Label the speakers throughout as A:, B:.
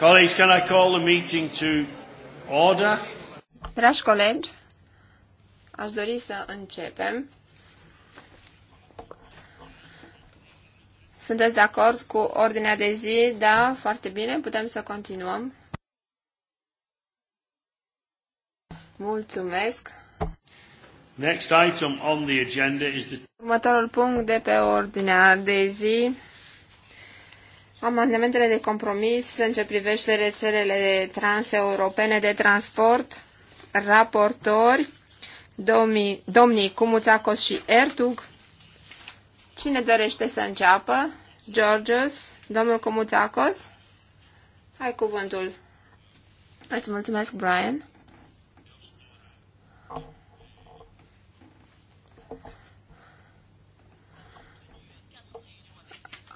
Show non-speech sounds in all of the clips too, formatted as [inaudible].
A: Colleagues, can I call the meeting to order?
B: Dragi colegi, aș dori să începem. Sunteți de acord cu ordinea de zi? Da, foarte bine, putem să continuăm. Mulțumesc.
A: Next item on the agenda is the...
B: Următorul punct de pe ordinea de zi Amendamentele de compromis în ce privește rețelele transeuropene de transport, raportori, domnii, domnii Cumuțacos și Ertug. Cine dorește să înceapă? Georgios, domnul Cumuțacos? Ai cuvântul. Îți mulțumesc, Brian.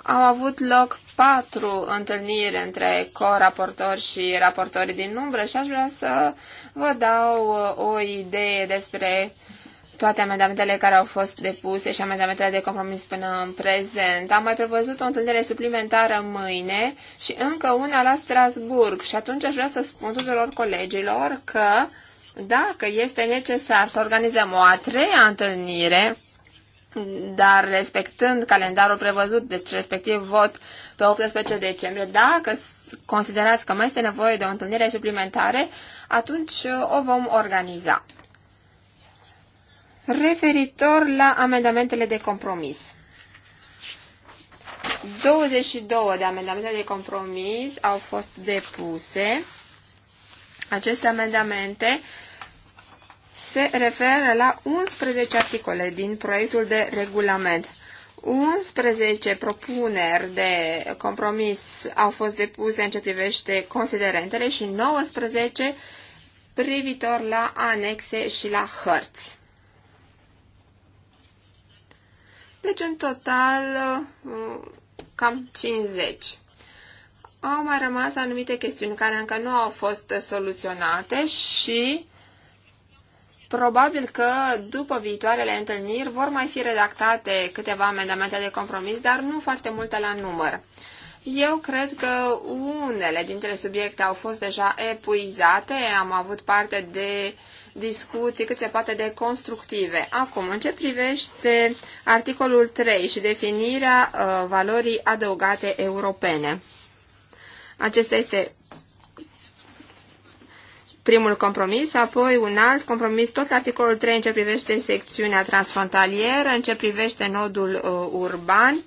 B: Au avut loc patru întâlniri între co-raportori și raportorii din umbră și aș vrea să vă dau uh, o idee despre toate amendamentele care au fost depuse și amendamentele de compromis până în prezent. Am mai prevăzut o întâlnire suplimentară mâine și încă una la Strasburg și atunci aș vrea să spun tuturor colegilor că dacă este necesar să organizăm o a treia întâlnire, dar respectând calendarul prevăzut, deci respectiv vot pe 18 decembrie, dacă considerați că mai este nevoie de o întâlnire suplimentare, atunci uh, o vom organiza. Referitor la amendamentele de compromis. 22 de amendamente de compromis au fost depuse. Aceste amendamente se referă la 11 articole din proiectul de regulament. 11 propuneri de compromis au fost depuse în ce privește considerentele și 19 privitor la anexe și la hărți. Deci, în total, cam 50. Au mai rămas anumite chestiuni care încă nu au fost soluționate și Probabil că după viitoarele întâlniri vor mai fi redactate câteva amendamente de compromis, dar nu foarte multe la număr. Eu cred că unele dintre subiecte au fost deja epuizate, am avut parte de discuții cât se poate de constructive. Acum, în ce privește articolul 3 și definirea uh, valorii adăugate europene. Acesta este primul compromis, apoi un alt compromis tot la articolul 3 în ce privește secțiunea transfrontalieră, în ce privește nodul uh, urban,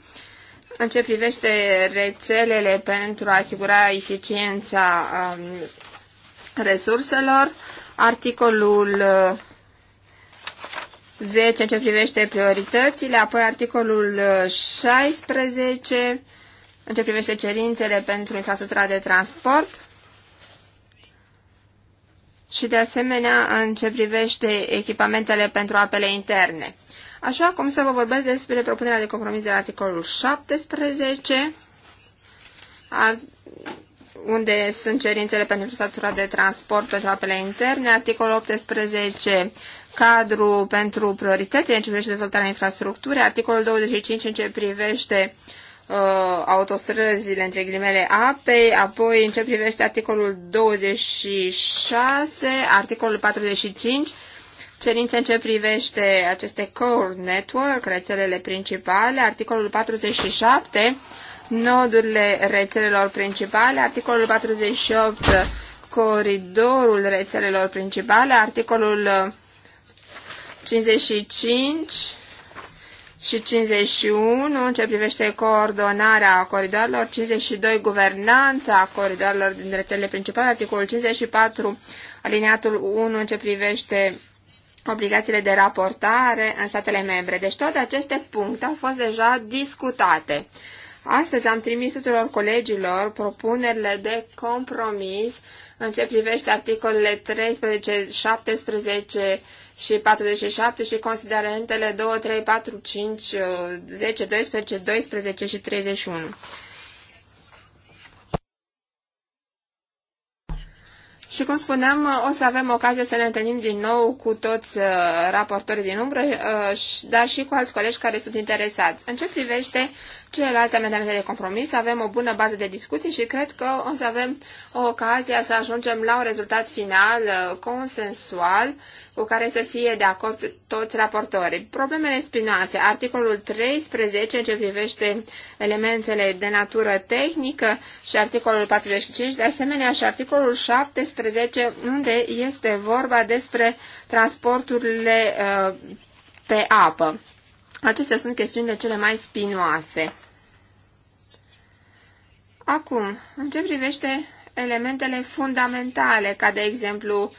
B: în ce privește rețelele pentru a asigura eficiența um, resurselor, articolul uh, 10 în ce privește prioritățile, apoi articolul 16 uh, în ce privește cerințele pentru infrastructura de transport, și de asemenea în ce privește echipamentele pentru apele interne. Așa cum să vă vorbesc despre propunerea de compromis de la articolul 17, unde sunt cerințele pentru statura de transport pentru apele interne, articolul 18, cadru pentru priorități în ce privește dezvoltarea infrastructurii, articolul 25 în ce privește uh, uh, autostrăzile, între ghilimele, apei, apoi în ce privește articolul 26, articolul 45, cerințe în ce privește aceste core network, rețelele principale, articolul 47, nodurile rețelelor principale, articolul 48, coridorul rețelelor principale, articolul 55, și 51 în ce privește coordonarea coridoarelor, 52 guvernanța coridoarelor din rețelele principale, articolul 54 aliniatul 1 în ce privește obligațiile de raportare în statele membre. Deci toate aceste puncte au fost deja discutate. Astăzi am trimis tuturor colegilor propunerile de compromis în ce privește articolele 13, 17, și 47 și considerentele 2, 3, 4, 5, 10, 12, 12 și 31. Și cum spuneam, o să avem ocazia să ne întâlnim din nou cu toți uh, raportorii din umbră, uh, dar și cu alți colegi care sunt interesați. În ce privește celelalte amendamente de compromis, avem o bună bază de discuții și cred că o să avem ocazia să ajungem la un rezultat final uh, consensual cu care să fie de acord toți raportorii. Problemele spinoase. Articolul 13 ce privește elementele de natură tehnică și articolul 45, de asemenea și articolul 17 unde este vorba despre transporturile uh, pe apă. Acestea sunt chestiunile cele mai spinoase. Acum, în ce privește elementele fundamentale, ca de exemplu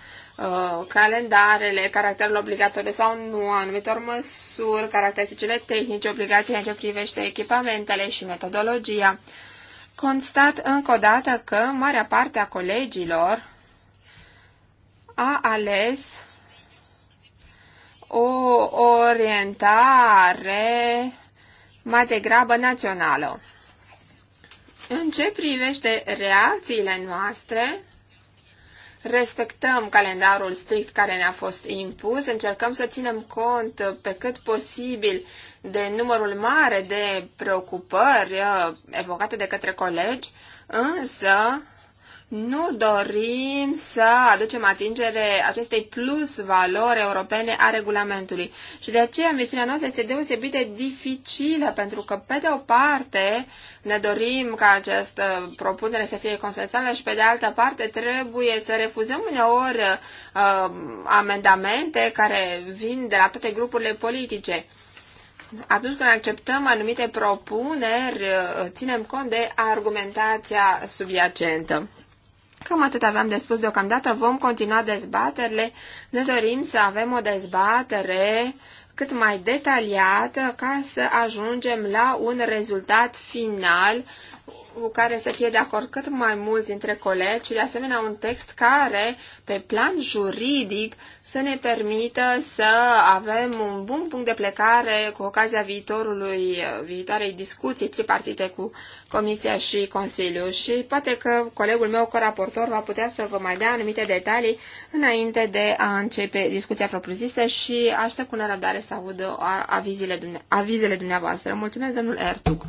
B: Uh, calendarele, caracterul obligatoriu sau nu, anumitor măsuri, caracteristicile tehnice, obligațiile în ce privește echipamentele și metodologia. Constat încă o dată că marea parte a colegilor a ales o orientare mai degrabă națională. În ce privește reacțiile noastre, respectăm calendarul strict care ne-a fost impus, încercăm să ținem cont pe cât posibil de numărul mare de preocupări uh, evocate de către colegi, însă nu dorim să aducem atingere acestei plus valori europene a regulamentului. Și de aceea misiunea noastră este deosebit de dificilă, pentru că, pe de o parte, ne dorim ca această propunere să fie consensuală și, pe de altă parte, trebuie să refuzăm uneori uh, amendamente care vin de la toate grupurile politice atunci când acceptăm anumite propuneri, uh, ținem cont de argumentația subiacentă. Cam atât aveam de spus deocamdată. Vom continua dezbaterile. Ne dorim să avem o dezbatere cât mai detaliată ca să ajungem la un rezultat final cu care să fie de acord cât mai mulți dintre colegi și de asemenea un text care, pe plan juridic, să ne permită să avem un bun punct de plecare cu ocazia viitorului, viitoarei discuții tripartite cu Comisia și Consiliu. Și poate că colegul meu, coraportor, va putea să vă mai dea anumite detalii înainte de a începe discuția propriu-zisă și aștept cu nerăbdare să aud
C: avizile, dumne- avizele dumneavoastră. Mulțumesc, domnul Ertug.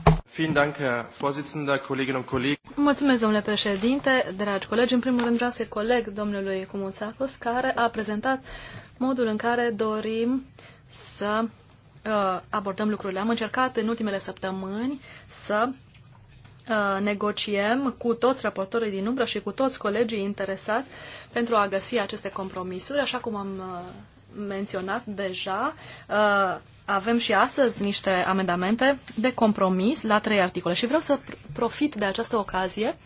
C: Mulțumesc, domnule președinte, dragi colegi. În primul rând vreau să coleg domnului Cumuțacos, care a prezentat modul în care dorim să uh, abordăm lucrurile. Am încercat în ultimele săptămâni să uh, negociem cu toți raportorii din umbră și cu toți colegii interesați pentru a găsi aceste compromisuri. Așa cum am uh, menționat deja, uh, avem și astăzi niște amendamente de compromis la trei articole și vreau să profit de această ocazie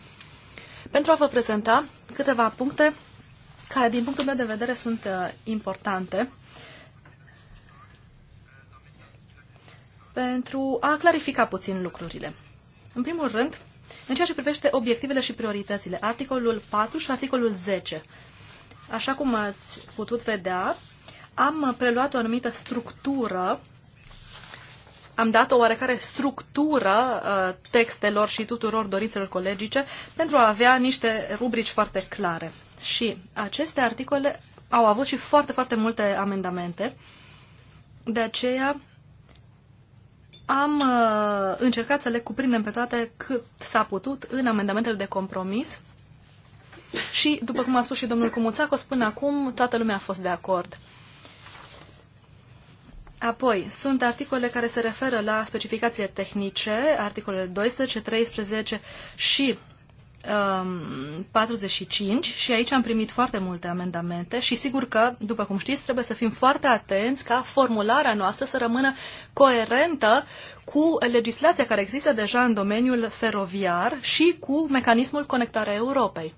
C: pentru a vă prezenta câteva puncte care, din punctul meu de vedere, sunt uh, importante pentru a clarifica puțin lucrurile. În primul rând, în ceea ce privește obiectivele și prioritățile, articolul 4 și articolul 10. Așa cum ați putut vedea, am preluat o anumită structură, am dat o oarecare structură uh, textelor și tuturor dorințelor colegice pentru a avea niște rubrici foarte clare. Și aceste articole au avut și foarte, foarte multe amendamente. De aceea am uh, încercat să le cuprindem pe toate cât s-a putut în amendamentele de compromis. Și, după cum a spus și domnul Cumuțacos, până acum toată lumea a fost de acord. Apoi, sunt articole care se referă la specificațiile tehnice, articolele 12, 13 și 45 um, și aici am primit foarte multe amendamente și sigur că, după cum știți, trebuie să fim foarte atenți ca formularea noastră să rămână coerentă cu legislația care există deja în domeniul feroviar și cu mecanismul conectarea Europei.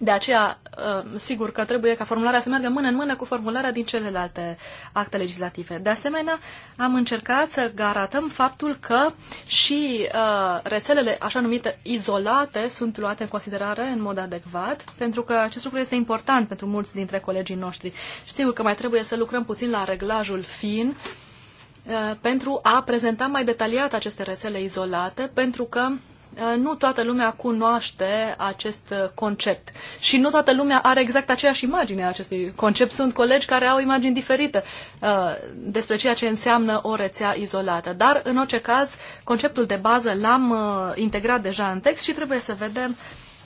C: De aceea, uh, sigur că trebuie ca formularea să meargă mână în mână cu formularea din celelalte acte legislative. De asemenea, am încercat să garantăm faptul că și uh, rețelele așa numite izolate sunt luate în considerare în mod adecvat, pentru că acest lucru este important pentru mulți dintre colegii noștri. Știu că mai trebuie să lucrăm puțin la reglajul fin, uh, pentru a prezenta mai detaliat aceste rețele izolate, pentru că Uh, nu toată lumea cunoaște acest uh, concept și nu toată lumea are exact aceeași imagine a acestui concept. Sunt colegi care au imagini diferite uh, despre ceea ce înseamnă o rețea izolată. Dar, în orice caz, conceptul de bază l-am uh, integrat deja în text și trebuie să vedem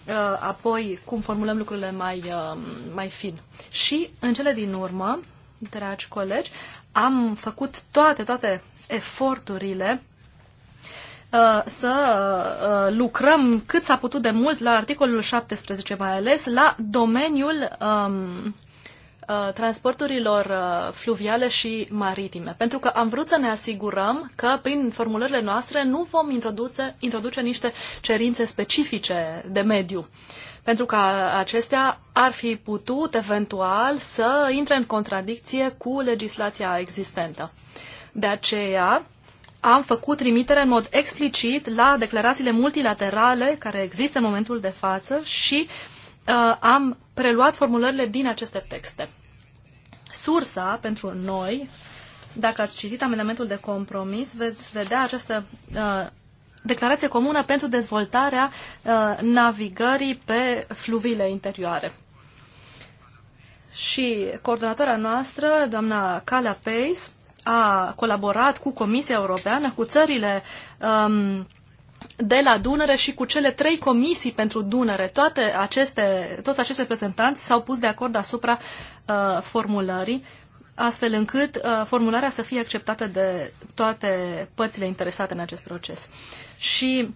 C: uh, apoi cum formulăm lucrurile mai, uh, mai fin. Și, în cele din urmă, dragi colegi, am făcut toate, toate eforturile Uh, să uh, uh, lucrăm cât s-a putut de mult la articolul 17, mai ales la domeniul um, transporturilor fluviale și maritime. Pentru că am vrut să ne asigurăm că prin formulările noastre nu vom introduce, introduce niște cerințe specifice de mediu. Pentru că acestea ar fi putut eventual să intre în contradicție cu legislația existentă. De aceea, am făcut trimitere în mod explicit la declarațiile multilaterale care există în momentul de față și uh, am preluat formulările din aceste texte. Sursa pentru noi, dacă ați citit amendamentul de compromis, veți vedea această uh, declarație comună pentru dezvoltarea uh, navigării pe fluviile interioare. Și coordonatoarea noastră, doamna Calea Pace, a colaborat cu Comisia Europeană, cu țările um, de la Dunăre și cu cele trei comisii pentru Dunăre. Toate aceste, toți acești reprezentanți s-au pus de acord asupra uh, formulării, astfel încât uh, formularea să fie acceptată de toate părțile interesate în acest proces. Și uh,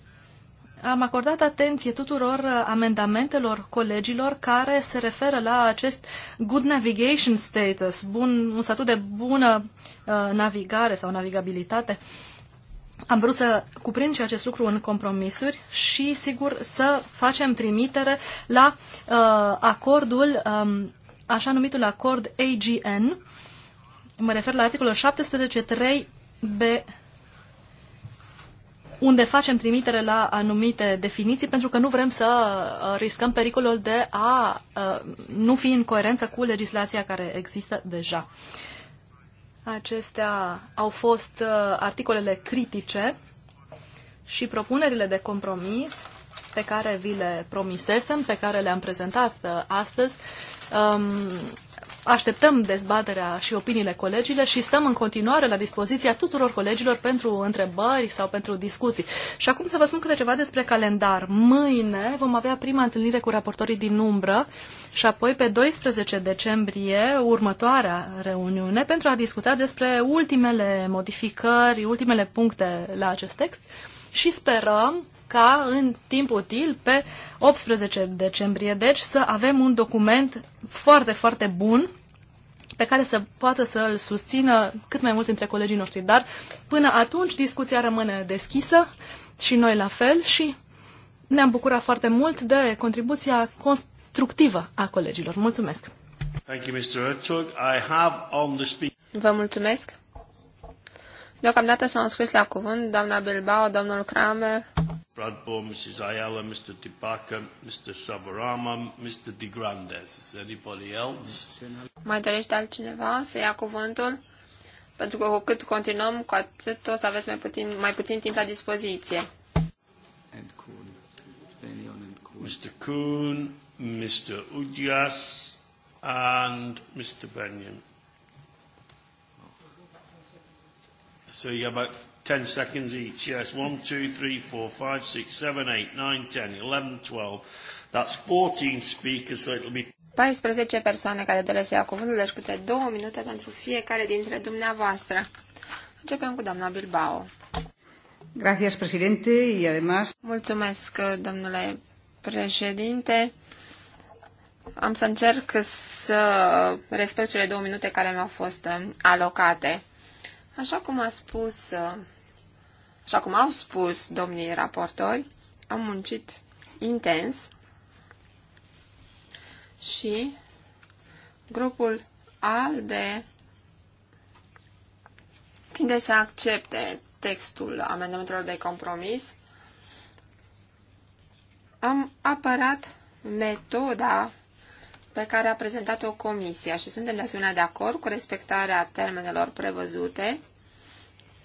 C: am acordat atenție tuturor uh, amendamentelor colegilor care se referă la acest good navigation status, bun, un statut de bună uh, navigare sau navigabilitate. Am vrut să cuprind și acest lucru în compromisuri și, sigur, să facem trimitere la uh, acordul, um, așa numitul acord AGN. Mă refer la articolul 17.3b unde facem trimitere la anumite definiții pentru că nu vrem să uh, riscăm pericolul de a uh, nu fi în coerență cu legislația care există deja. Acestea au fost uh, articolele critice și propunerile de compromis pe care vi le promisesem, pe care le-am prezentat astăzi, um, Așteptăm dezbaterea și opiniile colegilor și stăm în continuare la dispoziția tuturor colegilor pentru întrebări sau pentru discuții. Și acum să vă spun câte ceva despre calendar. Mâine vom avea prima întâlnire cu raportorii din umbră și apoi pe 12 decembrie următoarea reuniune pentru a discuta despre ultimele modificări, ultimele puncte la acest text și sperăm ca în timp util pe 18 decembrie, deci să avem un document foarte, foarte bun pe care să poată să îl susțină cât mai mulți dintre colegii noștri. Dar până atunci discuția rămâne deschisă și noi la fel și ne-am bucurat foarte mult de contribuția constructivă a colegilor. Mulțumesc!
A: Thank you, Mr.
C: Vă mulțumesc!
B: Deocamdată s-au înscris la cuvânt doamna Bilbao, domnul Kramer.
A: Bradbourne, Mrs. Ayala, Mr. Tipaka, Mr. Savarama, Mr. De Grandes. Is anybody else?
B: Mai dorește altcineva să ia cuvântul? Pentru că cu cât continuăm, cu atât o să aveți mai puțin, mai puțin timp la dispoziție.
A: Mr. Kuhn, Mr. Udias and Mr. Benyon. So you got about 10 seconds each. Yes, 1, 2, 3, 4, 5, 6, 7, 8, 9, 10, 11, 12. That's 14 speakers, so it'll be...
B: 14 persoane care doresc să ia cuvântul, deci câte două minute pentru fiecare dintre dumneavoastră. Începem cu doamna Bilbao. Gracias, presidente, y además... Mulțumesc, domnule președinte. Am să încerc să respect cele două minute care mi-au fost alocate. Așa cum a spus, uh, așa cum au spus domnii raportori, am muncit intens și grupul al de tinde să accepte textul amendamentelor de compromis. Am apărat metoda pe care a prezentat-o comisia și suntem de asemenea de acord cu respectarea termenelor prevăzute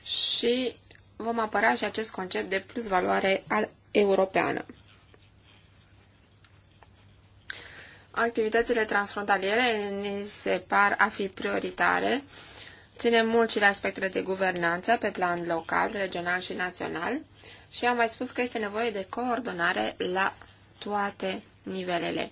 B: și vom apăra și acest concept de plus valoare europeană. Activitățile transfrontaliere ne se par a fi prioritare. Ținem mult și la aspectele de guvernanță pe plan local, regional și național și am mai spus că este nevoie de coordonare la toate nivelele.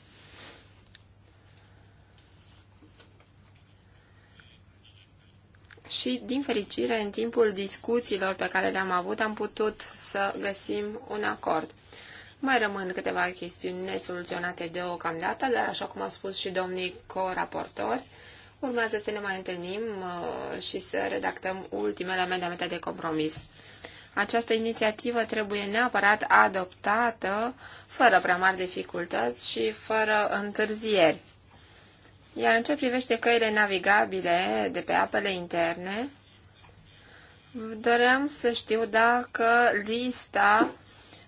B: și, din fericire, în timpul discuțiilor pe care le-am avut, am putut să găsim un acord. Mai rămân câteva chestiuni nesoluționate deocamdată, dar, așa cum au spus și domnii co-raportori, urmează să ne mai întâlnim uh, și să redactăm ultimele amendamente de compromis. Această inițiativă trebuie neapărat adoptată fără prea mari dificultăți și fără întârzieri. Iar în ce privește căile navigabile de pe apele interne, doream să știu dacă lista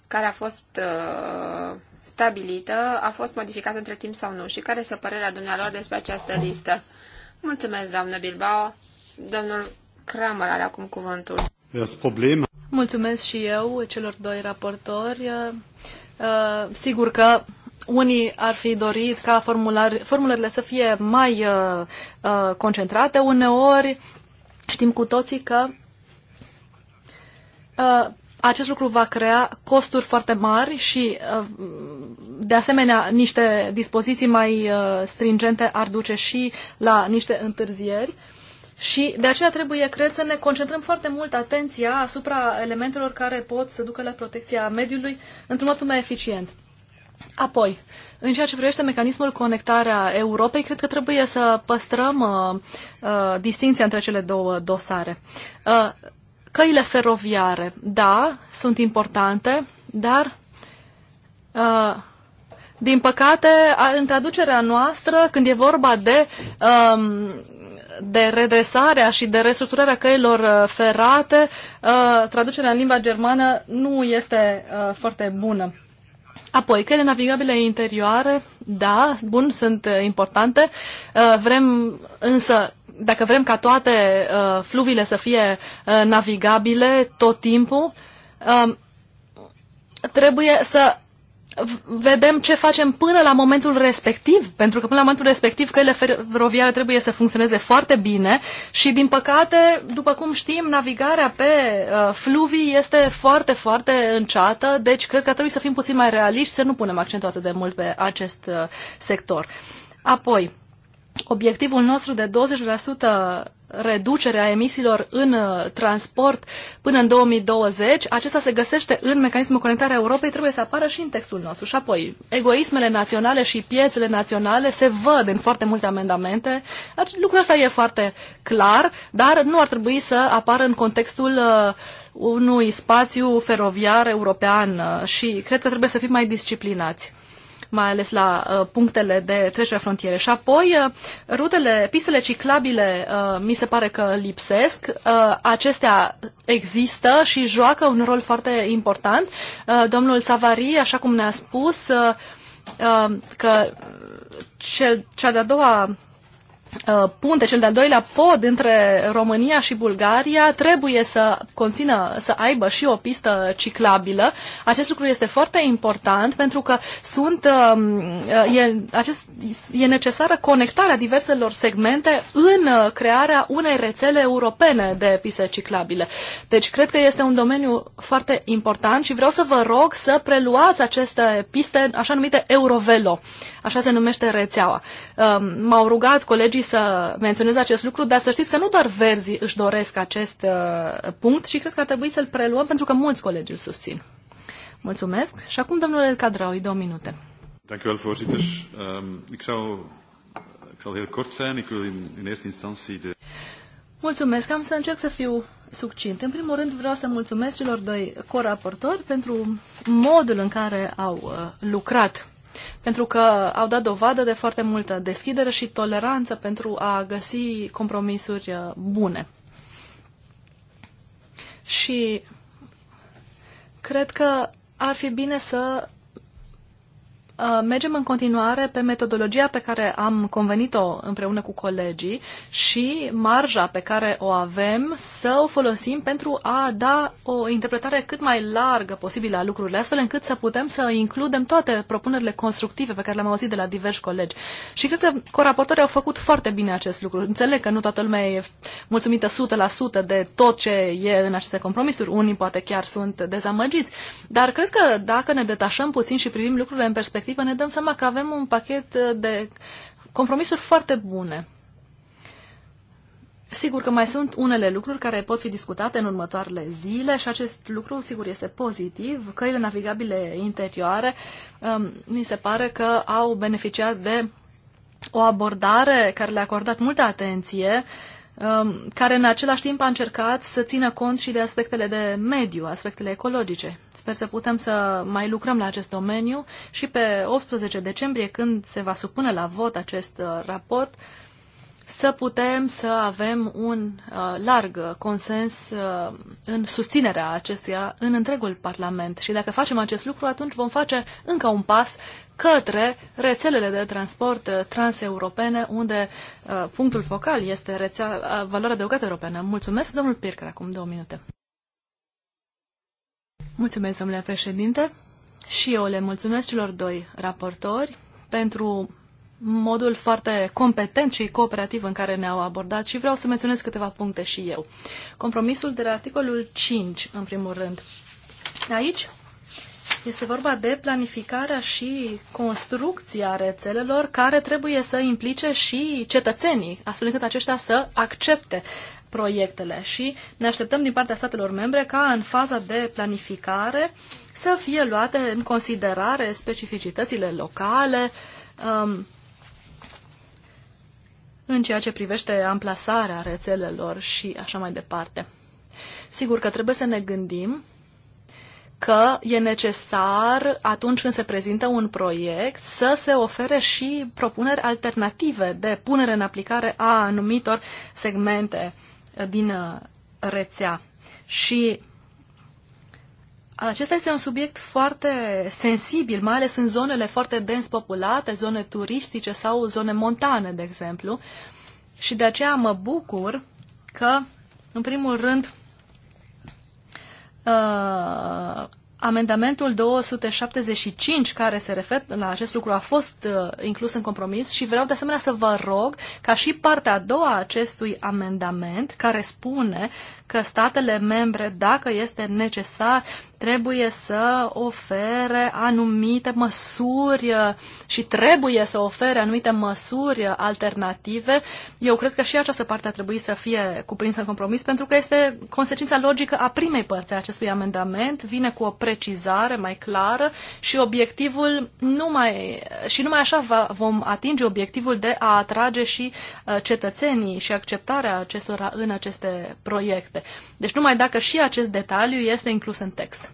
B: care a fost uh, stabilită a fost modificată între timp sau nu și care este părerea dumnealor despre această listă. Mulțumesc, doamnă Bilbao. Domnul
C: Kramer are acum cuvântul. Mulțumesc și eu celor doi raportori. Uh, sigur că unii ar fi dorit ca formular, să fie mai uh, uh, concentrate. Uneori știm cu toții că uh, acest lucru va crea costuri foarte mari și, uh, de asemenea, niște dispoziții mai uh, stringente ar duce și la niște întârzieri. Și de aceea trebuie, cred, să ne concentrăm foarte mult atenția asupra elementelor care pot să ducă la protecția mediului într-un mod mai eficient. Apoi, în ceea ce privește mecanismul conectarea Europei, cred că trebuie să păstrăm uh, uh, distinția între cele două dosare. Uh, căile feroviare, da, sunt importante, dar uh, din păcate, în traducerea noastră, când e vorba de, um, de redresarea și de restructurarea căilor uh, ferate, uh, traducerea în limba germană nu este uh, foarte bună. Apoi, căile navigabile interioare, da, bun, sunt uh, importante. Uh, vrem însă, dacă vrem ca toate uh, fluvile să fie navigabile tot timpul, um, trebuie să vedem ce facem până la momentul respectiv, pentru că până la momentul respectiv căile feroviare trebuie să funcționeze foarte bine și, din păcate, după cum știm, navigarea pe uh, fluvii este foarte, foarte înceată, deci cred că trebuie să fim puțin mai realiști, să nu punem accentul atât de mult pe acest uh, sector. Apoi, obiectivul nostru de 20% reducere a emisiilor în uh, transport până în 2020, acesta se găsește în mecanismul conectarea Europei, trebuie să apară și în textul nostru. Și apoi, egoismele naționale și piețele naționale se văd în foarte multe amendamente. Deci, lucrul ăsta e foarte clar, dar nu ar trebui să apară în contextul uh, unui spațiu feroviar european uh, și cred că trebuie să fim mai disciplinați mai ales la uh, punctele de trecere frontiere. Și apoi, uh, rutele, pistele ciclabile uh, mi se pare că lipsesc. acestea există și joacă un rol foarte important. domnul Savari, așa cum ne-a spus, că cel, cea de-a doua Uh, punte, cel de-al doilea pod între România și Bulgaria trebuie să conțină, să aibă și o pistă ciclabilă. Acest lucru este foarte important pentru că sunt, um, uh, e, acest, e necesară conectarea diverselor segmente în uh, crearea unei rețele europene de piste ciclabile. Deci cred că este un domeniu foarte important și vreau să vă rog să preluați aceste piste așa numite Eurovelo. Așa se numește rețeaua. Um, m-au rugat colegii să menționez acest lucru, dar să știți că nu doar verzii își doresc acest uh, punct și cred că ar trebui să-l preluăm pentru că mulți colegi îl susțin. Mulțumesc. Și acum, domnule El Cadraui, două minute.
A: Dank u wel, voorzitter. Um, ik, zou, ik zal heel kort zijn. Ik wil in, in eerste instantie de...
C: Mulțumesc, am să încerc să fiu succint. În primul rând vreau să mulțumesc celor doi coraportori pentru modul în care au uh, lucrat pentru că au dat dovadă de foarte multă deschidere și toleranță pentru a găsi compromisuri uh, bune. Și cred că ar fi bine să Uh, mergem în continuare pe metodologia pe care am convenit-o împreună cu colegii și marja pe care o avem să o folosim pentru a da o interpretare cât mai largă posibilă a lucrurilor, astfel încât să putem să includem toate propunerile constructive pe care le-am auzit de la diversi colegi. Și cred că coraportorii au făcut foarte bine acest lucru. Înțeleg că nu toată lumea e mulțumită 100% de tot ce e în aceste compromisuri. Unii poate chiar sunt dezamăgiți. Dar cred că dacă ne detașăm puțin și privim lucrurile în perspectivă, respectivă, ne dăm seama că avem un pachet uh, de compromisuri foarte bune. Sigur că mai sunt unele lucruri care pot fi discutate în următoarele zile și acest lucru, sigur, este pozitiv. Căile navigabile interioare um, mi se pare că au beneficiat de o abordare care le-a acordat multă atenție uh, Um, care în același timp a încercat să țină cont și de aspectele de mediu, aspectele ecologice. Sper să putem să mai lucrăm la acest domeniu și pe 18 decembrie, când se va supune la vot acest uh, raport, să putem să avem un uh, larg consens uh, în susținerea acestuia în întregul Parlament. Și dacă facem acest lucru, atunci vom face încă un pas către rețelele de transport transeuropene, unde uh, punctul focal este rețea, uh, valoarea adăugată europeană. Mulțumesc, domnul Pircă, acum două minute. Mulțumesc, domnule președinte, și eu le mulțumesc celor doi raportori pentru modul foarte competent și cooperativ în care ne-au abordat și vreau să menționez câteva puncte și eu. Compromisul de la articolul 5, în primul rând. Aici este vorba de planificarea și construcția rețelelor care trebuie să implice și cetățenii, astfel încât aceștia să accepte proiectele și ne așteptăm din partea statelor membre ca în faza de planificare să fie luate în considerare specificitățile locale um, în ceea ce privește amplasarea rețelelor și așa mai departe. Sigur că trebuie să ne gândim că e necesar, atunci când se prezintă un proiect, să se ofere și propuneri alternative de punere în aplicare a anumitor segmente din uh, rețea. Și acesta este un subiect foarte sensibil, mai ales în zonele foarte dens populate, zone turistice sau zone montane, de exemplu. Și de aceea mă bucur că, în primul rând, uh, amendamentul 275 care se referă la acest lucru a fost uh, inclus în compromis și vreau de asemenea să vă rog ca și partea a doua a acestui amendament care spune că statele membre, dacă este necesar, trebuie să ofere anumite măsuri uh, și trebuie să ofere anumite măsuri alternative. Eu cred că și această parte ar trebui să fie cuprinsă în compromis pentru că este consecința logică a primei părți a acestui amendament, vine cu o precizare mai clară și obiectivul numai, și numai așa va, vom atinge obiectivul de a atrage și uh, cetățenii și acceptarea acestora în aceste proiecte. Deci numai dacă și acest detaliu este inclus în text.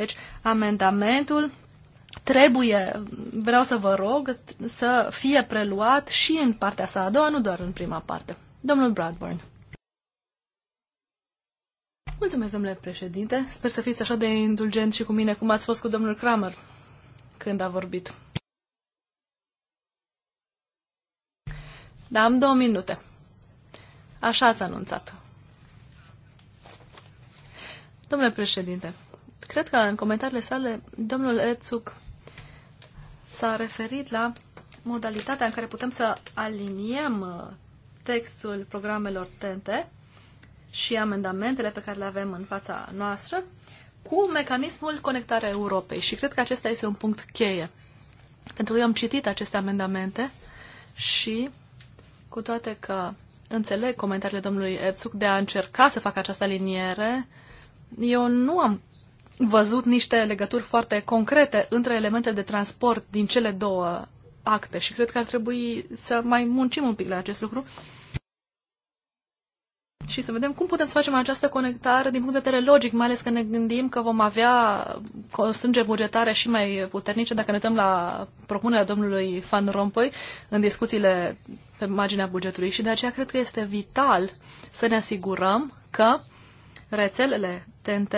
C: Deci, amendamentul trebuie, vreau să vă rog, să fie preluat și în partea sa a doua, nu doar în prima parte. Domnul Bradburn. Mulțumesc, domnule președinte. Sper să fiți așa de indulgent și cu mine cum ați fost cu domnul Kramer când a vorbit. Da, am două minute. Așa ați anunțat. Domnule președinte, Cred că în comentariile sale, domnul Ețuc s-a referit la modalitatea în care putem să aliniem uh, textul programelor tente și amendamentele pe care le avem în fața noastră cu mecanismul conectarea Europei. Și cred că acesta este un punct cheie. Pentru că eu am citit aceste amendamente și cu toate că înțeleg comentariile domnului Erțuc de a încerca să facă această aliniere, eu nu am văzut niște legături foarte concrete între elemente de transport din cele două acte și cred că ar trebui să mai muncim un pic la acest lucru și să vedem cum putem să facem această conectare din punct de vedere logic, mai ales că ne gândim că vom avea constrângeri bugetare și mai puternice dacă ne uităm la propunerea domnului Van Rompuy în discuțiile pe marginea bugetului și de aceea cred că este vital să ne asigurăm că rețelele TNT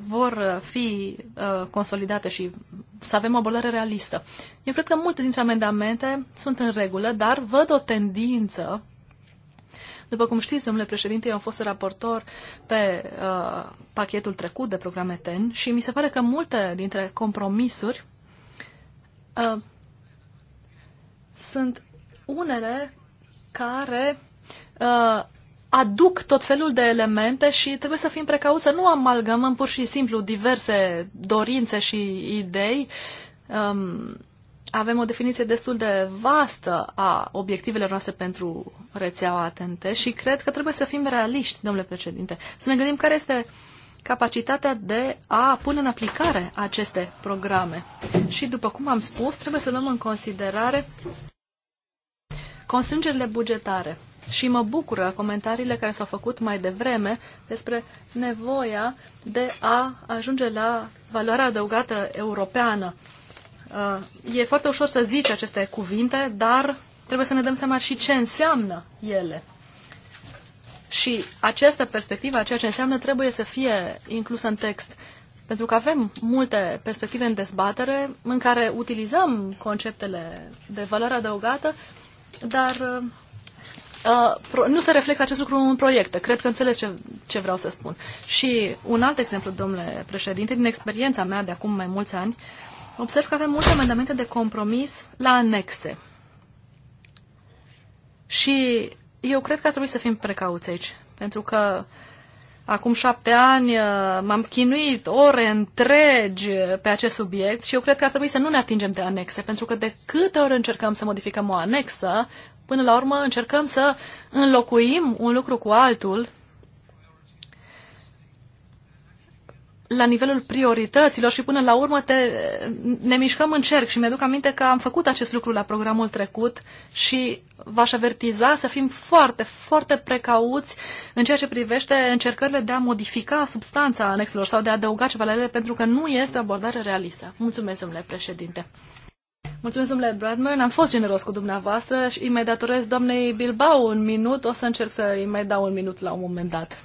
C: vor uh, fi uh, consolidate și să avem o abordare realistă. Eu cred că multe dintre amendamente sunt în regulă, dar văd o tendință. După cum știți, domnule președinte, eu am fost raportor pe uh, pachetul trecut de programe TEN și mi se pare că multe dintre compromisuri uh, sunt unele care uh, aduc tot felul de elemente și trebuie să fim precauți să nu amalgamăm pur și simplu diverse dorințe și idei. Um, avem o definiție destul de vastă a obiectivelor noastre pentru rețeaua atente și cred că trebuie să fim realiști, domnule președinte, să ne gândim care este capacitatea de a pune în aplicare aceste programe. Și, după cum am spus, trebuie să luăm în considerare constrângerile bugetare. Și mă bucură comentariile care s-au făcut mai devreme despre nevoia de a ajunge la valoarea adăugată europeană. Uh, e foarte ușor să zici aceste cuvinte, dar trebuie să ne dăm seama și ce înseamnă ele. Și această perspectivă, ceea ce înseamnă, trebuie să fie inclusă în text. Pentru că avem multe perspective în dezbatere în care utilizăm conceptele de valoare adăugată, dar uh, Uh, nu se reflectă acest lucru în proiecte. Cred că înțeles ce, ce vreau să spun. Și un alt exemplu, domnule președinte, din experiența mea de acum mai mulți ani, observ că avem multe amendamente de compromis la anexe. Și eu cred că ar trebui să fim precauți aici, pentru că acum șapte ani uh, m-am chinuit ore întregi pe acest subiect și eu cred că ar trebui să nu ne atingem de anexe, pentru că de câte ori încercăm să modificăm o anexă, până la urmă încercăm să înlocuim un lucru cu altul la nivelul priorităților și până la urmă te, ne mișcăm în cerc și mi-aduc aminte că am făcut acest lucru la programul trecut și v-aș avertiza să fim foarte, foarte precauți în ceea ce privește încercările de a modifica substanța anexelor sau de a adăuga ceva la ele pentru că nu este o abordare realistă. Mulțumesc, domnule președinte. Mulțumesc, domnule Bradman. Am fost generos cu dumneavoastră și îi mai datorez doamnei Bilbao un minut. O să încerc să îi mai dau un minut la un moment dat.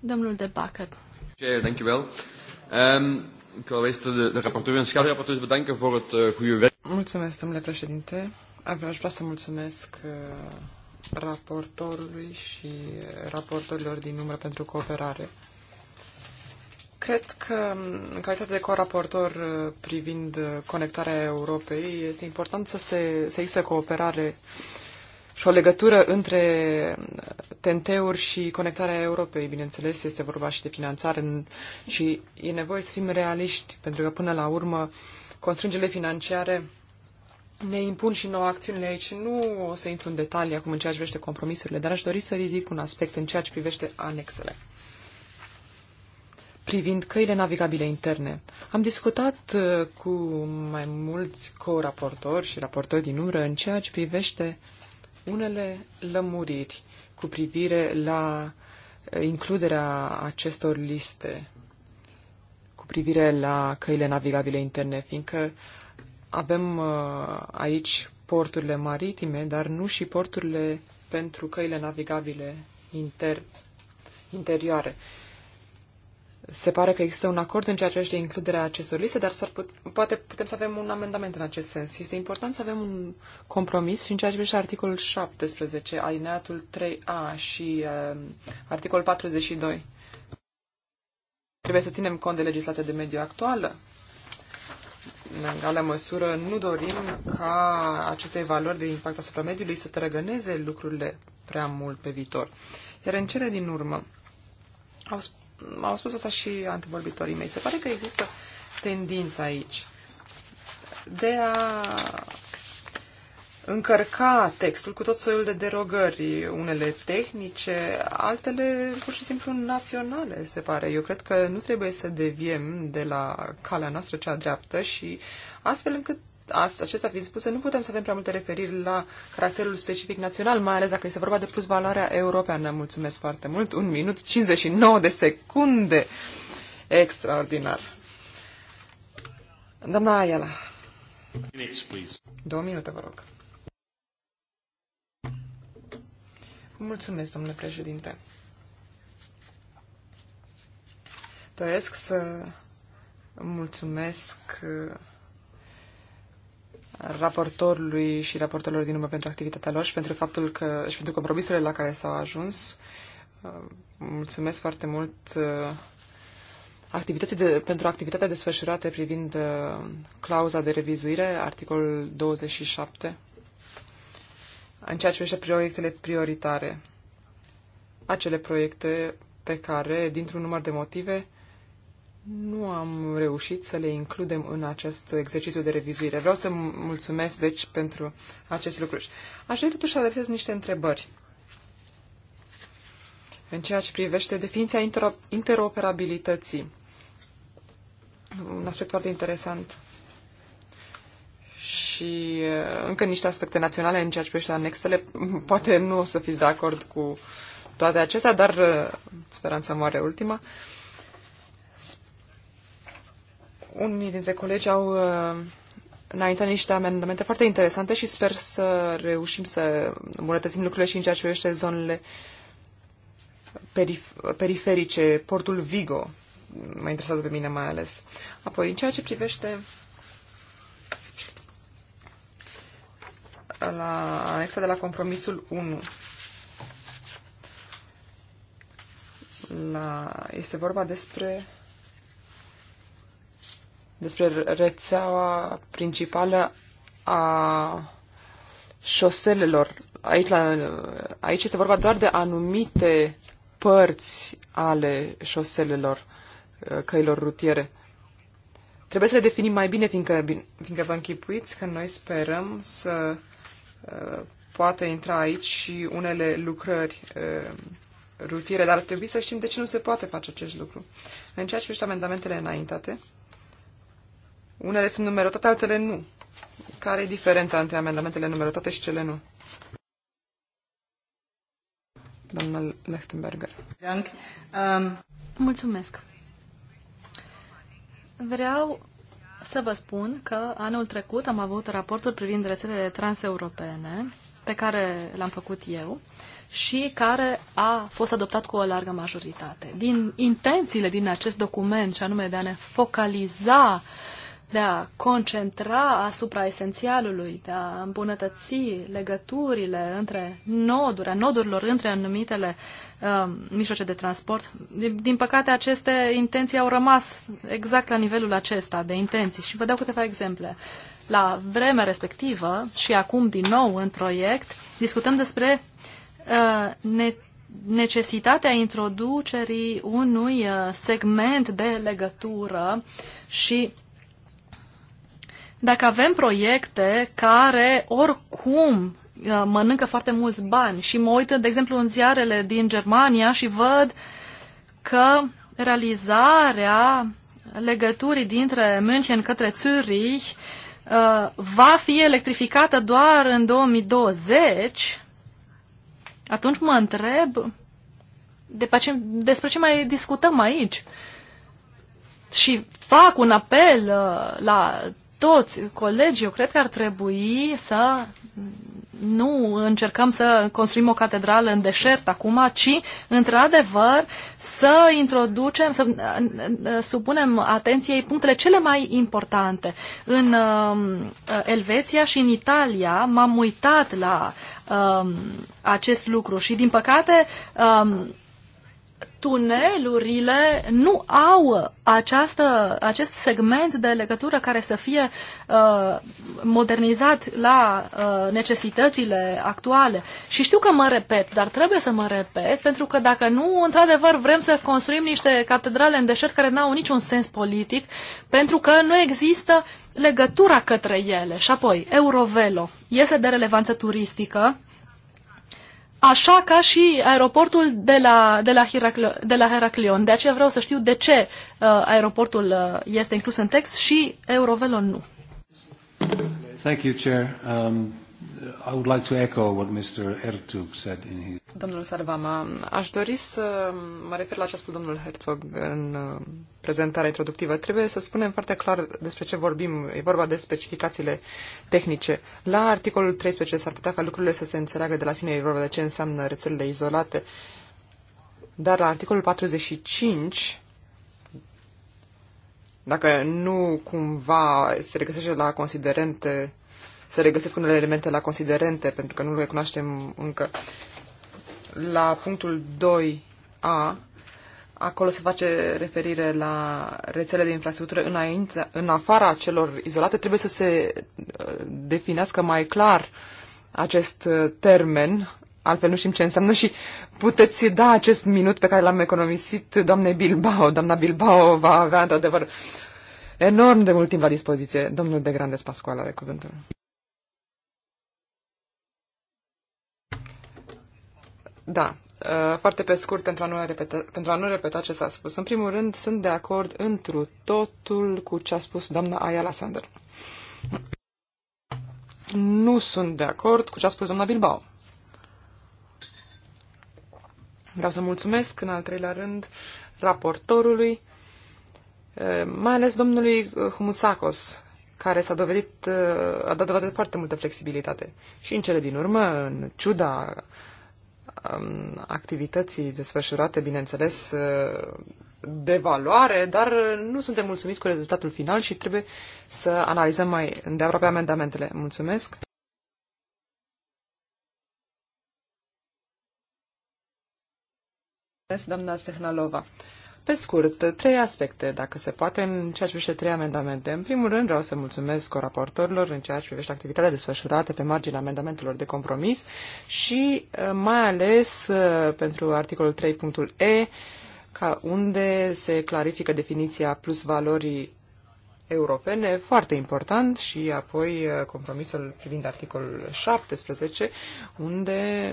C: Domnul de Bacăt.
D: Thank you well. Um, ik wil eerst de, de rapporteur en schaduwrapporteurs bedanken voor het uh, goede werk. Mulțumesc, domnule președinte. Aș vrea să mulțumesc uh, raportorului și eh, raportorilor din număr pentru cooperare. Cred că, în calitate de coraportor uh, privind uh, conectarea Europei, este important să, se, să există cooperare și o legătură între uh, tenteuri și conectarea Europei. Bineînțeles, este vorba și de finanțare și e nevoie să fim realiști, pentru că, până la urmă, constrângerile financiare ne impun și nouă acțiunile aici. Nu o să intru în detalii acum în ceea ce privește compromisurile, dar aș dori să ridic un aspect în ceea ce privește anexele privind căile navigabile interne. Am discutat uh, cu mai mulți co-raportori și raportori din umbră în ceea ce privește unele lămuriri cu privire la uh, includerea acestor liste cu privire la căile navigabile interne, fiindcă avem uh, aici porturile maritime, dar nu și porturile pentru căile navigabile inter, interioare se pare că există un acord în ceea ce privește includerea acestor liste, dar s-ar put, poate putem să avem un amendament în acest sens. Este important să avem un compromis și în ceea ce privește articolul 17, alineatul 3A și uh, articolul 42. Trebuie să ținem cont de legislația de mediu actuală. În egală măsură, nu dorim ca aceste valori de impact asupra mediului să trăgăneze lucrurile prea mult pe viitor. Iar în cele din urmă, au spus am spus asta și antevorbitorii mei. Se pare că există tendința aici de a încărca textul cu tot soiul de derogări, unele tehnice, altele pur și simplu naționale, se pare. Eu cred că nu trebuie să deviem de la calea noastră cea dreaptă și astfel încât acesta fiind spuse, nu putem să avem prea multe referiri la caracterul specific național, mai ales dacă este vorba de plus valoarea europeană. Mulțumesc foarte mult. Un minut 59 de secunde. Extraordinar. Doamna Ayala. Două minute, vă rog. Mulțumesc, domnule președinte. Doresc să mulțumesc raportorului și raportorilor din urmă pentru activitatea lor și pentru faptul că și pentru compromisurile la care s-au ajuns. Uh, mulțumesc foarte mult uh, activității de, pentru activitatea desfășurată privind uh, clauza de revizuire, articolul 27, în ceea ce privește proiectele prioritare. Acele proiecte pe care, dintr-un număr de motive, nu am reușit să le includem în acest exercițiu de revizuire. Vreau să mulțumesc, deci, pentru acest lucru. Aș vrea totuși să adresez niște întrebări. În ceea ce privește definiția interoperabilității, un aspect foarte interesant, și uh, încă niște aspecte naționale în ceea ce privește anexele, [laughs] poate nu o să fiți de acord cu toate acestea, dar uh, speranța moare ultima. Uh, unii dintre colegi au uh, înaintat niște amendamente foarte interesante și sper să reușim să îmbunătățim lucrurile și în ceea ce privește zonele perif- periferice, portul Vigo, mă interesează pe mine mai ales. Apoi, în ceea ce privește la anexa de la compromisul 1, la, este vorba despre despre rețeaua principală a șoselelor. Aici, la, aici este vorba doar de anumite părți ale șoselelor, uh, căilor rutiere. Trebuie să le definim mai bine, fiindcă, fiindcă vă închipuiți că noi sperăm să uh, poată intra aici și unele lucrări uh, rutiere, dar ar trebui să știm de ce nu se poate face acest lucru. În ceea ce privește amendamentele înaintate, unele sunt numerotate, altele nu. Care e diferența între amendamentele numerotate și cele nu? Doamna Lechtenberger.
C: Um, Mulțumesc. Vreau să vă spun că anul trecut am avut raportul privind rețelele transeuropene pe care l-am făcut eu și care a fost adoptat cu o largă majoritate. Din intențiile din acest document, și anume de a ne focaliza uh, de a concentra asupra esențialului, de a îmbunătăți legăturile între noduri, a nodurilor între anumitele uh, mijloace de transport. Din, din păcate, aceste intenții au rămas exact la nivelul acesta de intenții și vă dau câteva exemple. La vremea respectivă și acum din nou în proiect, discutăm despre uh, ne necesitatea introducerii unui uh, segment de legătură și dacă avem proiecte care oricum uh, mănâncă foarte mulți bani și mă uit, de exemplu, în ziarele din Germania și văd că realizarea legăturii dintre München către Zürich uh, va fi electrificată doar în 2020, atunci mă întreb de ce, despre ce mai discutăm aici. Și fac un apel uh, la toți colegii, eu cred că ar trebui să nu încercăm să construim o catedrală în deșert acum, ci, într-adevăr, să introducem, să supunem atenției punctele cele mai importante. În uh, Elveția și în Italia m-am uitat la uh, acest lucru și, din păcate, uh, tunelurile nu au această, acest segment de legătură care să fie uh, modernizat la uh, necesitățile actuale. Și știu că mă repet, dar trebuie să mă repet, pentru că dacă nu, într-adevăr, vrem să construim niște catedrale în deșert care n-au niciun sens politic, pentru că nu există legătura către ele. Și apoi, Eurovelo iese de relevanță turistică, așa ca și aeroportul de la, de la, Heraclion, de la Heraclion. De aceea vreau să știu de ce uh, aeroportul uh, este inclus în text și Eurovelo nu.
B: Thank you, Chair. Um...
A: I would like to echo what Mr. said in his...
C: Domnul Sarvama, aș dori
D: să mă refer la ce a spus domnul Herzog în uh, prezentarea introductivă. Trebuie să spunem foarte clar despre ce vorbim. E vorba de specificațiile tehnice. La articolul 13 s-ar putea ca lucrurile să se înțeleagă de la sine. E vorba de ce înseamnă rețelele izolate. Dar la articolul 45 dacă nu cumva se regăsește la considerente să regăsesc unele elemente la considerente, pentru că nu le cunoaștem încă. La punctul 2a, acolo se face referire la rețele de infrastructură înainte, în afara celor izolate, trebuie să se uh, definească mai clar acest uh, termen, altfel nu știm ce înseamnă și puteți da acest minut pe care l-am economisit doamnei Bilbao. Doamna Bilbao va avea într-adevăr enorm de mult timp la dispoziție. Domnul de Grandes Pascual are cuvântul. Da, uh, foarte pe scurt pentru a, nu repeta, pentru a nu repeta ce s-a spus. În primul rând, sunt de acord întru totul cu ce a spus doamna Ayala Sander. Nu sunt de acord cu ce a spus doamna Bilbao. Vreau să mulțumesc, în al treilea rând, raportorului, uh, mai ales domnului uh, Humusacos, care s-a dovedit, a dat dovadă de foarte multă flexibilitate. Și în cele din urmă, în ciuda Um, activității desfășurate, bineînțeles, uh, de valoare, dar uh, nu suntem mulțumiți cu rezultatul final și trebuie să analizăm mai îndeaproape amendamentele. Mulțumesc! Doamna Sehnalova. Pe scurt, trei aspecte, dacă se poate, în ceea ce privește trei amendamente. În primul rând, vreau să mulțumesc raportorilor în ceea ce privește activitatea desfășurată pe marginea amendamentelor de compromis și uh, mai ales uh, pentru articolul 3.e, ca unde se clarifică definiția plus valorii europene, foarte important, și apoi uh, compromisul privind articolul 17, unde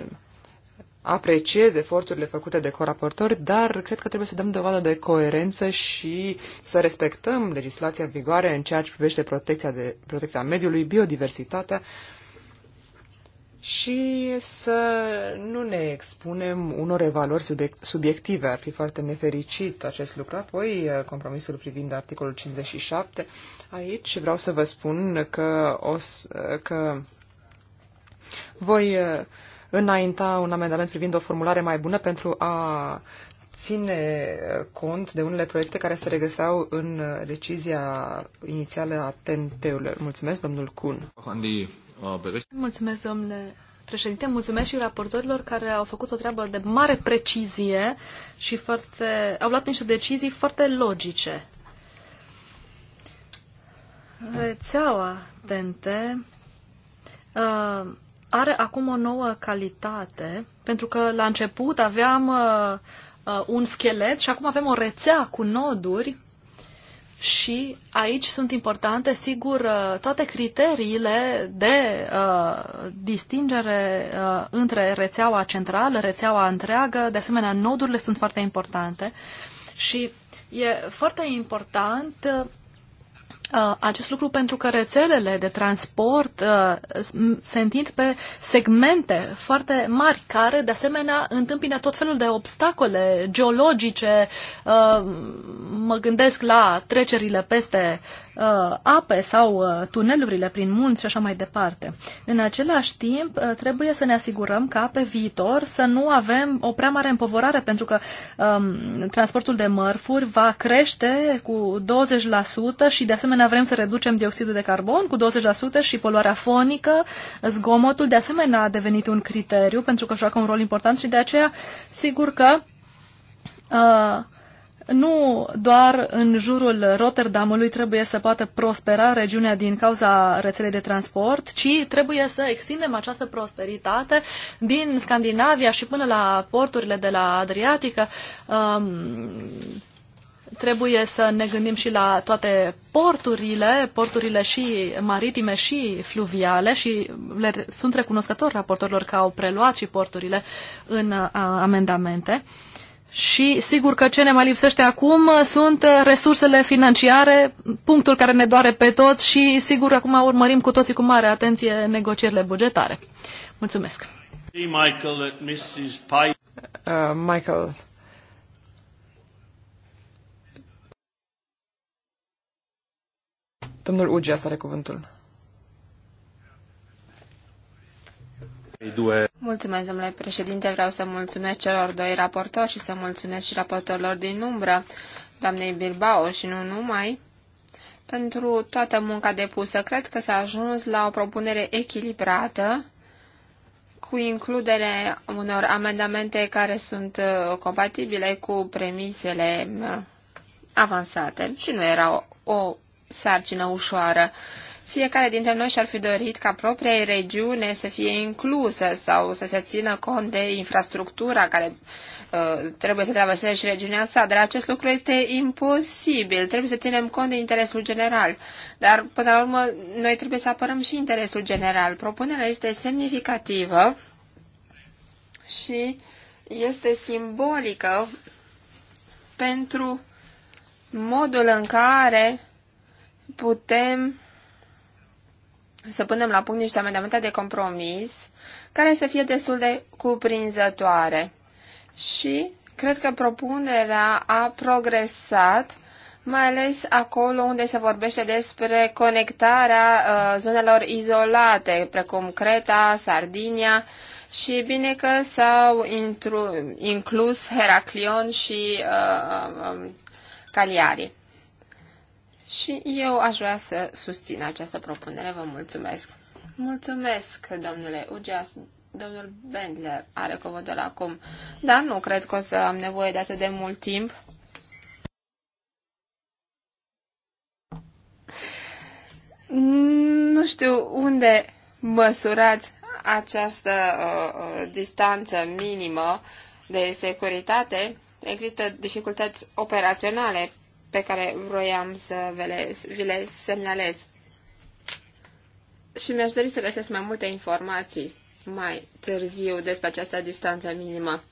D: apreciez eforturile făcute de coraportori, dar cred că trebuie să dăm dovadă de coerență și să respectăm legislația în vigoare în ceea ce privește protecția, de, protecția mediului, biodiversitatea și să nu ne expunem unor evaluări subiect, subiective. Ar fi foarte nefericit acest lucru. Apoi, compromisul privind articolul 57, aici vreau să vă spun că, o, că voi înainta un amendament privind o formulare mai bună pentru a ține cont de unele proiecte care se regăseau în decizia inițială a tnt ului Mulțumesc, domnul Kun.
C: Mulțumesc, domnule președinte, mulțumesc și raportorilor care au făcut o treabă de mare precizie și foarte, au luat niște decizii foarte logice. Rețeaua TNT uh, are acum o nouă calitate, pentru că la început aveam uh, uh, un schelet și acum avem o rețea cu noduri și aici sunt importante, sigur, uh, toate criteriile de uh, distingere uh, între rețeaua centrală, rețeaua întreagă, de asemenea, nodurile sunt foarte importante și e foarte important uh, Uh, acest lucru pentru că rețelele de transport uh, se întind pe segmente foarte mari care, de asemenea, întâmpină tot felul de obstacole geologice. Uh, mă gândesc la trecerile peste uh, ape sau uh, tunelurile prin munți și așa mai departe. În același timp, uh, trebuie să ne asigurăm ca pe viitor să nu avem o prea mare împovorare, pentru că um, transportul de mărfuri va crește cu 20% și de asemenea vrem să reducem dioxidul de carbon cu 20% și poluarea fonică, zgomotul de asemenea a devenit un criteriu pentru că joacă un rol important și de aceea sigur că uh, nu doar în jurul Rotterdamului trebuie să poată prospera regiunea din cauza rețelei de transport, ci trebuie să extindem această prosperitate din Scandinavia și până la porturile de la Adriatică. Um, trebuie să ne gândim și la toate porturile, porturile și maritime și fluviale și le, sunt recunoscători raportorilor că au preluat și porturile în a, uh, amendamente. Și sigur că ce ne mai lipsește acum sunt resursele financiare, punctul care ne doare pe toți și sigur acum urmărim cu toții cu mare atenție negocierile bugetare. Mulțumesc.
A: Michael, Mrs. Pike... Uh, Michael.
D: Domnul Ugias are cuvântul.
B: Mulțumesc, domnule președinte. Vreau să mulțumesc celor doi raportori și să mulțumesc și raportorilor din umbră, doamnei Bilbao și nu numai, pentru toată munca depusă. Cred că s-a ajuns la o propunere echilibrată cu includere unor amendamente care sunt uh, compatibile cu premisele uh, avansate și nu era o, o sarcină ușoară. Fiecare dintre noi și-ar fi dorit ca propria regiune să fie inclusă sau să se țină cont de infrastructura care uh, trebuie să traverseze și regiunea sa, dar acest lucru este imposibil. Trebuie să ținem cont de interesul general. Dar, până la urmă, noi trebuie să apărăm și interesul general. Propunerea este semnificativă și este simbolică pentru modul în care putem să punem la punct niște amendamente de compromis care să fie destul de cuprinzătoare. Și cred că propunerea a progresat, mai ales acolo unde se vorbește despre conectarea uh, zonelor izolate, precum Creta, Sardinia, și bine că s-au inclus Heraclion și uh, um, Cagliari. Și eu aș vrea să susțin această propunere. Vă mulțumesc. Mulțumesc, domnule Ugeas. Domnul Bendler are cuvântul acum. Dar nu cred că o să am nevoie de atât de mult timp. Nu știu unde măsurați această uh, uh distanță minimă de securitate. Există dificultăți operaționale pe care vroiam să vi le, vi le semnalez. Și mi-aș dori să găsesc mai multe informații mai târziu despre această distanță minimă.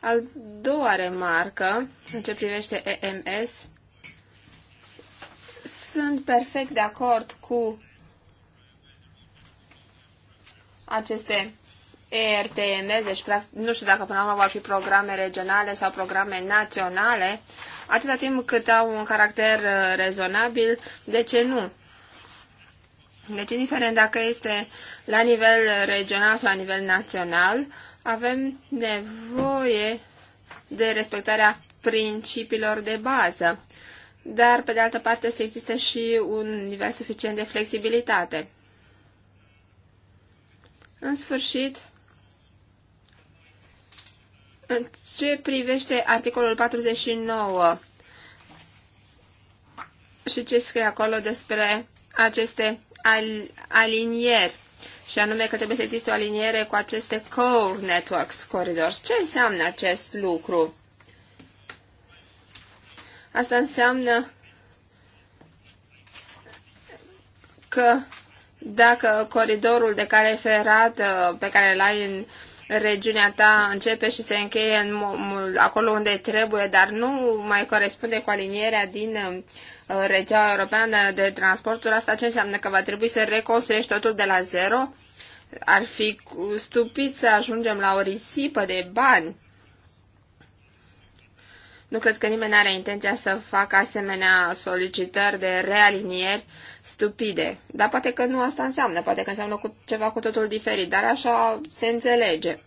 B: Al doua remarcă, în ce privește EMS, sunt perfect de acord cu aceste ERTMS, deci nu știu dacă până la urmă vor fi programe regionale sau programe naționale, atâta timp cât au un caracter uh, rezonabil, de ce nu? Deci, indiferent dacă este la nivel regional sau la nivel național, avem nevoie de respectarea principiilor de bază, dar, pe de altă parte, să existe și un nivel suficient de flexibilitate. În sfârșit, în ce privește articolul 49 și ce scrie acolo despre aceste al- alinieri, și anume că trebuie să existe o aliniere cu aceste core networks corridors. Ce înseamnă acest lucru? Asta înseamnă că dacă coridorul de care ferat pe care l ai în regiunea ta începe și se încheie în, acolo unde trebuie, dar nu mai corespunde cu alinierea din uh, rețeaua europeană de transporturi, asta ce înseamnă că va trebui să reconstruiești totul de la zero? Ar fi stupid să ajungem la o risipă de bani nu cred că nimeni are intenția să facă asemenea solicitări de realinieri stupide. Dar poate că nu asta înseamnă, poate că înseamnă cu ceva cu totul diferit, dar așa se înțelege.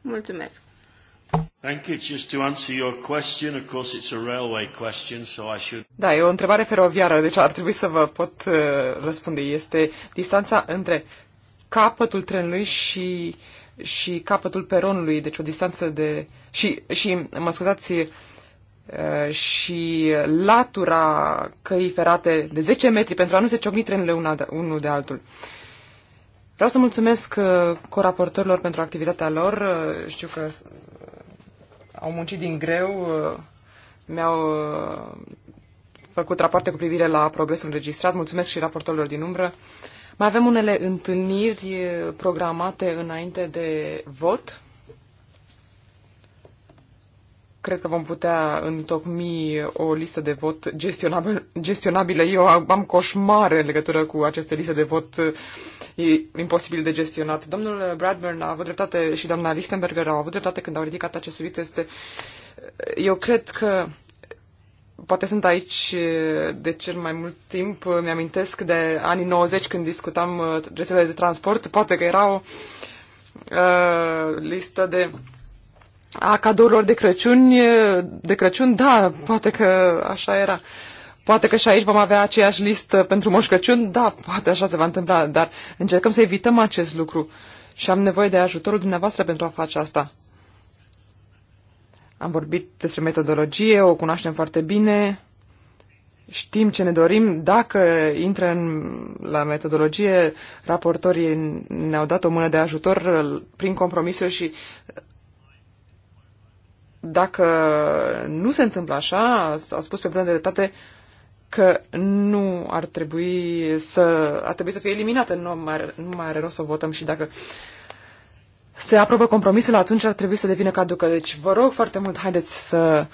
B: Mulțumesc.
A: Thank you. Just to answer your question, of course it's a railway question, so I should...
D: Da, e o întrebare feroviară, deci ar trebui să vă pot uh, răspunde. Este distanța între capătul trenului și uh, și capătul peronului, deci o distanță de... și, și mă scuzați, și latura căii ferate de 10 metri pentru a nu se ciocni trenurile unul de altul. Vreau să mulțumesc uh, coraportorilor pentru activitatea lor. Uh, știu că au muncit din greu, uh, mi-au făcut rapoarte cu privire la progresul înregistrat. Mulțumesc și raportorilor din umbră. Mai avem unele întâlniri eh, programate înainte de vot. Cred că vom putea întocmi o listă de vot gestionabil, gestionabilă. Eu am coșmare în legătură cu aceste liste de vot. E eh, imposibil de gestionat. Domnul Bradburn a avut dreptate și doamna Lichtenberger au avut dreptate când au ridicat acest subiect. Este, eh, eu cred că Poate sunt aici de cel mai mult timp. Mi-amintesc de anii 90 când discutam rețelele de transport. Poate că era o uh, listă de a cadourilor de Crăciun. De Crăciun, da, poate că așa era. Poate că și aici vom avea aceeași listă pentru Moș Crăciun, da, poate așa se va întâmpla, dar încercăm să evităm acest lucru și am nevoie de ajutorul dumneavoastră pentru a face asta. Am vorbit despre metodologie, o cunoaștem foarte bine, știm ce ne dorim. Dacă intră în, la metodologie, raportorii ne-au dat o mână de ajutor uh, prin compromisuri și uh, dacă nu se întâmplă așa, a spus pe plan de dreptate că nu ar trebui să, ar trebui să fie eliminată, nu mai, nu mai are rost să votăm și dacă uh, se aprobă compromisul, atunci ar trebui să devină caducă. Deci vă rog foarte mult, haideți să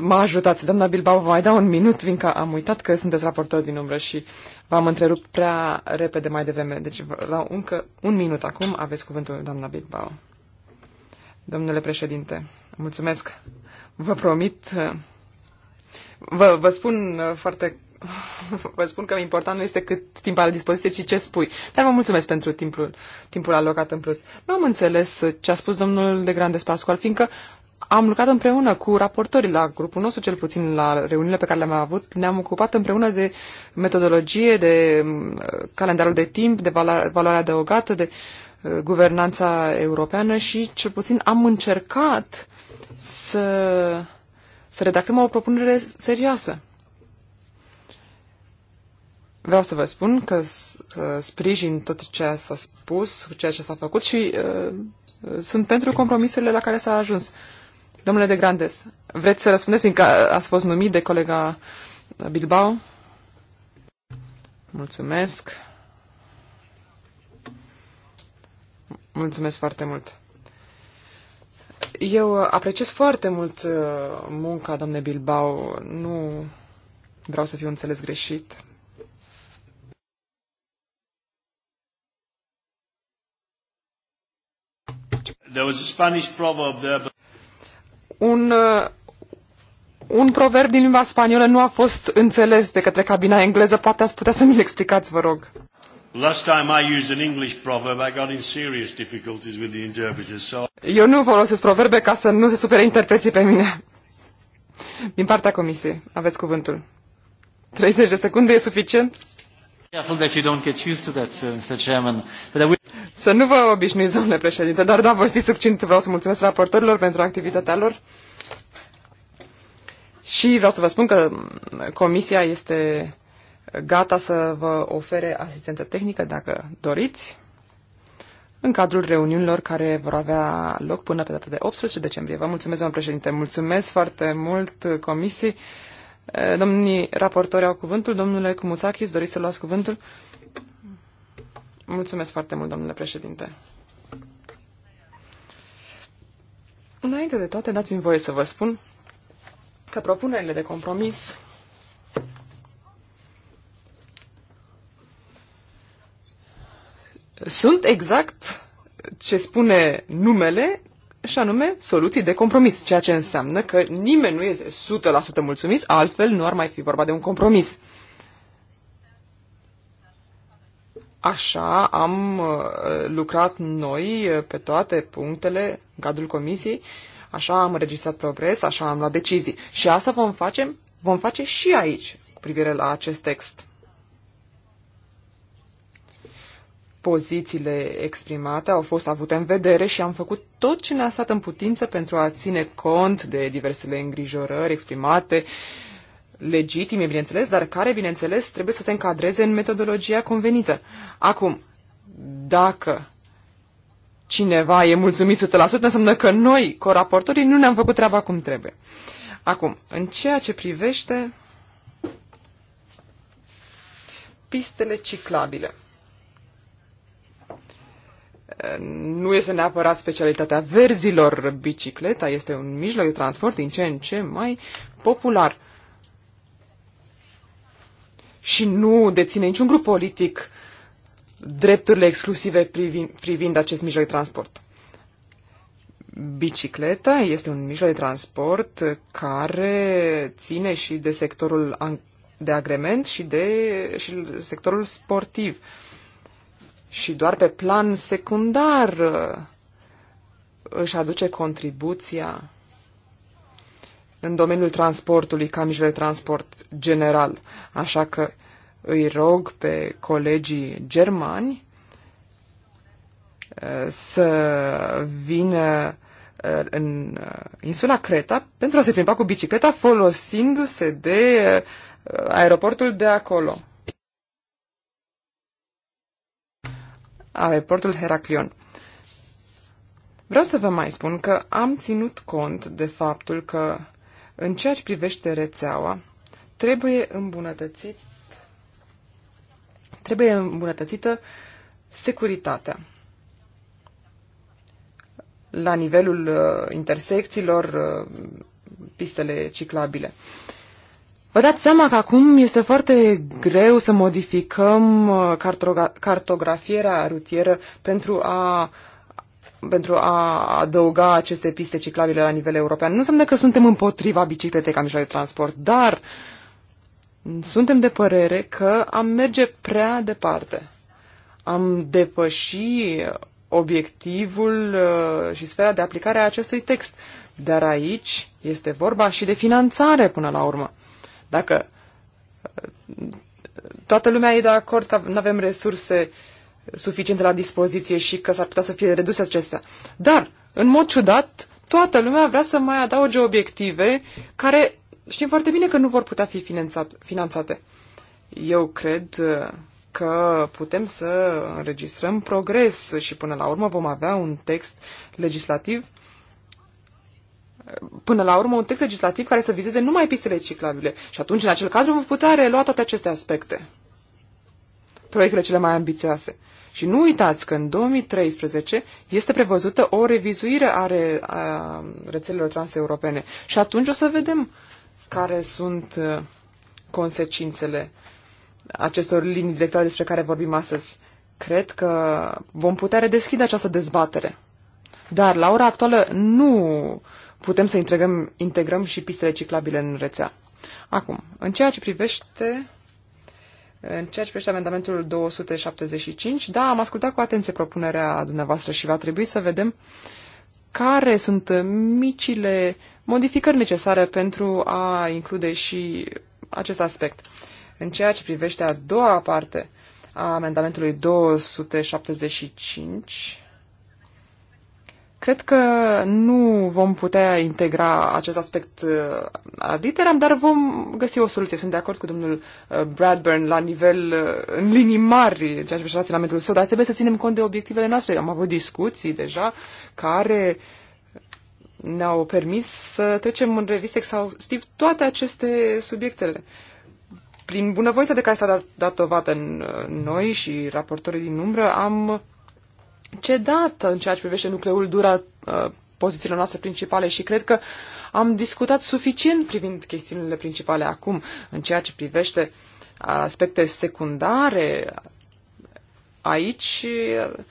D: mă ajutați. Doamna Bilbao, vă mai dau un minut, fiindcă am uitat că sunteți raportor din umbră și v-am întrerupt prea repede mai devreme. Deci vă dau încă un minut acum, aveți cuvântul, doamna Bilbao. Domnule președinte, mulțumesc. Vă promit, vă, vă spun foarte vă spun că important nu este cât timp al dispoziție, ci ce spui. Dar vă mulțumesc pentru timpul, timpul alocat în plus. Nu am înțeles ce a spus domnul de Grandes Pascual, fiindcă am lucrat împreună cu raportorii la grupul nostru, cel puțin la reuniunile pe care le-am avut. Ne-am ocupat împreună de metodologie, de mm, calendarul de timp, de valoarea adăugată, de uh, guvernanța europeană și cel puțin am încercat să, să redactăm o propunere serioasă. Vreau să vă spun că uh, sprijin tot ceea ce s-a spus, ceea ce s-a făcut și uh, sunt pentru compromisurile la care s-a ajuns. Domnule de Grandes, vreți să răspundeți, fiindcă ați fost numit de colega Bilbao? Mulțumesc. Mulțumesc foarte mult. Eu apreciez foarte mult uh, munca doamnei Bilbao. Nu vreau să fiu înțeles greșit.
A: There was a Spanish proverb there, but...
D: Un uh, un proverb din limba spaniolă nu a fost înțeles de către cabina engleză. Poate ați putea să mi-l explicați, vă rog.
A: Last time I used an English proverb, I got in serious difficulties with the interpreter, so...
D: Eu nu folosesc proverbe ca să nu se supere interpreții pe mine. Din partea comisiei, aveți cuvântul. 30 de secunde e suficient? Să nu vă obișnuiți, domnule președinte, dar da, voi fi succint. Vreau să mulțumesc raportorilor pentru activitatea lor. Și vreau să vă spun că mm, comisia este gata să vă ofere asistență tehnică dacă doriți în cadrul reuniunilor care vor avea loc până pe data de 18 decembrie. Vă mulțumesc, domnule președinte, mulțumesc foarte mult comisiei. Domnii raportori au cuvântul. Domnule Cumuțachis, doriți să luați cuvântul? Mulțumesc foarte mult, domnule președinte. Înainte de toate, dați-mi voie să vă spun că propunerile de compromis sunt exact ce spune numele și anume soluții de compromis, ceea ce înseamnă că nimeni nu este 100% mulțumit, altfel nu ar mai fi vorba de un compromis. Așa am uh, lucrat noi uh, pe toate punctele în cadrul comisiei, așa am înregistrat progres, așa am luat decizii. Și asta vom face, vom face și aici cu privire la acest text. pozițiile exprimate au fost avute în vedere și am făcut tot ce ne-a stat în putință pentru a ține cont de diversele îngrijorări exprimate, legitime, bineînțeles, dar care, bineînțeles, trebuie să se încadreze în metodologia convenită. Acum, dacă cineva e mulțumit 100%, înseamnă că noi, coraportorii, nu ne-am făcut treaba cum trebuie. Acum, în ceea ce privește pistele ciclabile nu este neapărat specialitatea verzilor. Bicicleta este un mijloc de transport din ce în ce mai popular. Și nu deține niciun grup politic drepturile exclusive privind, privind acest mijloc de transport. Bicicleta este un mijloc de transport care ține și de sectorul de agrement și de și sectorul sportiv. Uh, și doar pe plan secundar uh, își aduce contribuția în domeniul transportului ca mijloc de transport general. Așa că îi rog pe colegii germani uh, să vină uh, în insula Creta pentru a se plimba cu bicicleta folosindu-se de aeroportul de acolo. aeroportul Heraclion. Vreau să vă mai spun că am ținut cont de faptul că, în ceea ce privește rețeaua, trebuie îmbunătățit trebuie îmbunătățită securitatea la nivelul uh, intersecțiilor, uh, pistele ciclabile. Uh, Vă dați seama că acum este foarte greu să modificăm uh, cartografierea rutieră pentru a pentru a adăuga aceste piste ciclabile la nivel european. Nu înseamnă că suntem împotriva bicicletei ca mijloc de transport, dar suntem de părere că am merge prea departe. Am depăși obiectivul uh, și sfera de aplicare a acestui text. Dar aici este vorba și de finanțare până la urmă. Dacă toată lumea e de acord că nu avem resurse suficiente la dispoziție și că s-ar putea să fie reduse acestea. Dar, în mod ciudat, toată lumea vrea să mai adauge obiective care știm foarte bine că nu vor putea fi finanțat, finanțate. Eu cred uh, că putem să înregistrăm progres și până la urmă vom avea un text legislativ până la urmă un text legislativ care să vizeze numai pistele ciclabile. Și atunci, în acel cadru, vom putea relua toate aceste aspecte. Proiectele cele mai ambițioase. Și nu uitați că în 2013 este prevăzută o revizuire a, re, a rețelelor transeuropene. Și atunci o să vedem care sunt uh, consecințele acestor linii directoare despre care vorbim astăzi. Cred că vom putea redeschide această dezbatere. Dar la ora actuală nu putem să integrăm, integrăm și pistele ciclabile în rețea. Acum, în ceea ce privește în ceea ce privește amendamentul 275, da, am ascultat cu atenție propunerea dumneavoastră și va trebui să vedem care sunt micile modificări necesare pentru a include și acest aspect. În ceea ce privește a doua parte a amendamentului 275, Cred că nu vom putea integra acest aspect uh, ad literam, dar vom găsi o soluție. Sunt de acord cu domnul uh, Bradburn la nivel, uh, în linii mari, în ceea ce privește raționamentul său, dar trebuie să ținem cont de obiectivele noastre. Am avut discuții deja care ne-au permis să trecem în revistă exhaustiv toate aceste subiectele. Prin bunăvoința de care s-a dat, dat dovadă în noi și raportorii din umbră, am cedat în ceea ce privește nucleul dur al uh, pozițiilor noastre principale și cred că am discutat suficient privind chestiunile principale acum în ceea ce privește aspecte secundare. Aici uh,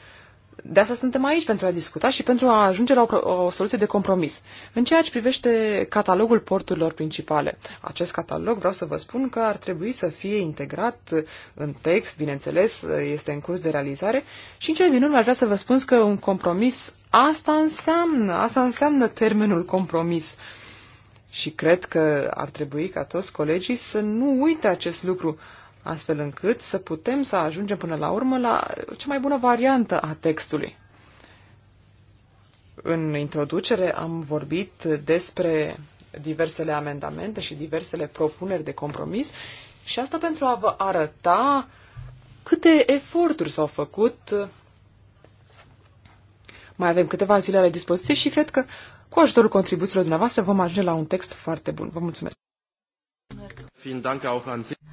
D: de asta suntem aici, pentru a discuta și pentru a ajunge la o, o soluție de compromis. În ceea ce privește catalogul porturilor principale, acest catalog vreau să vă spun că ar trebui să fie integrat în text, bineînțeles, este în curs de realizare și în cele din urmă aș vrea să vă spun că un compromis asta înseamnă, asta înseamnă termenul compromis. Și cred că ar trebui ca toți colegii să nu uite acest lucru astfel încât să putem să ajungem până la urmă la cea mai bună variantă a textului. În introducere am vorbit despre diversele amendamente și diversele propuneri de compromis și asta pentru a vă arăta câte eforturi s-au făcut. Mai avem câteva zile la dispoziție și cred că cu ajutorul contribuțiilor dumneavoastră vom ajunge la un text foarte bun. Vă mulțumesc!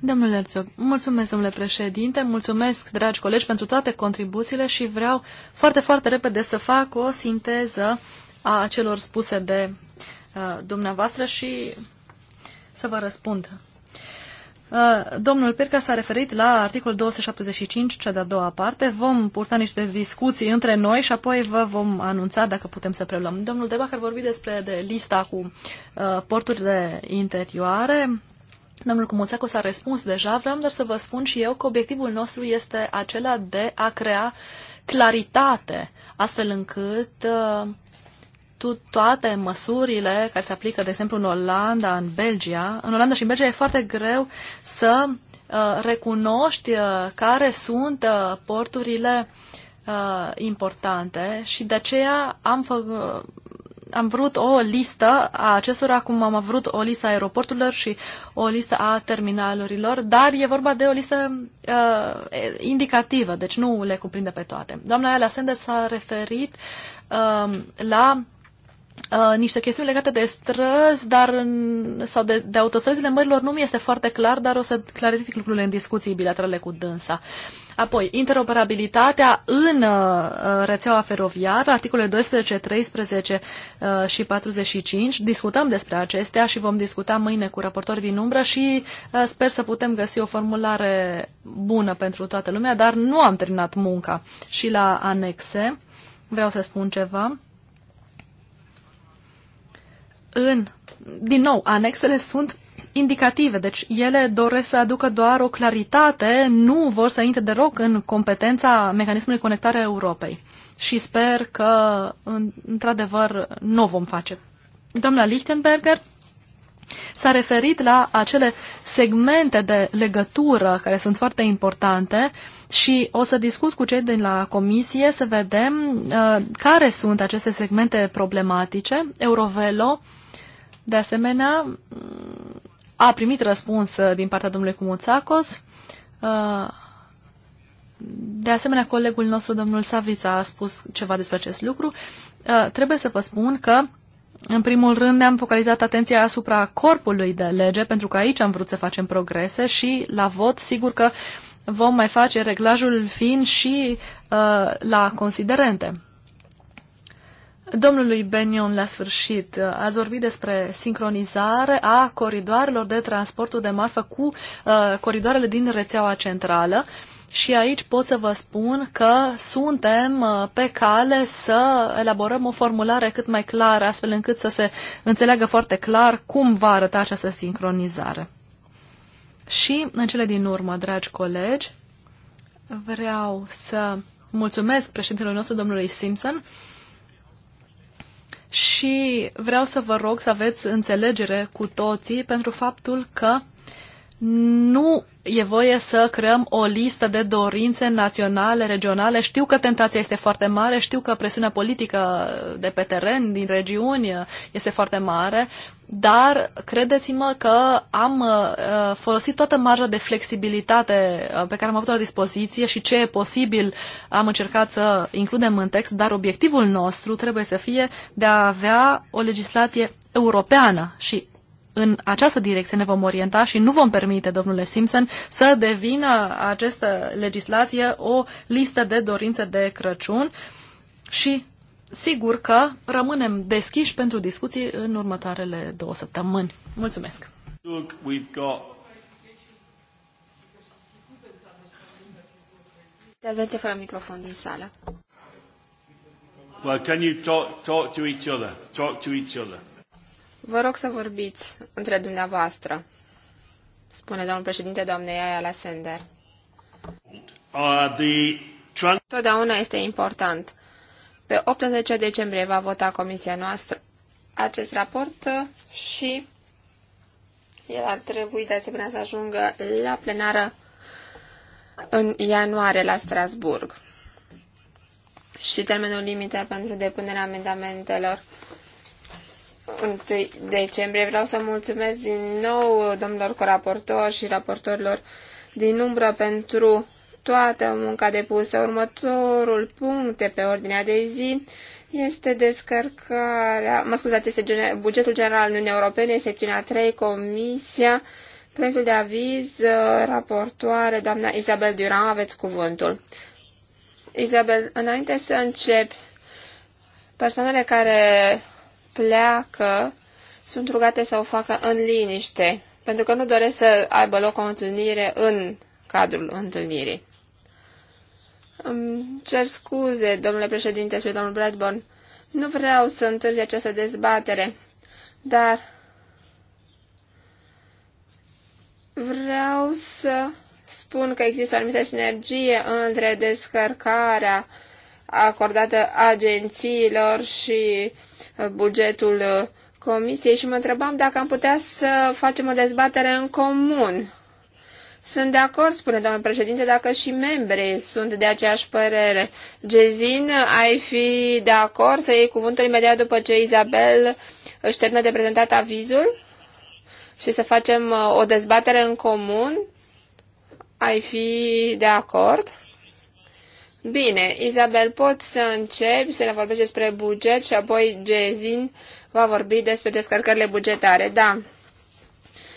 C: Domnule Herzog, mulțumesc, domnule președinte, mulțumesc, dragi colegi, pentru toate contribuțiile și vreau foarte, foarte repede să fac o sinteză a celor spuse de uh, dumneavoastră și să vă răspund. Uh, domnul Pirca s-a referit la articolul 275, cea de-a doua parte. Vom purta niște discuții între noi și apoi vă vom anunța dacă putem să preluăm. Domnul Debacher vorbi despre de lista cu uh, porturile interioare. Domnul Cumuțacu s-a răspuns deja, vreau doar să vă spun și eu că obiectivul nostru este acela de a crea claritate, astfel încât uh, toate măsurile care se aplică, de exemplu, în Olanda, în Belgia, în Olanda și în Belgia e foarte greu să uh, recunoști uh, care sunt uh, porturile uh, importante și de aceea am făcut am vrut o listă a acestora, cum am avut o listă a aeroporturilor și o listă a terminalurilor, dar e vorba de o listă uh, indicativă, deci nu le cuprinde pe toate. Doamna Ayala Sender s-a referit uh, la Uh, niște chestiuni legate de străzi dar în, sau de, de autostrăzile mărilor nu mi este foarte clar, dar o să clarific lucrurile în discuții bilaterale cu dânsa. Apoi, interoperabilitatea în uh, rețeaua feroviară, articolele 12, 13 uh, și 45. Discutăm despre acestea și vom discuta mâine cu raportorii din umbră și uh, sper să putem găsi o formulare bună pentru toată lumea, dar nu am terminat munca și la anexe. Vreau să spun ceva în, din nou, anexele sunt indicative, deci ele doresc să aducă doar o claritate, nu vor să intre de roc în competența mecanismului conectare Europei. Și sper că, într-adevăr, nu vom face. Doamna Lichtenberger s-a referit la acele segmente de legătură care sunt foarte importante și o să discut cu cei de la comisie să vedem uh, care sunt aceste segmente problematice. Eurovelo uh, de asemenea, a primit răspuns uh, din partea domnului Cumuțacos. Uh, de asemenea, colegul nostru, domnul Savița, a spus ceva despre acest lucru. Uh, trebuie să vă spun că în primul rând ne-am focalizat atenția asupra corpului de lege, pentru că aici am vrut să facem progrese și la vot, sigur că vom mai face reglajul fin și uh, la considerente. Domnului Benion, la sfârșit, ați vorbit despre sincronizare a coridoarelor de transportul de marfă cu uh, coridoarele din rețeaua centrală. Și aici pot să vă spun că suntem uh, pe cale să elaborăm o formulare cât mai clară, astfel încât să se înțeleagă foarte clar cum va arăta această sincronizare. Și, în cele din urmă, dragi colegi, vreau să mulțumesc președintelui nostru, domnului Simpson, și vreau să vă rog să aveți înțelegere cu toții pentru faptul că nu e voie să creăm o listă de dorințe naționale, regionale. Știu că tentația este foarte mare, știu că presiunea politică de pe teren, din regiuni, este foarte mare, dar credeți-mă că am uh, folosit toată marja de flexibilitate uh, pe care am avut-o la dispoziție și ce e posibil am încercat să includem în text, dar obiectivul nostru trebuie să fie de a avea o legislație europeană și în această direcție ne vom orienta și nu vom permite, domnule Simpson, să devină această legislație o listă de dorințe de Crăciun și sigur că rămânem deschiși pentru discuții în următoarele două săptămâni. Mulțumesc!
A: Look, we've got...
B: Intervenție fără microfon din sală.
A: Well, can you talk, talk to each other? Talk to each other.
B: Vă rog să vorbiți între dumneavoastră, spune domnul președinte doamnei Aia la Sender.
A: Uh,
B: Totdeauna este important. Pe 18 decembrie va vota comisia noastră acest raport și el ar trebui de asemenea să ajungă la plenară în ianuarie la Strasburg. Și termenul limită pentru depunerea amendamentelor 1 decembrie. Vreau să mulțumesc din nou domnilor coraportori și raportorilor din umbră pentru toată munca depusă. Următorul punct de pe ordinea de zi este descărcarea, mă scuzați, este bugetul general al Uniunii Europene, secțiunea 3, Comisia, proiectul de aviz, uh, raportoare, doamna Isabel Duran, aveți cuvântul. Isabel, înainte să încep, persoanele care pleacă, sunt rugate să o facă în liniște, pentru că nu doresc să aibă loc o întâlnire în cadrul întâlnirii. Îmi cer scuze, domnule președinte, spune domnul Bradburn. Nu vreau să întârzi această dezbatere, dar vreau să spun că există o anumită sinergie între descărcarea uh, acordată agențiilor și uh, bugetul uh, comisiei și mă întrebam dacă am putea să facem o dezbatere în comun. Sunt de acord, spune domnul președinte, dacă și membrii sunt de aceeași părere. Gezin, ai fi de acord să iei cuvântul imediat după ce Izabel își termină de prezentat avizul și să facem uh, o dezbatere în comun? Ai fi de acord? Bine, Isabel, pot să încep să ne vorbești despre buget și apoi Jezin va vorbi despre descărcările bugetare. Da.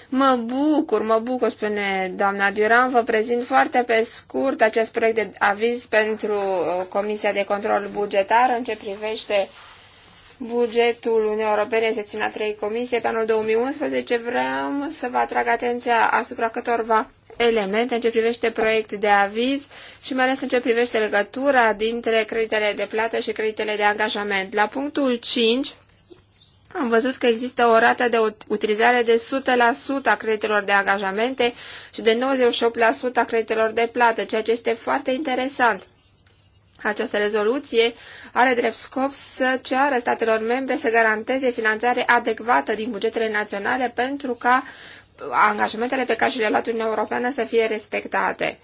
B: Mă bucur, mă bucur, spune doamna Duran. Vă prezint foarte pe scurt acest proiect de aviz pentru uh, Comisia de Control Bugetar în ce privește bugetul Uniunii Europene, secțiunea 3 Comisie pe anul 2011. Vreau să vă atrag atenția asupra câtorva elemente în ce privește proiect de aviz și mai ales în ce privește legătura dintre creditele de plată și creditele de angajament. La punctul 5 am văzut că există o rată de utilizare de 100% a creditelor de angajamente și de 98% a creditelor de plată, ceea ce este foarte interesant. Această rezoluție are drept scop să ceară statelor membre să garanteze finanțare adecvată din bugetele naționale pentru ca angajamentele pe care și le-a luat Uniunea Europeană să fie respectate.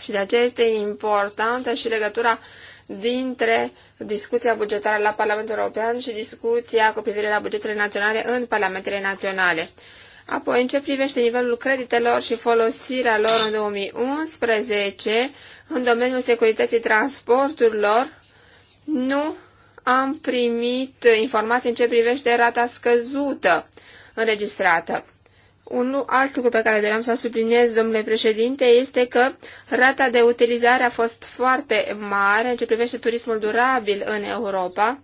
B: Și de aceea este importantă și legătura dintre discuția bugetară la Parlamentul European și discuția cu privire la bugetele naționale în Parlamentele naționale. Apoi, în ce privește nivelul creditelor și folosirea lor în 2011, în domeniul securității transporturilor, nu am primit informații în ce privește rata scăzută înregistrată. Un alt lucru pe care doream să subliniez, domnule președinte, este că rata de utilizare a fost foarte mare în ce privește turismul durabil în Europa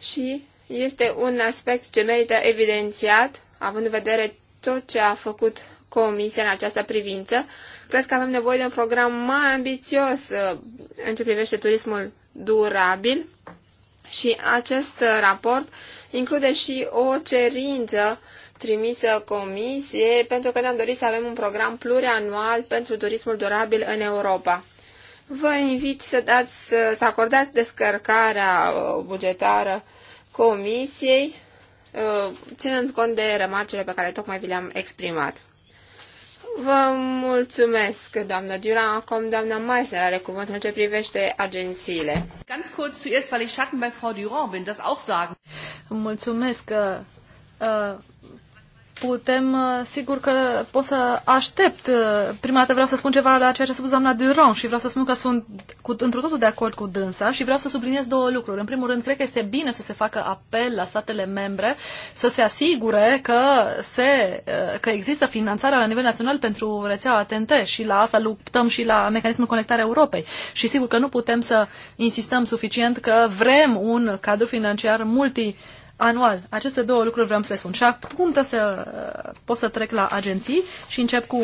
B: și este un aspect ce merită evidențiat, având în vedere tot ce a făcut Comisia în această privință. Cred că avem nevoie de un program mai ambițios uh, în ce privește turismul durabil și acest uh, raport include și o cerință trimisă comisie pentru că ne-am dorit să avem un program plurianual pentru turismul durabil în Europa. Vă invit să, dați, să acordați descărcarea uh, bugetară comisiei, uh, ținând cont de remarcele pe care tocmai vi le-am exprimat. Vă mulțumesc, doamnă Dura. Acum doamna Meisner are cuvântul în ce privește agențiile. Ganz kurz zuerst, weil
C: ich Schatten bei Frau Durand bin, das auch sagen. Mulțumesc. Uh, uh putem, uh, sigur că pot să aștept. Uh, prima dată vreau să spun ceva la ceea ce a spus doamna Duron și vreau să spun că sunt cu, într totul de acord cu dânsa și vreau să subliniez două lucruri. În primul rând, cred că este bine să se facă apel la statele membre să se asigure că, se, uh, că există finanțarea la nivel național pentru rețeaua TNT și la asta luptăm și la mecanismul conectarea Europei. Și sigur că nu putem să insistăm suficient că vrem un cadru financiar multi anual. Aceste două lucruri vreau să le spun. Și acum să, uh, pot să trec la agenții și încep cu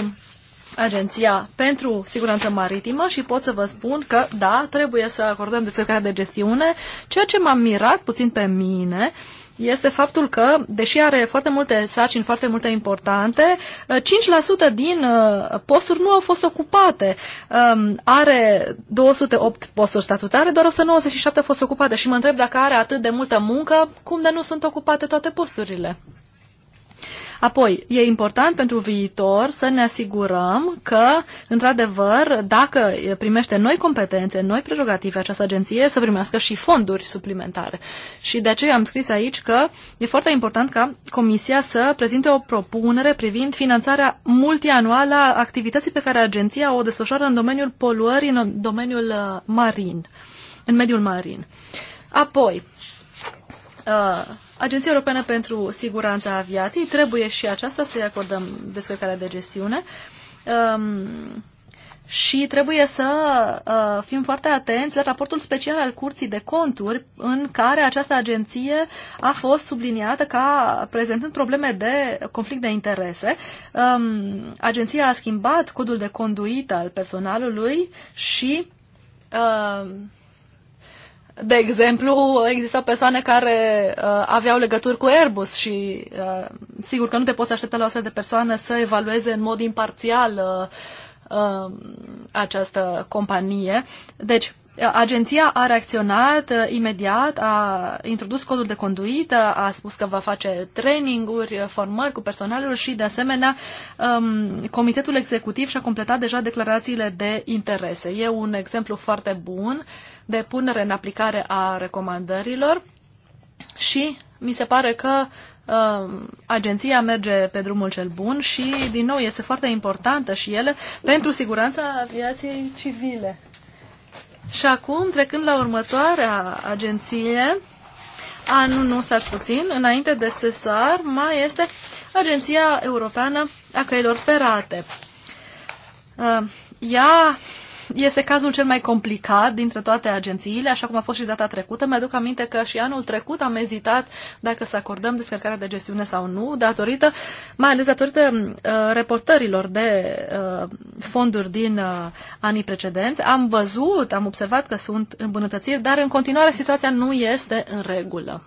C: Agenția pentru Siguranță Maritimă și pot să vă spun că, da, trebuie să acordăm descărcarea de gestiune, ceea ce m-a mirat puțin pe mine, uh, este faptul că, deși are foarte multe sarcini, foarte multe importante, 5% din uh, posturi nu au fost ocupate. Um, are 208 posturi statutare, doar 197 au fost ocupate și mă întreb dacă are atât de multă muncă, cum de nu sunt ocupate toate posturile. Apoi, e important pentru viitor să ne asigurăm că, într-adevăr, dacă primește noi competențe, noi prerogative această agenție, să primească și fonduri suplimentare. Și de aceea am scris aici că e foarte important ca Comisia să prezinte o propunere privind finanțarea multianuală a activității pe care agenția o desfășoară în domeniul poluării, în domeniul uh, marin, în mediul marin. Apoi, uh, Agenția Europeană pentru Siguranța Aviației trebuie și aceasta să-i acordăm descărcarea de gestiune. Um, și trebuie să uh, fim foarte atenți la raportul special al Curții de Conturi, în care această agenție a fost subliniată ca prezentând probleme de conflict de interese. Um, agenția a schimbat codul de conduită al personalului și uh, de exemplu, existau persoane care uh, aveau legături cu Airbus și uh, sigur că nu te poți aștepta la o astfel de persoană să evalueze în mod imparțial uh, uh, această companie. Deci, uh, Agenția a reacționat uh, imediat, a introdus codul de conduită, a spus că va face traininguri, uh, formări cu personalul și, de asemenea, um, comitetul executiv și-a completat deja declarațiile de interese. E un exemplu foarte bun uh, de punere în aplicare a recomandărilor și mi se pare că uh, agenția merge pe drumul cel bun și, din nou, este foarte importantă și ele pentru siguranța aviației civile. Și acum, trecând la următoarea agenție, a, nu, nu, stați puțin, înainte de SESAR mai este Agenția Europeană a Căilor Ferate. Uh, ea este cazul cel mai complicat dintre toate agențiile, așa cum a fost și data trecută. Mi-aduc aminte că și anul trecut am ezitat dacă să acordăm descărcarea de gestiune sau nu, datorită, mai ales datorită uh, reportărilor de uh, fonduri din uh, anii precedenți. Am văzut, am observat că sunt îmbunătățiri, dar în continuare situația nu este în regulă.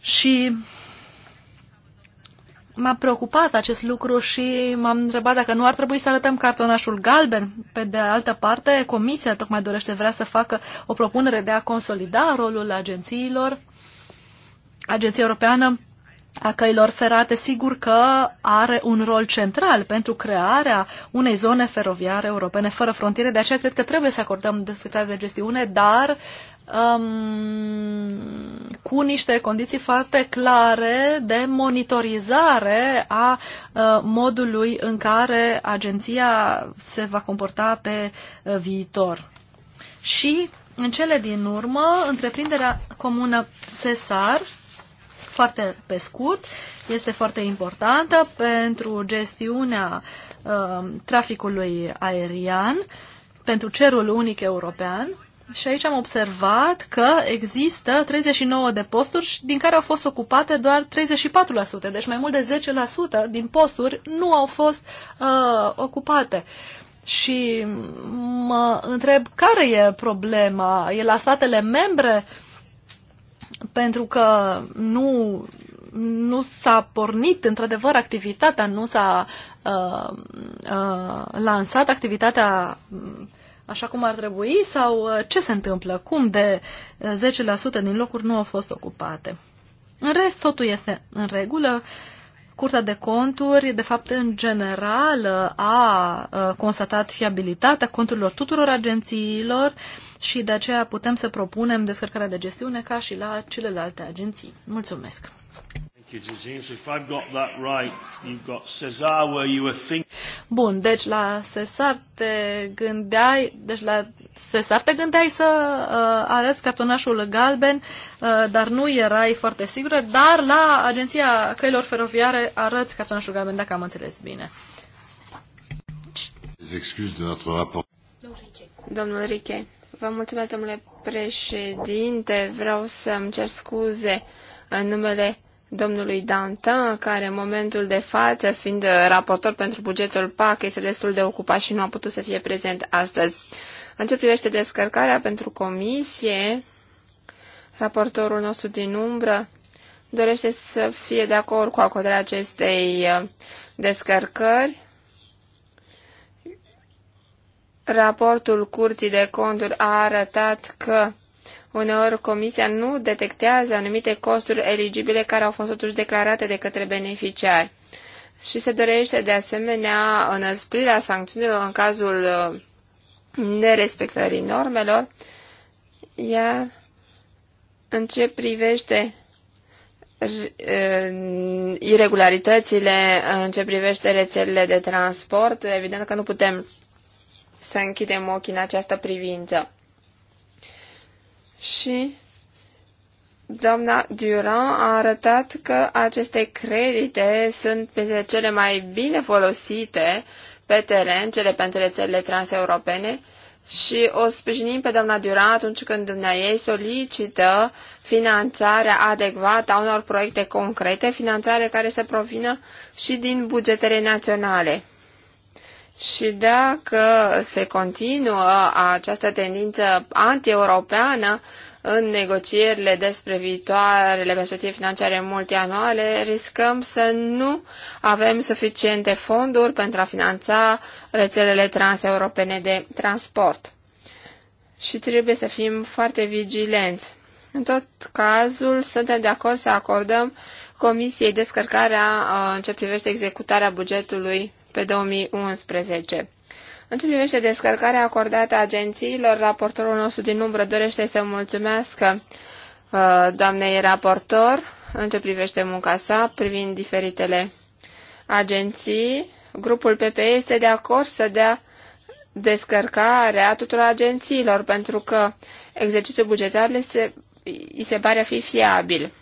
C: Și m-a preocupat acest lucru și m-am întrebat dacă nu ar trebui să arătăm cartonașul galben. Pe de altă parte, Comisia tocmai dorește, vrea să facă o propunere de a consolida rolul agențiilor, Agenția Europeană a căilor ferate, sigur că are un rol central pentru crearea unei zone feroviare europene fără frontiere, de aceea cred că trebuie să acordăm descărcarea de gestiune, dar uh, um, cu niște condiții foarte clare de monitorizare a uh, modului în care agenția se va comporta pe uh, viitor. Și în cele din urmă, întreprinderea comună SESAR, foarte pe scurt, este foarte importantă pentru gestiunea uh, traficului aerian, pentru cerul unic european, și aici am observat că există 39 de posturi, din care au fost ocupate doar 34%, deci mai mult de 10% din posturi nu au fost uh, ocupate. Și mă întreb care e problema? E la statele membre? Pentru că nu, nu s-a pornit într-adevăr activitatea, nu s-a uh, uh, lansat activitatea. Uh, așa cum ar trebui sau uh, ce se întâmplă? Cum de 10% uh, din locuri nu au fost ocupate? În rest, totul este în regulă. Curtea de conturi, de fapt, în general, uh, a constatat fiabilitatea conturilor tuturor agențiilor și de aceea putem să propunem descărcarea de gestiune ca și la celelalte agenții. Mulțumesc!
A: packages So if I've got that right, you've got Cesar where you were thinking.
C: Bun, deci la Cesar te gândeai, deci la Cesar te gândeai să uh, arăți cartonașul galben, uh, dar nu erai foarte sigură, dar la Agenția Căilor Feroviare arăți cartonașul galben, dacă am înțeles bine. Domnul Riche, vă mulțumesc, domnule președinte.
B: Vreau să-mi cer scuze în numele domnului Dantin, care în momentul de față, fiind raportor pentru bugetul PAC, este destul de ocupat și nu a putut să fie prezent astăzi. În ce privește descărcarea pentru comisie, raportorul nostru din umbră dorește să fie de acord cu acordarea acestei uh, descărcări. Raportul Curții de Conturi a arătat că Uneori comisia nu detectează anumite costuri eligibile care au fost totuși declarate de către beneficiari. Și se dorește de asemenea înăsprirea sancțiunilor în cazul uh, nerespectării normelor, iar în ce privește uh, irregularitățile în ce privește rețelele de transport, evident că nu putem să închidem ochii în această privință și doamna Durand a arătat că aceste credite sunt printre cele mai bine folosite pe teren, cele pentru rețelele transeuropene, și o sprijinim pe doamna Durand atunci când ei solicită finanțarea adecvată a unor proiecte concrete, finanțare care să provină și din bugetele naționale. Și dacă se continuă această tendință anti-europeană în negocierile despre viitoarele perspective financiare multianuale, riscăm să nu avem suficiente fonduri pentru a finanța rețelele transeuropene de transport. Și trebuie să fim foarte vigilenți. În tot cazul, suntem de acord să acordăm Comisiei descărcarea uh, în ce privește executarea bugetului pe 2011. În ce privește descărcarea acordată agențiilor, raportorul nostru din umbră dorește să mulțumească uh, doamnei raportor în ce privește munca sa privind diferitele agenții. Grupul PPE este de acord să dea descărcarea tuturor agențiilor pentru că exercițiul bugetar îi se pare a fi fiabil.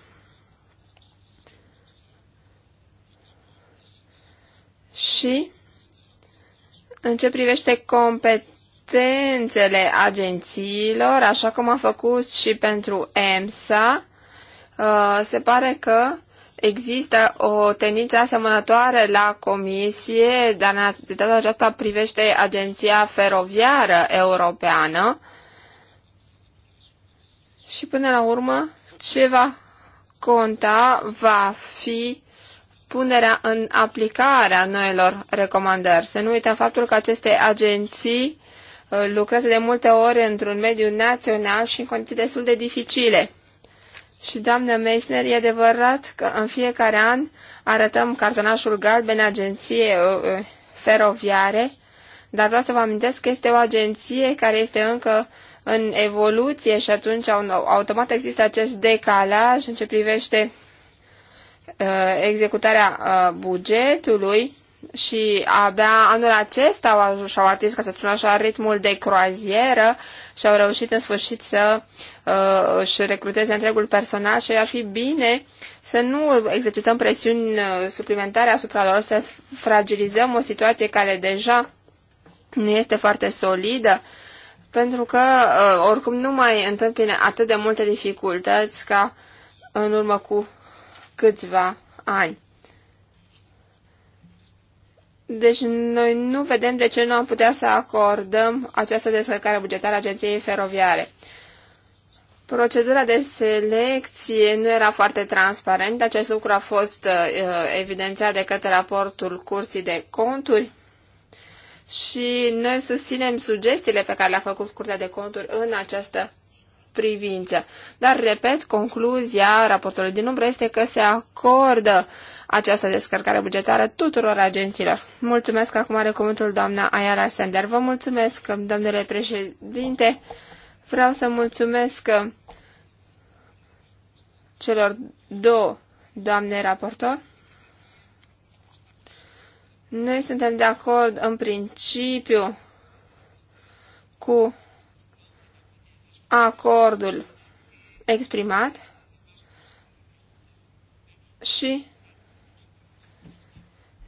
B: Și în ce privește competențele agențiilor, așa cum a făcut și pentru EMSA, uh, se pare că există o tendință asemănătoare la comisie, dar de data aceasta privește Agenția Feroviară Europeană. Și până la urmă, ce va conta va fi punerea în aplicare a noilor recomandări. Să nu uităm faptul că aceste agenții uh, lucrează de multe ori într-un mediu național și în condiții destul de dificile. Și, doamnă Meissner, e adevărat că în fiecare an arătăm cartonașul galben agenției uh, uh, feroviare, dar vreau să vă amintesc că este o agenție care este încă în evoluție și atunci automat există acest decalaj în ce privește Uh, executarea uh, bugetului și abia anul acesta și-au atins, ca să spun așa, ritmul de croazieră și au reușit în sfârșit să uh, își recruteze întregul personal și ar fi bine să nu exercităm presiuni uh, suplimentare asupra lor, să fragilizăm o situație care deja nu este foarte solidă, pentru că uh, oricum nu mai întâmpină atât de multe dificultăți ca în urmă cu câțiva ani. Deci noi nu vedem de ce nu am putea să acordăm această descărcare bugetară agenției feroviare. Procedura de selecție nu era foarte transparentă. Acest lucru a fost uh, evidențiat de către raportul Curții de Conturi și noi susținem sugestiile pe care le-a făcut Curtea de Conturi în această privință. Dar, repet, concluzia raportului din umbră este că se acordă această descărcare bugetară tuturor agențiilor. Mulțumesc, acum are cuvântul doamna Ayala Sender. Vă mulțumesc, domnule președinte. Vreau să mulțumesc celor două doamne raportor. Noi suntem de acord în principiu cu acordul exprimat și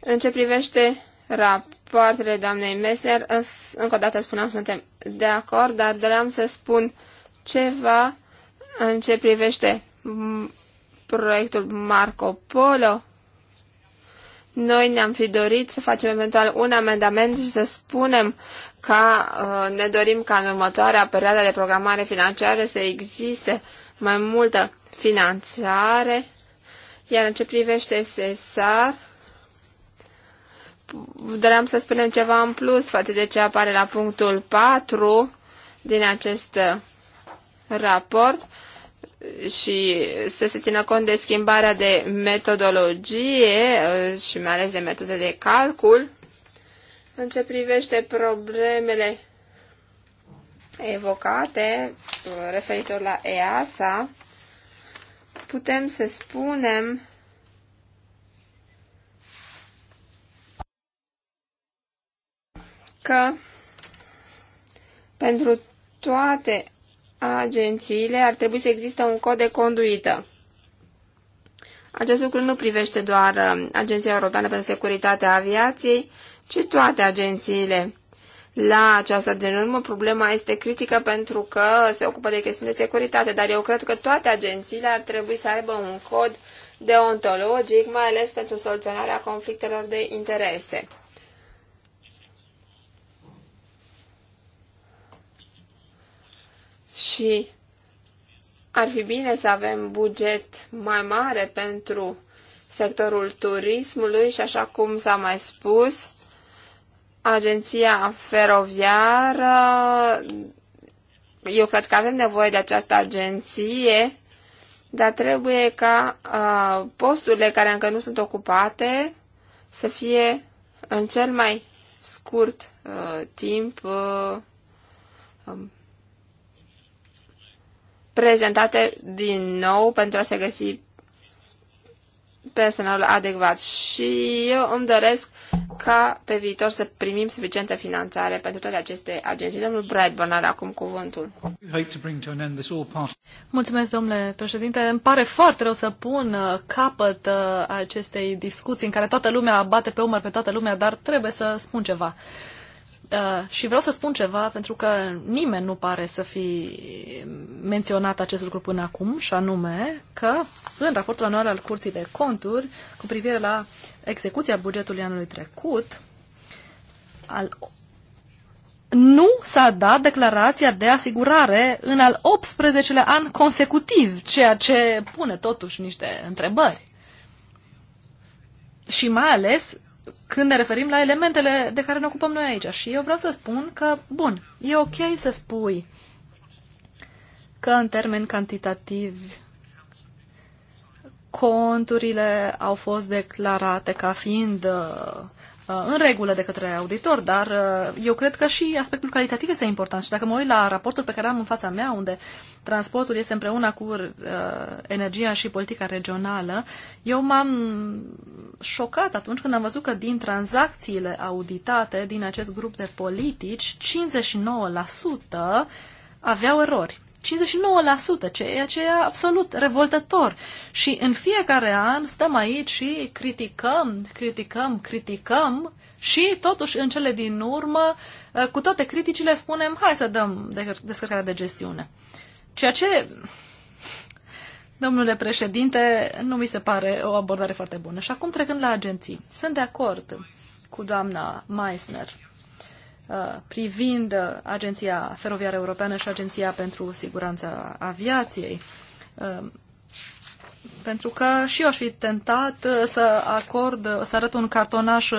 B: în ce privește rapoartele doamnei Messner, încă o dată spuneam, suntem de acord, dar doream să spun ceva în ce privește proiectul Marco Polo. Noi ne-am fi dorit să facem eventual un amendament și să spunem ca uh, ne dorim ca în următoarea perioadă de programare financiară să existe mai multă finanțare, iar în ce privește SESAR, doream să spunem ceva în plus față de ce apare la punctul 4 din acest raport și să se țină cont de schimbarea de metodologie uh, și mai ales de metode de calcul în ce privește problemele evocate uh, referitor la EASA, putem să spunem că pentru toate agențiile ar trebui să existe un cod de conduită. Acest lucru nu privește doar uh, Agenția Europeană pentru Securitatea Aviației, ci toate agențiile. La această din urmă, problema este critică pentru că se ocupă de chestiuni de securitate, dar eu cred că toate agențiile ar trebui să aibă un cod deontologic, mai ales pentru soluționarea conflictelor de interese. Și ar fi bine să avem buget mai mare pentru sectorul turismului și așa cum s-a mai spus, agenția feroviară, eu cred că avem nevoie de această agenție, dar trebuie ca uh, posturile care încă nu sunt ocupate să fie în cel mai scurt uh, timp uh, um, prezentate din nou pentru a se găsi personal adecvat. Și eu îmi doresc ca pe viitor să primim suficientă finanțare pentru
C: toate aceste agenții. Domnul Bradburn are acum cuvântul. Mulțumesc, domnule președinte. Îmi pare foarte rău să pun uh, capăt uh, acestei discuții în care toată lumea bate pe umăr pe toată lumea, dar trebuie să spun ceva. Uh, și vreau să spun ceva, pentru că nimeni nu pare să fi menționat acest lucru până acum, și anume că în raportul anual al Curții de Conturi, cu privire la execuția bugetului anului trecut, al nu s-a dat declarația de asigurare în al 18-lea an consecutiv, ceea ce pune totuși niște întrebări. Și mai ales când ne referim la elementele de care ne ocupăm noi aici. Și eu vreau să spun că, bun, e ok să spui că în termeni cantitativi conturile au fost declarate ca fiind uh, Uh, în regulă de către auditor, dar uh, eu cred că și aspectul calitativ este important. Și dacă mă uit la raportul pe care am în fața mea, unde transportul este împreună cu uh, energia și politica regională, eu m-am șocat atunci când am văzut că din tranzacțiile auditate din acest grup de politici, 59% aveau erori. 59%, ceea ce e absolut revoltător. Și în fiecare an stăm aici și criticăm, criticăm, criticăm și totuși în cele din urmă, eh, cu toate criticile, spunem hai să dăm descărcarea de gestiune. Ceea ce, domnule președinte, nu mi se pare o abordare foarte bună. Și acum trecând la agenții. Sunt de acord cu doamna Meissner Uh, privind Agenția Feroviară Europeană și Agenția pentru Siguranța Aviației. Um, pentru că și eu aș fi tentat uh, să acord, uh, să arăt un cartonaș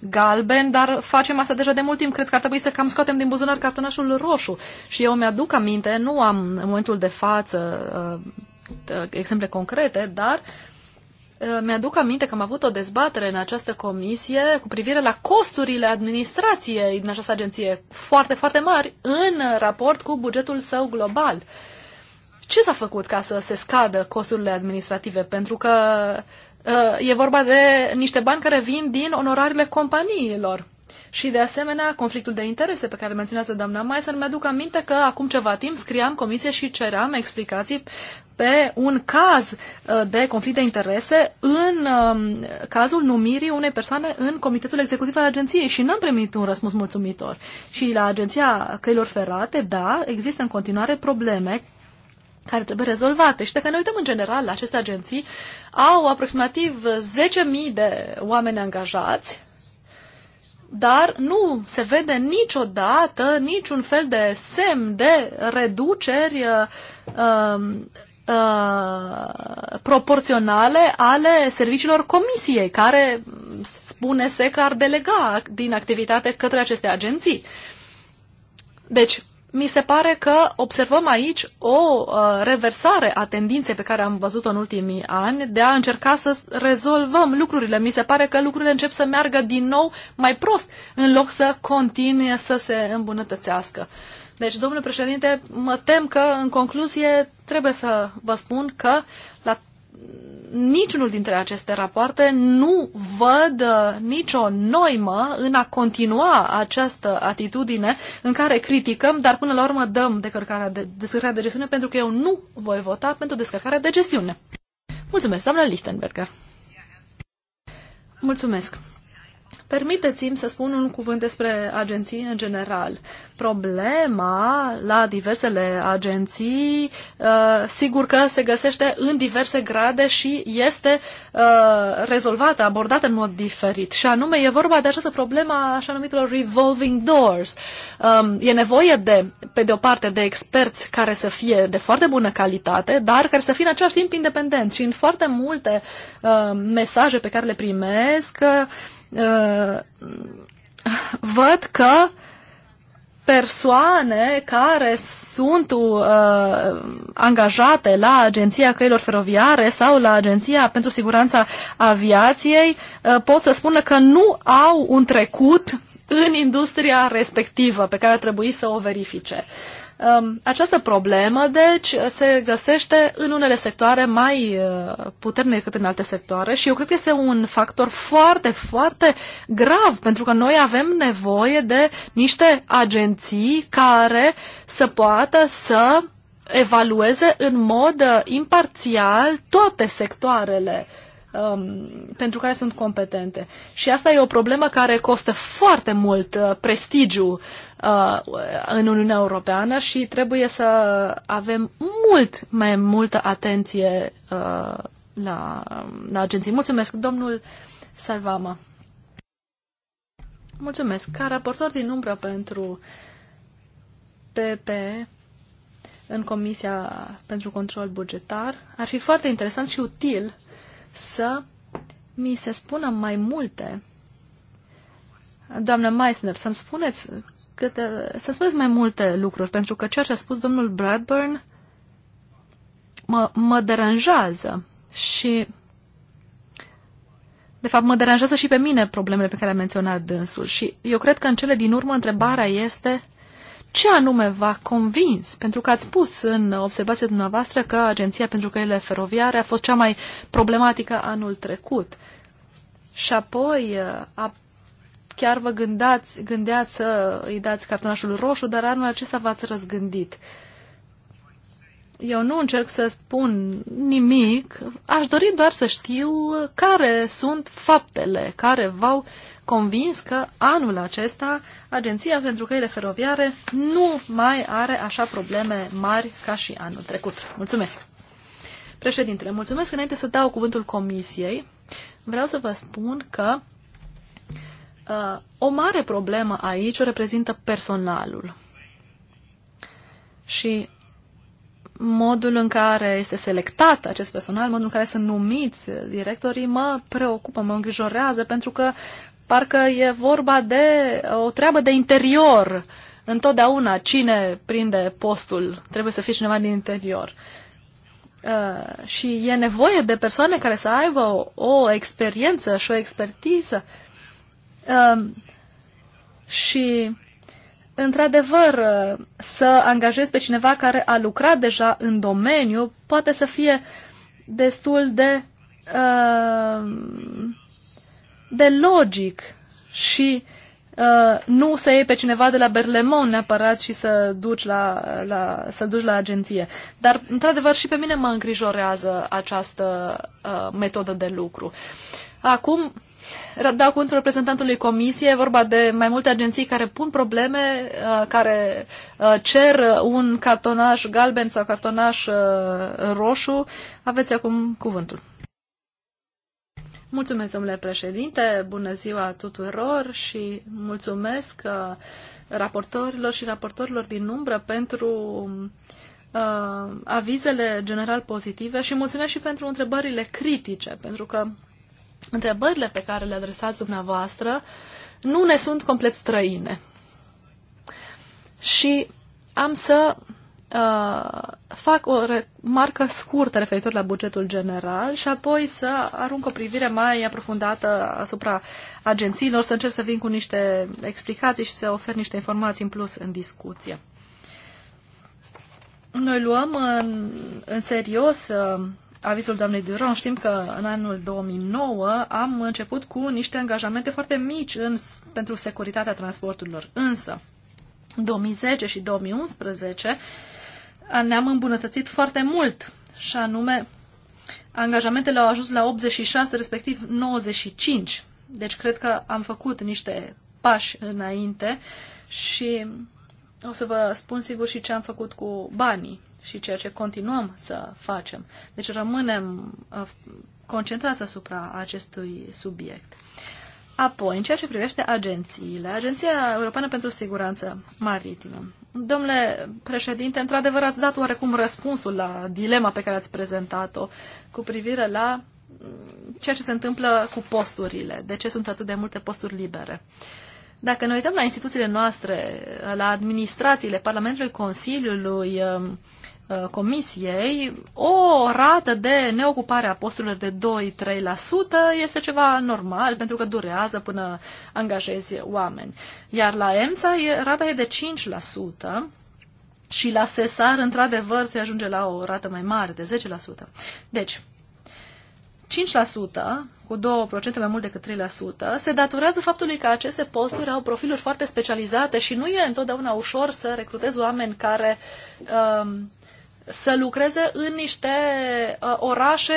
C: galben, dar facem asta deja de mult timp. Cred că ar trebui să cam scoatem din buzunar cartonașul roșu. Și eu mi-aduc aminte, nu am în momentul de față exemple concrete, dar Uh, mi-aduc aminte că am avut o dezbatere în această comisie cu privire la costurile administrației din această agenție, foarte, foarte mari, în raport cu bugetul său global. Ce s-a făcut ca să se scadă costurile administrative? Pentru că uh, e vorba de niște bani care vin din onorarile companiilor. Și, de asemenea, conflictul de interese pe care menționează doamna Meiser, mi-aduc aminte că acum ceva timp scriam comisie și ceream explicații pe un caz uh, de conflict de interese în um, cazul numirii unei persoane în Comitetul Executiv al Agenției și n-am primit un răspuns mulțumitor. Și la Agenția Căilor Ferate, da, există în continuare probleme care trebuie rezolvate. Și dacă ne uităm în general la aceste agenții, au aproximativ 10.000 de oameni angajați dar nu se vede niciodată niciun fel de semn de reduceri uh, um, uh, proporționale ale serviciilor comisiei, care spune se că ar delega din activitate către aceste agenții. Deci, mi se pare că observăm aici o uh, reversare a tendinței pe care am văzut-o în ultimii ani de a încerca să rezolvăm lucrurile. Mi se pare că lucrurile încep să meargă din nou mai prost, în loc să continue să se îmbunătățească. Deci, domnule președinte, mă tem că, în concluzie, trebuie să vă spun că la niciunul dintre aceste rapoarte nu văd uh, nicio noimă în a continua această atitudine în care criticăm, dar până la urmă dăm descărcarea de, descărcarea de gestiune pentru că eu nu voi vota pentru descărcarea de gestiune. Mulțumesc, doamna Lichtenberger. Mulțumesc. Permiteți-mi să spun un cuvânt despre agenții în general. Problema la diversele agenții, uh, sigur că se găsește în diverse grade și este uh, rezolvată, abordată în mod diferit. Și anume, e vorba de această problemă a așa numitelor revolving doors. Um, e nevoie de, pe de o parte, de experți care să fie de foarte bună calitate, dar care să fie în același timp independenți. Și în foarte multe uh, mesaje pe care le primesc, Uh, văd că persoane care sunt uh, angajate la Agenția Căilor Feroviare sau la Agenția pentru Siguranța Aviației uh, pot să spună că nu au un trecut în industria respectivă pe care trebuie să o verifice. Um, această problemă, deci, se găsește în unele sectoare mai uh, puternic decât în alte sectoare și eu cred că este un factor foarte, foarte grav, pentru că noi avem nevoie de niște agenții care să poată să evalueze în mod uh, imparțial toate sectoarele um, pentru care sunt competente. Și asta e o problemă care costă foarte mult uh, prestigiu Uh, în Uniunea Europeană și trebuie să avem mult mai multă atenție uh, la, la agenții. Mulțumesc, domnul Salvama. Mulțumesc. Ca raportor din umbră pentru PP în Comisia pentru Control Bugetar, ar fi foarte interesant și util să mi se spună mai multe. Doamna Meissner, să-mi spuneți câte, uh, să spuneți mai multe lucruri, pentru că ceea ce a spus domnul Bradburn mă, mă deranjează și de fapt, mă deranjează și pe mine problemele pe care le-a menționat dânsul și eu cred că în cele din urmă întrebarea este ce anume v-a convins? Pentru că ați spus în observația dumneavoastră că Agenția pentru Căile Feroviare a fost cea mai problematică anul trecut. Și apoi uh, a chiar vă gândați, gândeați să îi dați cartonașul roșu, dar anul acesta v-ați răzgândit. Eu nu încerc să spun nimic, aș dori doar să știu care sunt faptele care v-au convins că anul acesta Agenția pentru Căile Feroviare nu mai are așa probleme mari ca și anul trecut. Mulțumesc! Președintele, mulțumesc înainte să dau cuvântul comisiei. Vreau să vă spun că Uh, o mare problemă aici o reprezintă personalul și modul în care este selectat acest personal, modul în care sunt numiți directorii, mă preocupă, mă îngrijorează, pentru că parcă e vorba de uh, o treabă de interior. Întotdeauna cine prinde postul trebuie să fie cineva din interior. Uh, și e nevoie de persoane care să aibă o, o experiență și o expertiză uh, Um, și, într-adevăr, să angajezi pe cineva care a lucrat deja în domeniu poate să fie destul de, um, de logic și uh, nu să iei pe cineva de la Berlemon neapărat și să duci la, la, să duci la agenție. Dar, într-adevăr, și pe mine mă îngrijorează această uh, metodă de lucru. Acum, dau cuvântul reprezentantului comisiei, vorba de mai multe agenții care pun probleme, uh, care uh, cer un cartonaș galben sau cartonaș uh, roșu. Aveți acum cuvântul. Mulțumesc, domnule președinte, bună ziua tuturor și mulțumesc raportorilor și raportorilor din umbră pentru uh, avizele general pozitive și mulțumesc și pentru întrebările critice, pentru că întrebările pe care le adresați dumneavoastră nu ne sunt complet străine. Și am să uh, fac o remarcă scurtă referitor la bugetul general și apoi să arunc o privire mai aprofundată asupra agențiilor, să încerc să vin cu niște explicații și să ofer niște informații în plus în discuție. Noi luăm în, în serios uh, avizul doamnei Duron, știm că în anul 2009 am început cu niște angajamente foarte mici în, pentru securitatea transporturilor. Însă, în 2010 și 2011 ne-am îmbunătățit foarte mult și anume angajamentele au ajuns la 86, respectiv 95. Deci cred că am făcut niște pași înainte și o să vă spun sigur și ce am făcut cu banii și ceea ce continuăm să facem. Deci rămânem uh, concentrați asupra acestui subiect. Apoi, în ceea ce privește agențiile, Agenția Europeană pentru Siguranță Maritimă. Domnule președinte, într-adevăr ați dat oarecum răspunsul la dilema pe care ați prezentat-o cu privire la mm, ceea ce se întâmplă cu posturile, de ce sunt atât de multe posturi libere. Dacă ne uităm la instituțiile noastre, la administrațiile Parlamentului, Consiliului, um, Uh, comisiei, o rată de neocupare a posturilor de 2-3% este ceva normal pentru că durează până angajezi oameni. Iar la EMSA rata e de 5% și la SESAR, într-adevăr, se ajunge la o rată mai mare, de 10%. Deci, 5%, cu 2% mai mult decât 3%, se datorează faptului că aceste posturi au profiluri foarte specializate și nu e întotdeauna ușor să recrutezi oameni care uh, să lucreze în niște uh, orașe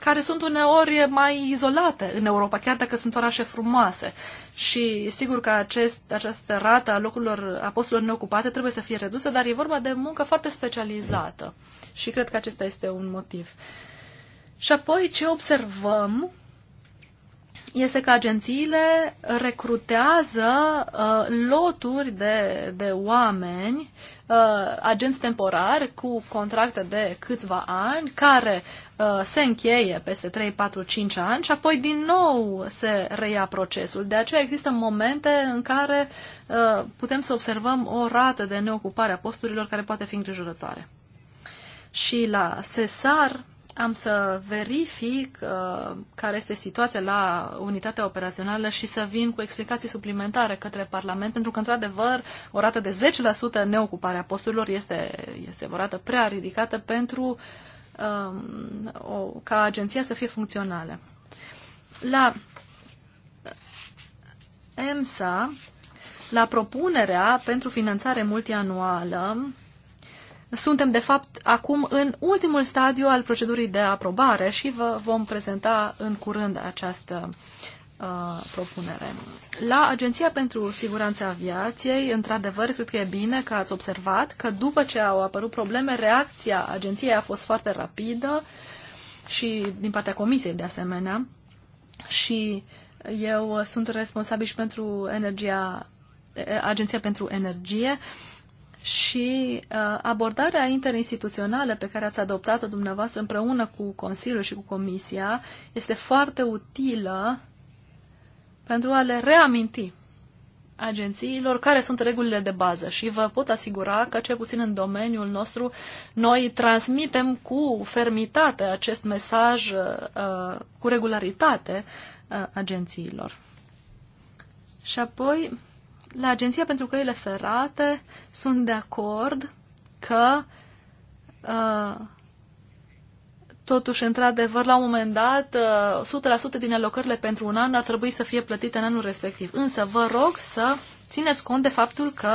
C: care sunt uneori mai izolate în Europa, chiar dacă sunt orașe frumoase. Și sigur că acest, această rată a locurilor, a posturilor neocupate trebuie să fie redusă, dar e vorba de muncă foarte specializată. Și cred că acesta este un motiv. Și apoi ce observăm este că agențiile recrutează uh, loturi de, de oameni uh, uh, agenți temporari cu contracte de câțiva ani care uh, se încheie peste 3, 4, 5 ani și apoi din nou se reia procesul. De aceea există momente în care uh, putem să observăm o rată de neocupare a posturilor care poate fi îngrijorătoare. Și la SESAR am să verific uh, care este situația la unitatea operațională și să vin cu explicații suplimentare către Parlament, pentru că, într-adevăr, o rată de 10% neocuparea posturilor este, este o rată prea ridicată pentru uh, o, ca agenția să fie funcțională. La EMSA, la propunerea pentru finanțare multianuală, suntem, de fapt, acum în ultimul stadiu al procedurii de aprobare și vă vom prezenta în curând această uh, propunere. La Agenția pentru Siguranța Aviației, într-adevăr, cred că e bine că ați observat că după ce au apărut probleme, reacția agenției a fost foarte rapidă și din partea comisiei, de asemenea. Și eu sunt responsabil și pentru energia, Agenția pentru Energie și uh, abordarea interinstituțională pe care ați adoptat-o dumneavoastră împreună cu Consiliul și cu Comisia este foarte utilă pentru a le reaminti agențiilor care sunt regulile de bază și vă pot asigura că, cel puțin în domeniul nostru, noi transmitem cu fermitate acest mesaj uh, cu regularitate uh, agențiilor. Și apoi, la Agenția pentru Căile Ferate sunt de acord că uh, totuși, într-adevăr, la un moment dat, uh, 100% din alocările pentru un an ar trebui să fie plătite în anul respectiv. Însă vă rog să țineți cont de faptul că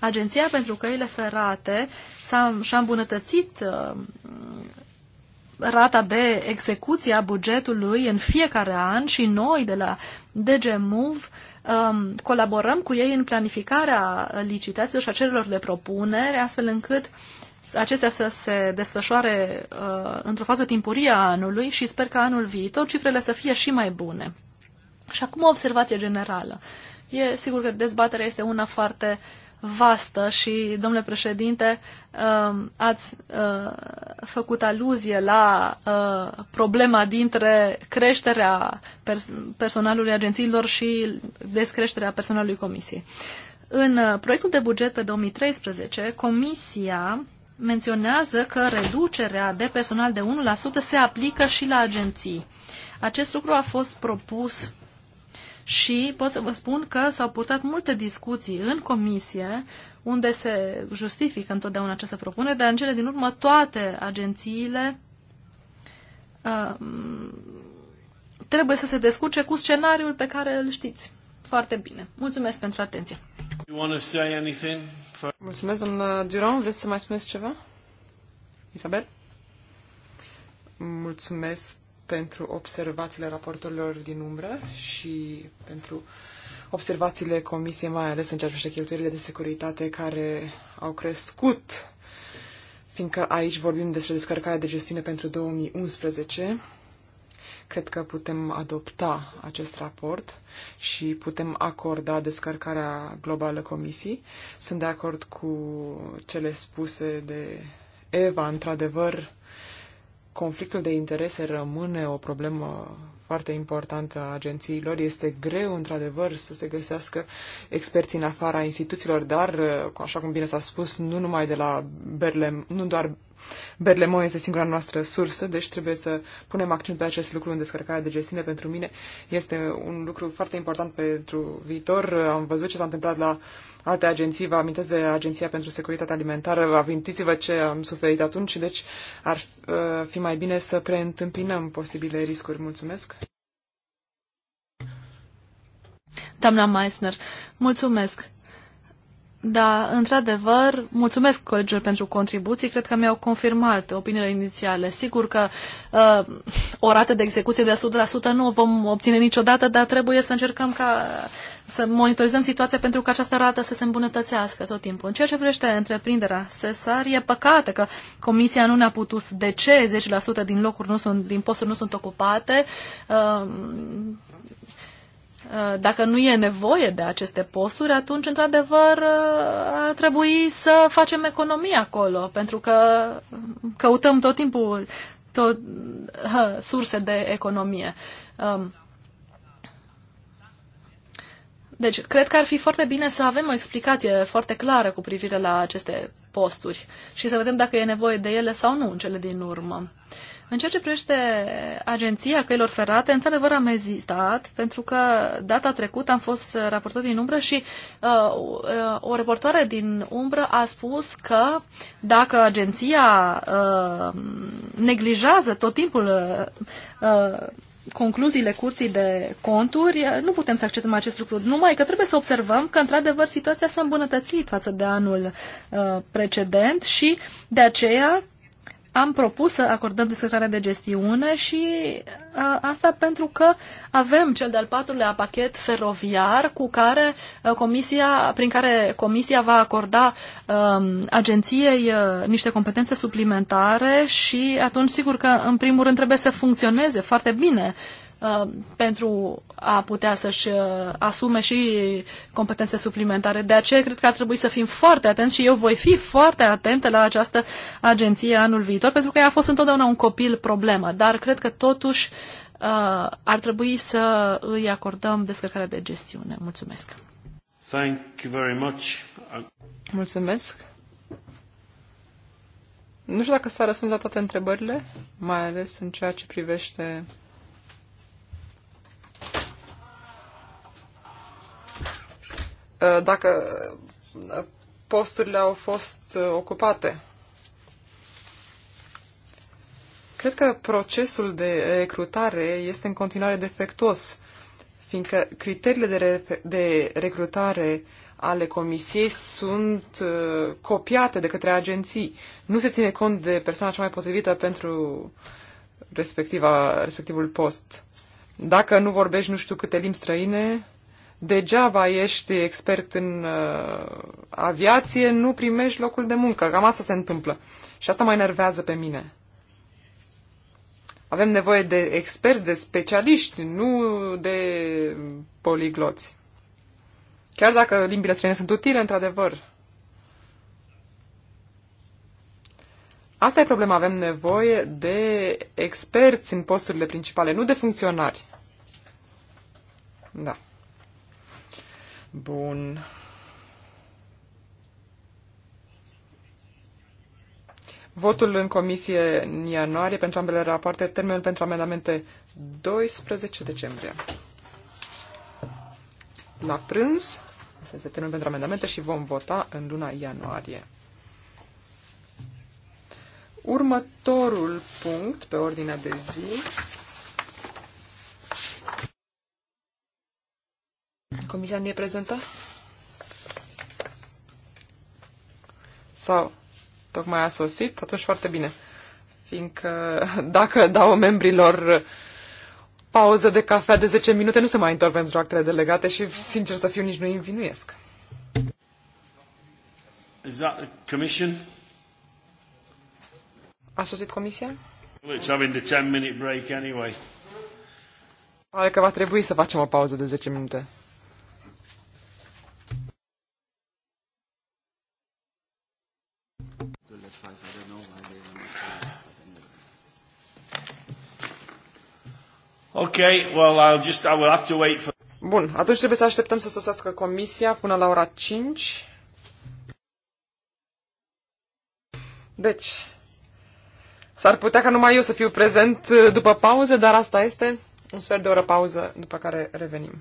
C: Agenția pentru Căile Ferate s-a, și-a îmbunătățit uh, rata de execuție a bugetului în fiecare an și noi de la DG Move um, colaborăm cu ei în planificarea licitațiilor și a cererilor de propunere, astfel încât acestea să se desfășoare uh, într-o fază timpurie a anului și sper că anul viitor cifrele să fie și mai bune. Și acum o observație generală. E sigur că dezbaterea este una foarte uh, vastă și, domnule președinte, um, ați uh, făcut aluzie la uh, problema dintre creșterea personalului agențiilor și descreșterea personalului comisiei. În uh, proiectul de buget pe 2013, Comisia menționează că reducerea de personal de 1% se aplică și la agenții. Acest lucru a fost propus și pot să vă spun că s-au purtat multe discuții în comisie unde se justifică întotdeauna această propunere, dar în cele din urmă toate agențiile uh, trebuie să se descurce cu scenariul pe care îl știți foarte bine. Mulțumesc pentru atenție. Mulțumesc, doamna Duron. Vreți să mai spuneți ceva?
A: Isabel?
D: Mulțumesc pentru observațiile raportorilor din umbră și pentru observațiile comisiei, mai ales în ceea ce cheltuielile de securitate care au crescut, fiindcă aici vorbim despre descărcarea de gestiune pentru 2011. Cred că putem adopta acest raport și putem acorda descărcarea globală comisiei. Sunt de acord cu cele spuse de Eva, într-adevăr, conflictul de interese rămâne o problemă foarte importantă a agențiilor. Este greu, într-adevăr, să se găsească experți în afara instituțiilor, dar, așa cum bine s-a spus, nu numai de la Berlem, nu doar Berlemon este singura noastră sursă, deci trebuie să punem accent pe acest lucru în descărcarea de gestiune. Pentru mine este un lucru foarte important pentru viitor. Am văzut ce s-a întâmplat la alte agenții, vă amintesc de Agenția pentru Securitate Alimentară, amintiți-vă ce am suferit atunci, deci ar uh, fi mai bine să preîntâmpinăm posibile riscuri. Mulțumesc!
C: Doamna Meissner, mulțumesc! Da, într-adevăr, mulțumesc colegilor pentru contribuții. Cred că mi-au confirmat opiniile inițiale. Sigur că uh, o rată de execuție de 100% nu o vom obține niciodată, dar trebuie să încercăm ca să monitorizăm situația pentru că această rată să se îmbunătățească tot timpul. În ceea ce privește întreprinderea SESAR, e păcate că Comisia nu ne-a putut de ce 10% din locuri nu sunt, din posturi nu sunt ocupate. Uh, Uh, dacă nu e nevoie de aceste posturi, atunci, într-adevăr, uh, ar trebui să facem economie acolo, pentru că căutăm tot timpul tot, hă, surse de economie. Um, deci, cred că ar fi foarte bine să avem o explicație foarte clară cu privire la aceste posturi și să vedem dacă e nevoie de ele sau nu în cele din urmă. Uh, în ceea ce privește agenția căilor ferate, într-adevăr am ezistat, pentru că data trecută am fost raportat din umbră și uh, uh, o reportoare din umbră a spus că dacă agenția uh, neglijează tot timpul uh, concluziile curții de conturi, uh, nu putem să acceptăm acest lucru, numai că trebuie să observăm că, într-adevăr, situația s-a îmbunătățit față de anul uh, precedent și, de aceea, am propus să acordăm descărcarea de gestiune și uh, asta pentru că avem cel de-al patrulea pachet feroviar cu care uh, comisia, prin care comisia va acorda um, agenției uh, niște competențe suplimentare și atunci sigur că în primul rând trebuie să funcționeze foarte bine uh, Uh, pentru a putea să-și uh, asume și competențe suplimentare. De aceea cred că ar trebui să fim foarte atenți și eu voi fi foarte atentă la această agenție anul viitor, pentru că ea a fost întotdeauna un copil problemă, dar cred că totuși uh, ar trebui să îi acordăm descărcarea de gestiune. Mulțumesc!
A: Thank you very much.
C: Mulțumesc! Nu știu dacă s-a răspuns la toate întrebările,
D: mai ales în ceea ce privește Uh, dacă uh, posturile au fost uh, ocupate. Cred că procesul de recrutare este în continuare defectuos, fiindcă criteriile de, de recrutare ale comisiei sunt uh, copiate de către agenții. Nu se ține cont de persoana cea mai potrivită pentru respectiva, respectivul post. Dacă nu vorbești nu știu câte limbi străine, degeaba ești expert în uh, aviație, nu primești locul de muncă. Cam asta se întâmplă. Și asta mă enervează pe mine. Avem nevoie de experți, de specialiști, nu de poligloți. Chiar dacă limbile străine sunt utile, într-adevăr. Asta e problema. Avem nevoie de experți în posturile principale, nu de funcționari. Da. Bun. Votul în comisie în ianuarie pentru ambele rapoarte, termenul pentru amendamente 12 decembrie. La prânz, asta este termenul pentru amendamente și vom vota în luna ianuarie. Următorul punct pe ordinea de zi Comisia nu e prezentă? Sau tocmai a sosit? Atunci foarte bine. Fiindcă dacă dau membrilor pauză de cafea de 10 minute, nu se mai întorc pentru actele delegate și, sincer să fiu, nici nu-i învinuiesc.
A: Is that the commission?
D: A sosit comisia?
A: it's having the 10 minute break anyway.
D: Pare că va trebui să facem o pauză de 10 minute.
A: Okay, well, I'll just, I will have to wait for...
D: Bun, atunci trebuie să așteptăm să sosească comisia până la ora 5. Deci, s-ar putea ca numai eu să fiu prezent eh, după pauză, dar asta este un sfert de oră pauză după care revenim.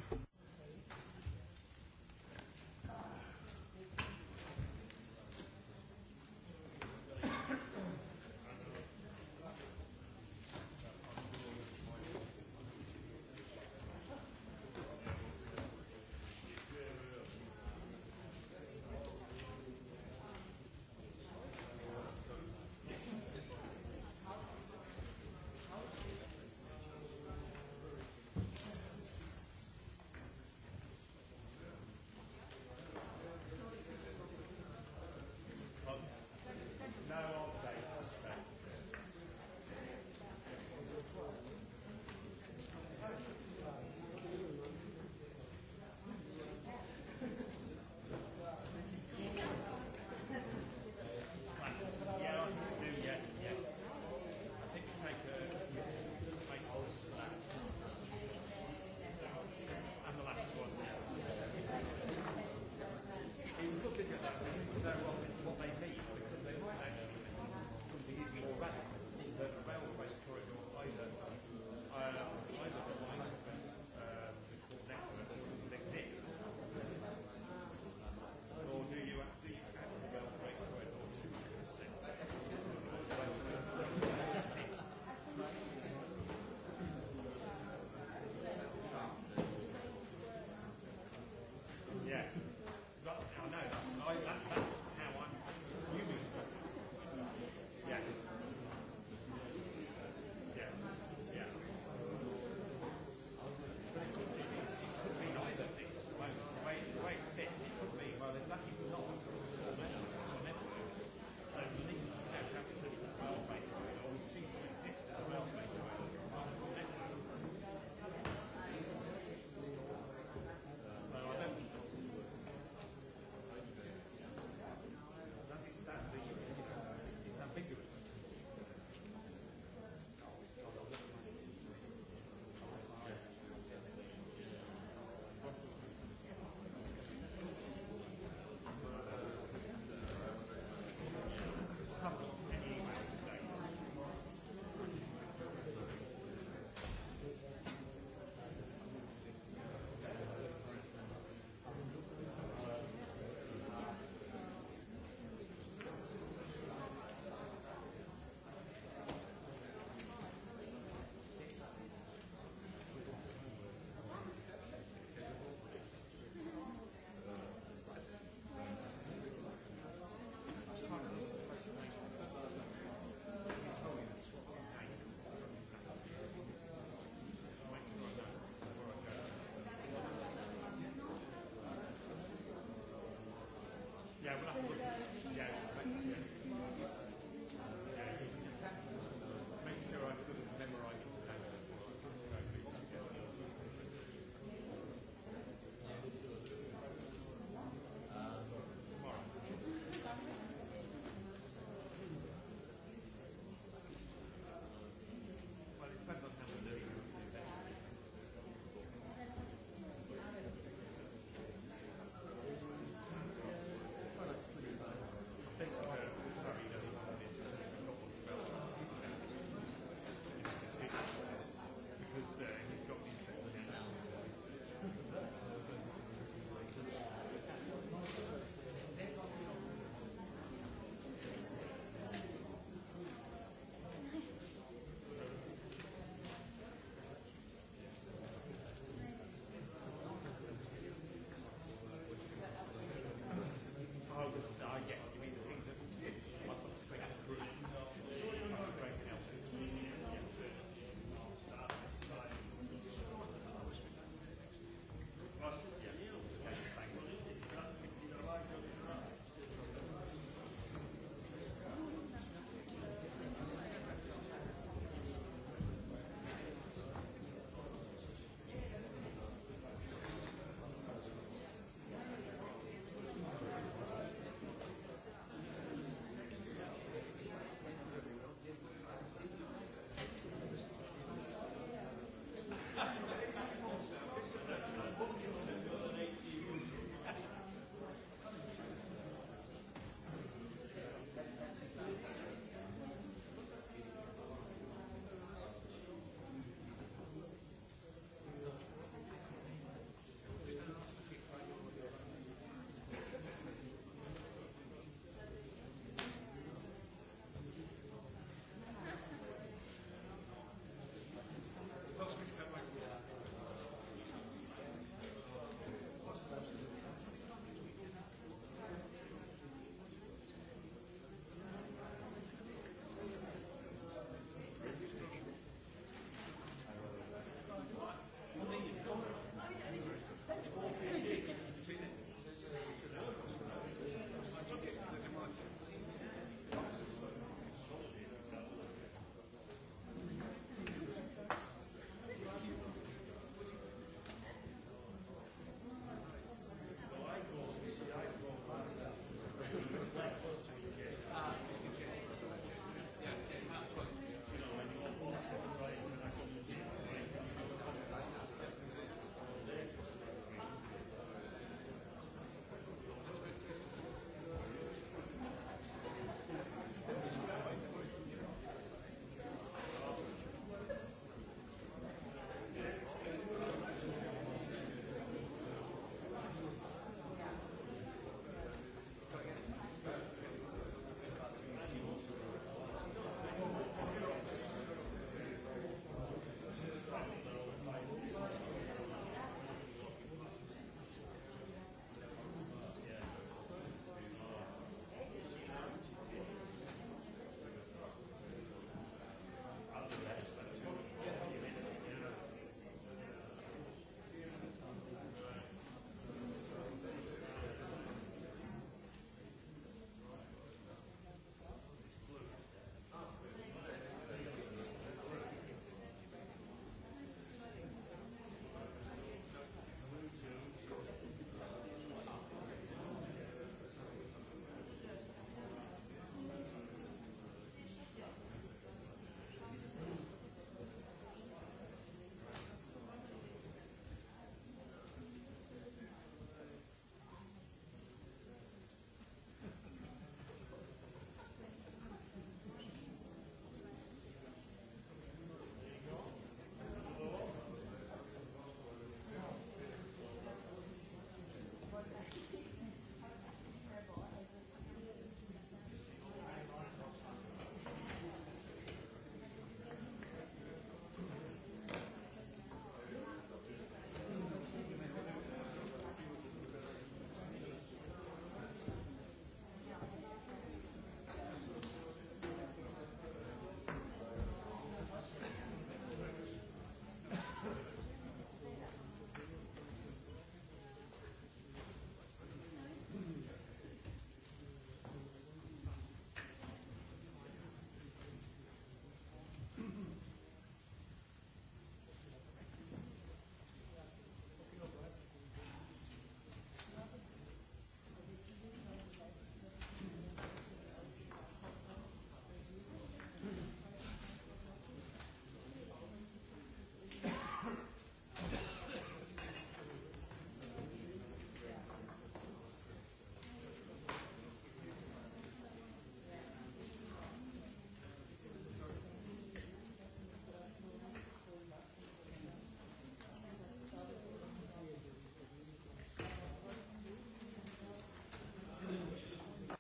A: treaba la fost.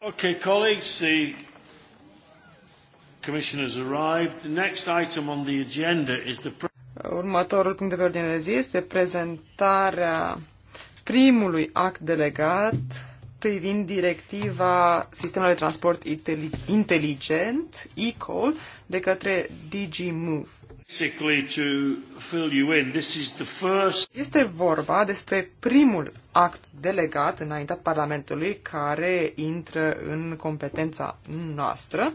A: Okay, colleagues, the commissioner's arrived. The next item on the agenda is the...
D: Următorul punct de pe ordine de zi este prezentarea primului act delegat privind directiva Sistemelor de Transport Inteligent, ECOL, de către DG Move. Este vorba despre primul act delegat înaintat Parlamentului care intră în competența noastră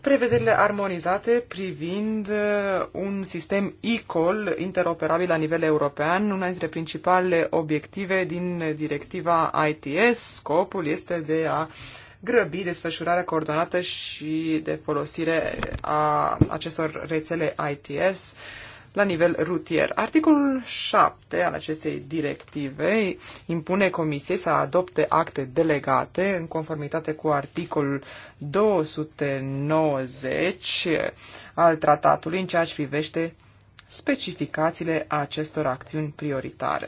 D: prevederile armonizate privind uh, un sistem ICOL interoperabil la nivel european, una dintre principalele obiective din directiva ITS. Scopul este de a grăbi desfășurarea coordonată și de folosire a acestor rețele ITS la nivel rutier. Articolul 7 al acestei directive impune Comisiei să adopte acte delegate în conformitate cu articolul 290 al tratatului în ceea ce privește specificațiile acestor acțiuni prioritare.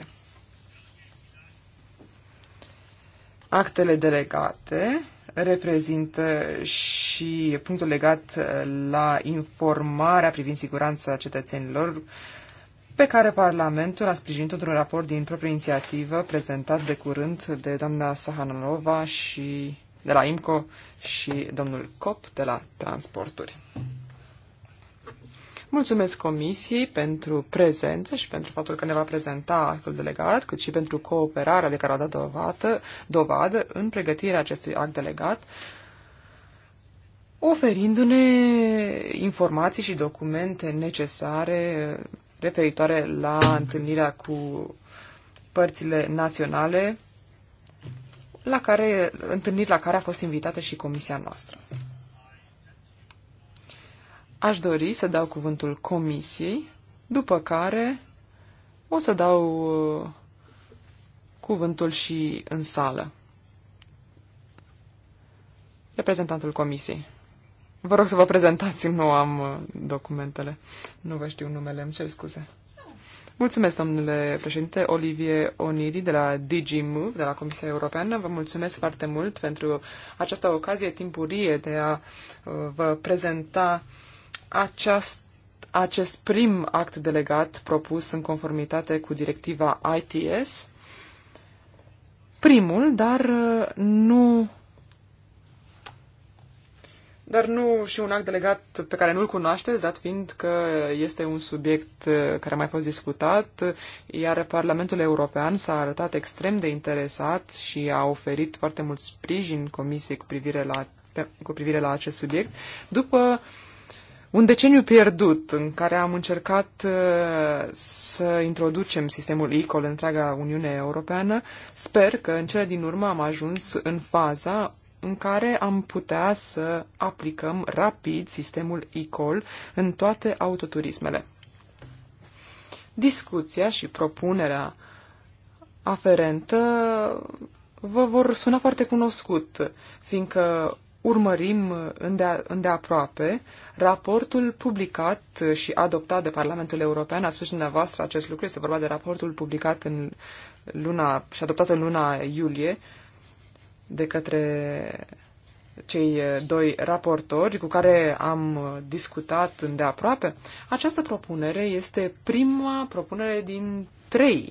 D: Actele delegate reprezintă și punctul legat la informarea privind siguranța cetățenilor, pe care Parlamentul a sprijinit într-un raport din proprie inițiativă prezentat de curând de doamna Sahanova și de la IMCO și domnul Cop de la Transporturi. Mulțumesc Comisiei pentru prezență și pentru faptul că ne va prezenta actul delegat, cât și pentru cooperarea de care a dat dovadă, dovadă în pregătirea acestui act delegat, oferindu-ne informații și documente necesare referitoare la întâlnirea cu părțile naționale, la care, întâlniri la care a fost invitată și comisia noastră. Aș dori să dau cuvântul comisiei, după care o să dau uh, cuvântul și în sală. Reprezentantul comisiei. Vă rog să vă prezentați, [laughs] nu am uh, documentele. Nu vă știu numele, îmi cer scuze. Mulțumesc, domnule președinte Olivier Oniri de la Move, de la Comisia Europeană. Vă mulțumesc foarte mult pentru această ocazie timpurie de a uh, vă prezenta uh, aceast, acest prim act delegat propus în conformitate cu directiva ITS, primul, dar uh, nu dar nu și un act delegat pe care nu-l cunoașteți, dat fiind că este un subiect uh, care a mai fost discutat, iar Parlamentul European s-a arătat extrem de interesat și a oferit foarte mult sprijin comisiei cu privire la, pe, cu privire la acest subiect, după uh, un deceniu pierdut în care am încercat uh, să introducem sistemul ICOL în întreaga Uniune Europeană, sper că în cele din urmă am ajuns în faza în care am putea să aplicăm rapid sistemul ICOL în toate autoturismele. Discuția și propunerea aferentă vă vor suna foarte cunoscut, fiindcă urmărim uh, îndeaproape raportul publicat uh, și adoptat de Parlamentul European. Ați spus dumneavoastră acest lucru, este vorba de raportul publicat în luna, și adoptat în luna iulie de către cei uh, doi raportori cu care am discutat îndeaproape. Această propunere este prima propunere din trei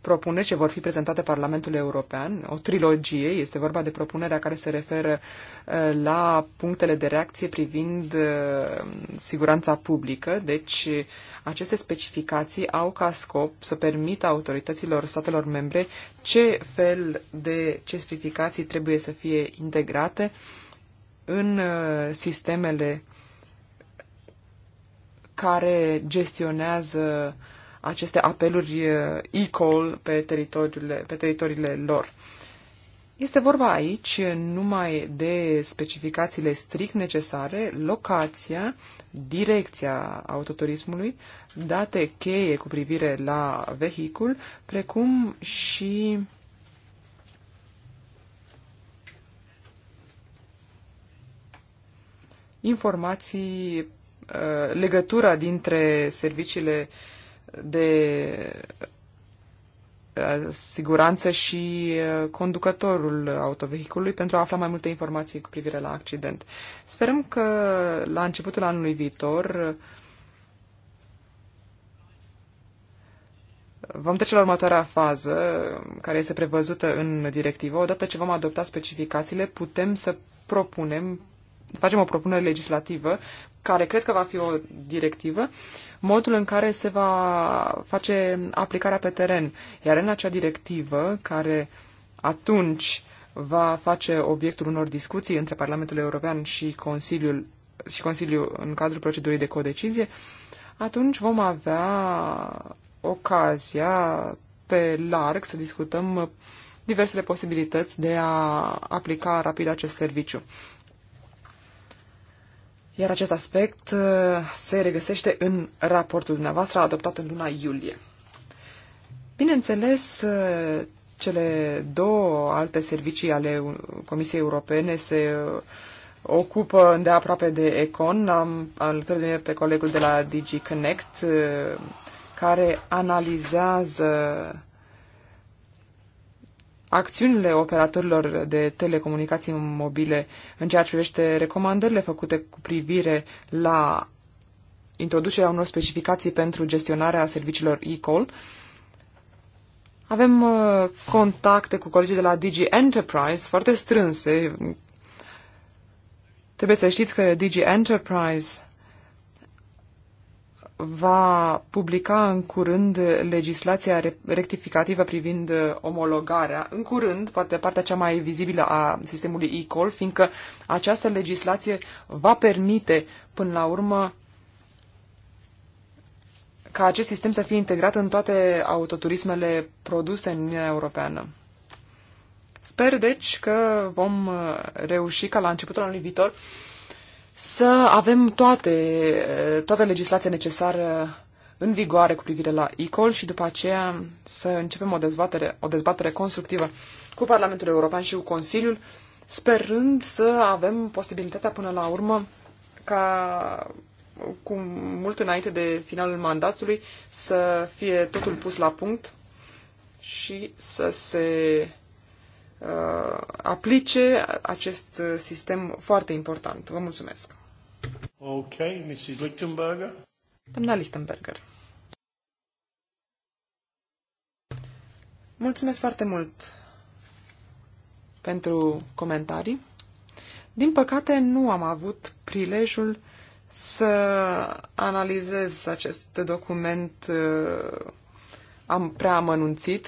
D: propuneri ce vor fi prezentate Parlamentului European, o trilogie, este vorba de propunerea care se referă uh, la punctele de reacție privind uh, siguranța publică, deci aceste specificații au ca scop să permită autorităților statelor membre ce fel de specificații trebuie să fie integrate în uh, sistemele care gestionează uh, aceste apeluri eh, e-call pe pe teritoriile lor. Este vorba aici numai de specificațiile strict necesare, locația, direcția autoturismului, date cheie cu privire la vehicul, precum și informații, eh, legătura dintre serviciile uh, de uh, siguranță și uh, conducătorul autovehicului pentru a afla mai multe informații cu privire la accident. Sperăm că la începutul anului viitor vom trece la următoarea fază care este prevăzută în directivă. Odată ce vom adopta specificațiile, putem să propunem facem o propunere legislativă care cred că va fi o directivă, modul în care se va face aplicarea pe teren. Iar în acea directivă, care atunci va face obiectul unor discuții între Parlamentul European și Consiliul, și Consiliul în cadrul procedurii de codecizie, atunci vom avea ocazia pe larg să discutăm diversele posibilități de a aplica rapid acest serviciu. Iar acest aspect uh, se regăsește în raportul dumneavoastră adoptat în luna iulie. Bineînțeles, uh, cele două alte servicii ale Comisiei Europene se uh, ocupă îndeaproape de Econ. Am alături de mine pe colegul de la DG Connect care analizează acțiunile operatorilor de telecomunicații mobile în ceea ce privește recomandările făcute cu privire la introducerea unor specificații pentru gestionarea serviciilor e-call. Avem uh, contacte cu colegii de la Digi Enterprise foarte strânse. Trebuie să știți că Digi Enterprise va publica în curând legislația rectificativă privind uh, omologarea, în curând, poate partea cea mai vizibilă a sistemului e-call, fiindcă această legislație va permite, până la urmă, ca acest sistem să fie integrat în toate autoturismele produse în Uniunea Europeană. Sper, deci, că vom uh, reuși ca la începutul anului viitor să avem toate, toată legislația necesară în vigoare cu privire la ICOL și după aceea să începem o dezbatere, o dezbatere constructivă cu Parlamentul European și cu Consiliul, sperând să avem posibilitatea până la urmă ca cu mult înainte de finalul mandatului să fie totul pus la punct și să se Uh, aplice acest sistem foarte important. Vă mulțumesc. Ok, Mrs.
A: Lichtenberger.
D: Doamna Lichtenberger. Mulțumesc foarte mult pentru comentarii. Din păcate, nu am avut prilejul să analizez acest document uh, am prea amănunțit,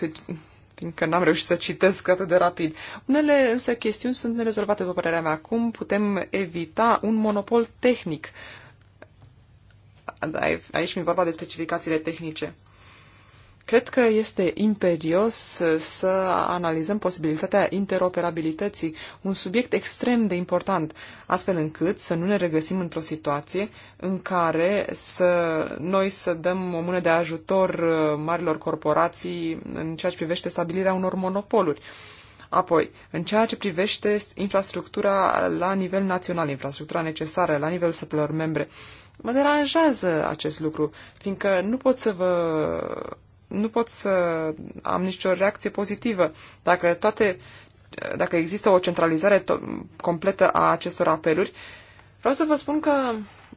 D: fiindcă n-am reușit să citesc atât de rapid. Unele însă chestiuni sunt nerezolvate, după părerea mea. cum putem evita un monopol tehnic. Aici mi e vorba de specificațiile tehnice. Cred că este imperios să analizăm posibilitatea interoperabilității, un subiect extrem de important, astfel încât să nu ne regăsim într-o situație în care să noi să dăm o mână de ajutor uh, marilor corporații în ceea ce privește stabilirea unor monopoluri. Apoi, în ceea ce privește infrastructura la nivel național, infrastructura necesară la nivelul statelor membre, mă deranjează acest lucru, fiindcă nu pot să vă nu pot să am nicio reacție pozitivă. Dacă toate, dacă există o centralizare completă a acestor apeluri, vreau să vă spun că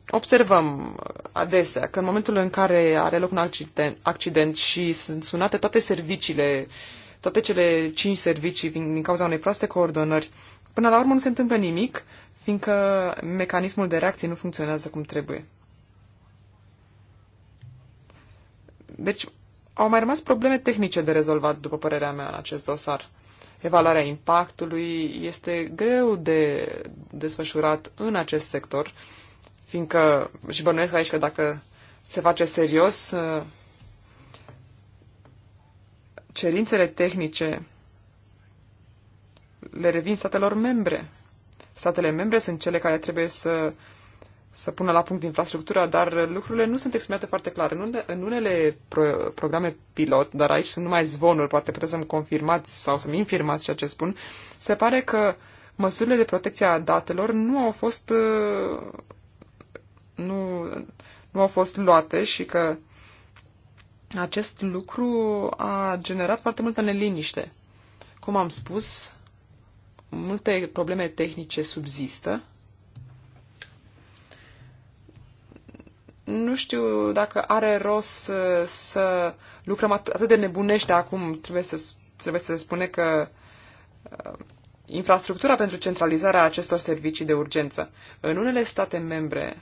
D: observăm adesea că în momentul în care are loc un accident, accident și sunt sunate toate serviciile, toate cele cinci servicii din, din cauza unei proaste coordonări, până la urmă nu se întâmplă nimic, fiindcă mecanismul de reacție nu funcționează cum trebuie. Deci, au mai rămas probleme tehnice de rezolvat, după părerea mea, în acest dosar. Evaluarea impactului este greu de desfășurat în acest sector, fiindcă, și bănuiesc aici că dacă se face serios, ă, cerințele tehnice le revin statelor membre. Statele membre sunt cele care trebuie să să pună la punct infrastructura, dar lucrurile nu sunt exprimate foarte clar. În, unde, în unele pro, programe pilot, dar aici sunt numai zvonuri, poate puteți să-mi confirmați sau să-mi infirmați ceea ce spun, se pare că măsurile de protecție a datelor nu au fost uh, nu, nu au fost luate și că acest lucru a generat foarte multă neliniște. Cum am spus, multe probleme tehnice subzistă, nu știu dacă are rost să, să lucrăm atât de nebunește acum. Trebuie să, trebuie să spune că uh, infrastructura pentru centralizarea acestor servicii de urgență în unele state membre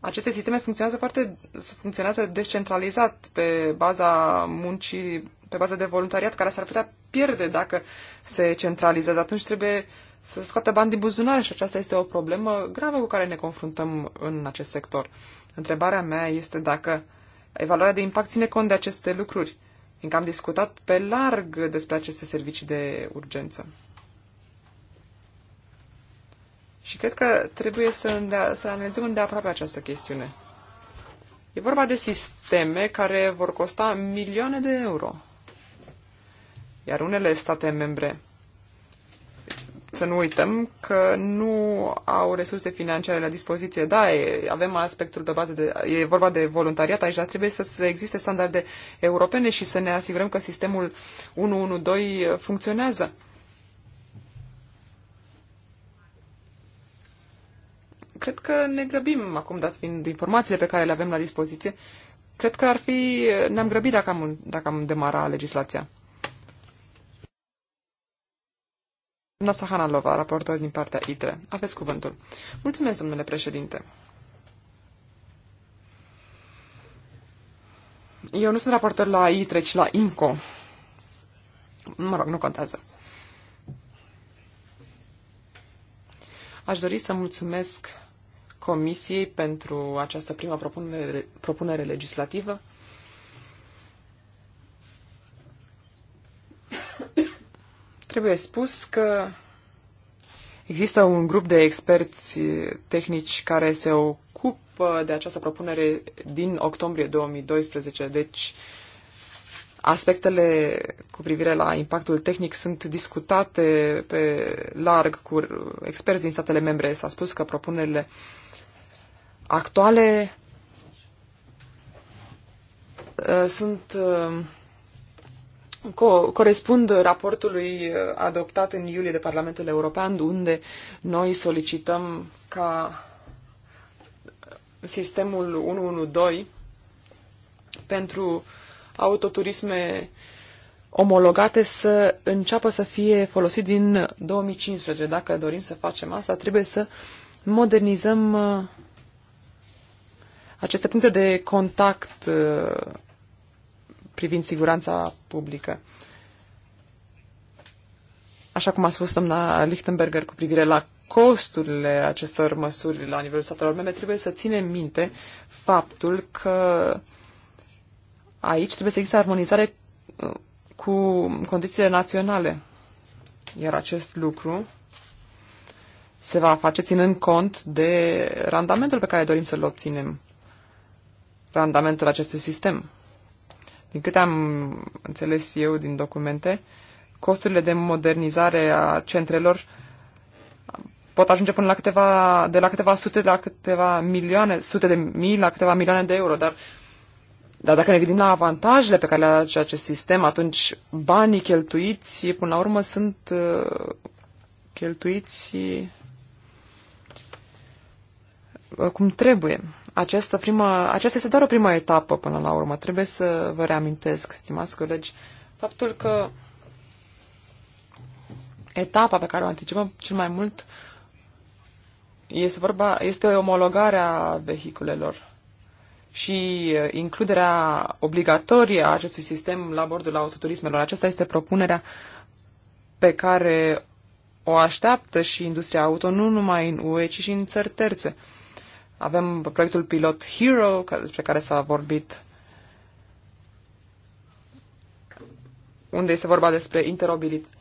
D: aceste sisteme funcționează foarte funcționează descentralizat pe baza muncii, pe baza de voluntariat care s-ar putea pierde dacă se centralizează. Atunci trebuie uh, să scoată bani din buzunar și aceasta este o problemă gravă cu care ne confruntăm în acest sector. Întrebarea mea este dacă evaluarea de impact ține cont de aceste lucruri, fiindcă am discutat pe larg despre aceste servicii de urgență. Și cred că trebuie să, îndea, să analizăm îndeaproape această chestiune. E vorba de sisteme care vor costa milioane de euro. Iar unele state membre să nu uităm că nu au resurse financiare la dispoziție. Da, e, avem aspectul pe bază de... E vorba de voluntariat aici, dar trebuie să, să existe standarde europene și să ne asigurăm că sistemul 112 funcționează. Cred că ne grăbim acum, dat fiind informațiile pe care le avem la dispoziție. Cred că ar fi... Ne-am grăbit dacă am, dacă am demara legislația. Doamna Sahanalova, raportor din partea ITRE. Aveți cuvântul. Mulțumesc, domnule președinte. Eu nu sunt raportor la ITRE, ci la INCO. Mă rog, nu contează. Aș dori să mulțumesc Comisiei pentru această prima propunere, propunere legislativă Trebuie spus că există un grup de experți tehnici care se ocupă de această propunere din octombrie 2012, deci aspectele cu privire la impactul tehnic sunt discutate pe larg cu experți din statele membre. S-a spus că propunerile actuale uh, sunt uh, co- corespund raportului uh, adoptat în iulie de Parlamentul European, unde noi solicităm ca sistemul 112 pentru autoturisme omologate să înceapă să fie folosit din 2015. Dacă dorim să facem asta, trebuie să modernizăm uh, aceste puncte de contact uh, privind siguranța publică. Așa cum a spus doamna Lichtenberger cu privire la costurile acestor măsuri la nivelul statelor membre, trebuie să ținem minte faptul că aici trebuie să existe armonizare uh, cu condițiile naționale. Iar acest lucru se va face ținând cont de randamentul pe care dorim să-l obținem, randamentul acestui sistem. Din câte am înțeles eu din documente, costurile de modernizare a centrelor pot ajunge până la câteva, de la câteva sute la câteva milioane, sute de mii la câteva milioane de euro, dar dar dacă ne gândim la avantajele pe care le are acest sistem, atunci banii cheltuiți, până la urmă, sunt uh, cheltuiți uh, cum trebuie. Această, primă, aceasta este doar o primă etapă până la urmă. Trebuie să vă reamintesc, stimați colegi, faptul că etapa pe care o anticipăm cel mai mult este, vorba, este omologarea vehiculelor și includerea obligatorie a acestui sistem la bordul autoturismelor. Aceasta este propunerea pe care o așteaptă și industria auto, nu numai în UE, ci și în țări terțe. Avem proiectul pilot Hero, despre care s-a vorbit, unde este vorba despre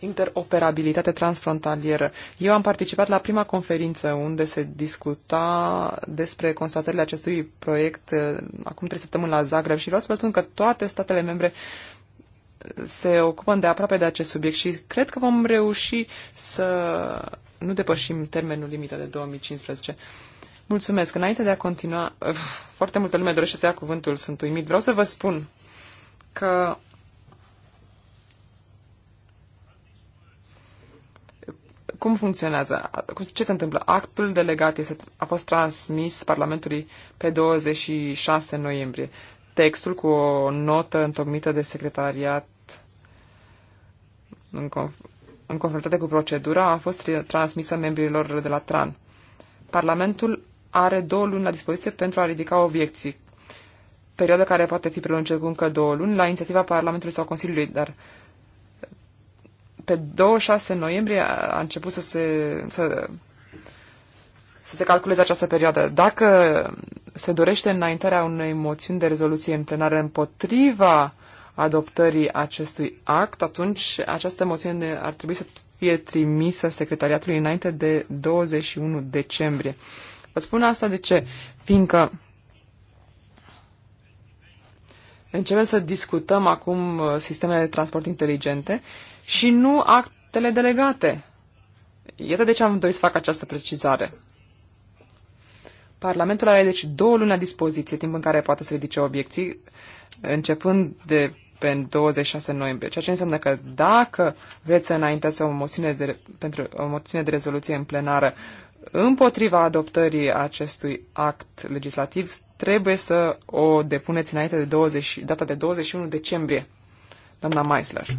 D: interoperabilitate transfrontalieră. Eu am participat la prima conferință unde se discuta despre constatările acestui proiect uh, acum trei săptămâni la Zagreb și vreau să vă spun că toate statele membre uh, se ocupă de aproape de acest subiect și cred că vom reuși să nu depășim termenul limită de 2015. Mulțumesc. Înainte de a continua, [laughs] foarte multă lume dorește să ia cuvântul, sunt uimit. Vreau să vă spun că cum funcționează? Ce se întâmplă? Actul delegat este, a fost transmis Parlamentului pe 26 noiembrie. Textul cu o notă întocmită de secretariat în, conf- în conformitate cu procedura a fost transmisă membrilor de la TRAN. Parlamentul are două luni la dispoziție pentru a ridica obiecții, perioada care poate fi prelungită cu încă două luni la inițiativa Parlamentului sau Consiliului, dar pe 26 noiembrie a început să se, să, să se calculeze această perioadă. Dacă se dorește înaintarea unei moțiuni de rezoluție în plenară împotriva adoptării acestui act, atunci această moțiune ar trebui să fie trimisă secretariatului înainte de 21 decembrie. Vă spun asta de ce? Fiindcă începem să discutăm acum uh, sistemele de transport inteligente și nu actele delegate. Iată de ce am dorit să fac această precizare. Parlamentul are deci două luni la dispoziție, timp în care poate să ridice obiecții, începând de pe 26 noiembrie, ceea ce înseamnă că dacă vreți să înaintați o moțiune de, pentru, o moțiune de rezoluție în plenară împotriva adoptării acestui act legislativ, trebuie să o depuneți înainte de 20, data de 21 decembrie. Doamna Meisler. [laughs]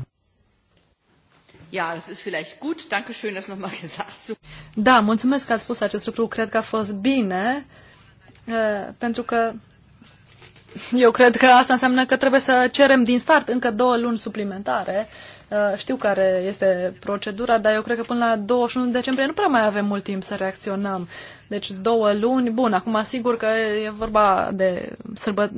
C: Da, mulțumesc că ați spus acest lucru. Cred că a fost bine, pentru că eu cred că asta înseamnă că trebuie să cerem din start încă două luni suplimentare uh, Eh, știu care este procedura, dar eu cred că până la 21 decembrie nu prea mai avem mult timp să reacționăm. Deci două luni, bun, acum sigur că e vorba de sărbă...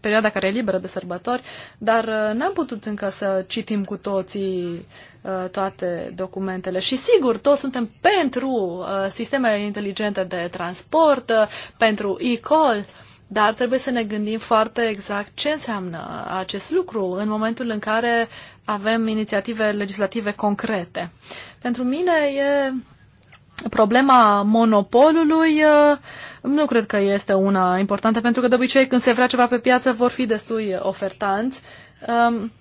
C: perioada care e liberă de sărbători, dar eh, n-am putut încă să citim cu toții eh, toate documentele. Și sigur, toți suntem pentru sistemele inteligente de transport, pentru e-call, dar trebuie să ne gândim foarte exact ce înseamnă acest lucru în momentul în care avem inițiative legislative concrete. Pentru mine e problema monopolului uh, nu cred că este una importantă, pentru că de obicei când se vrea ceva pe piață vor fi destui ofertanți. Um,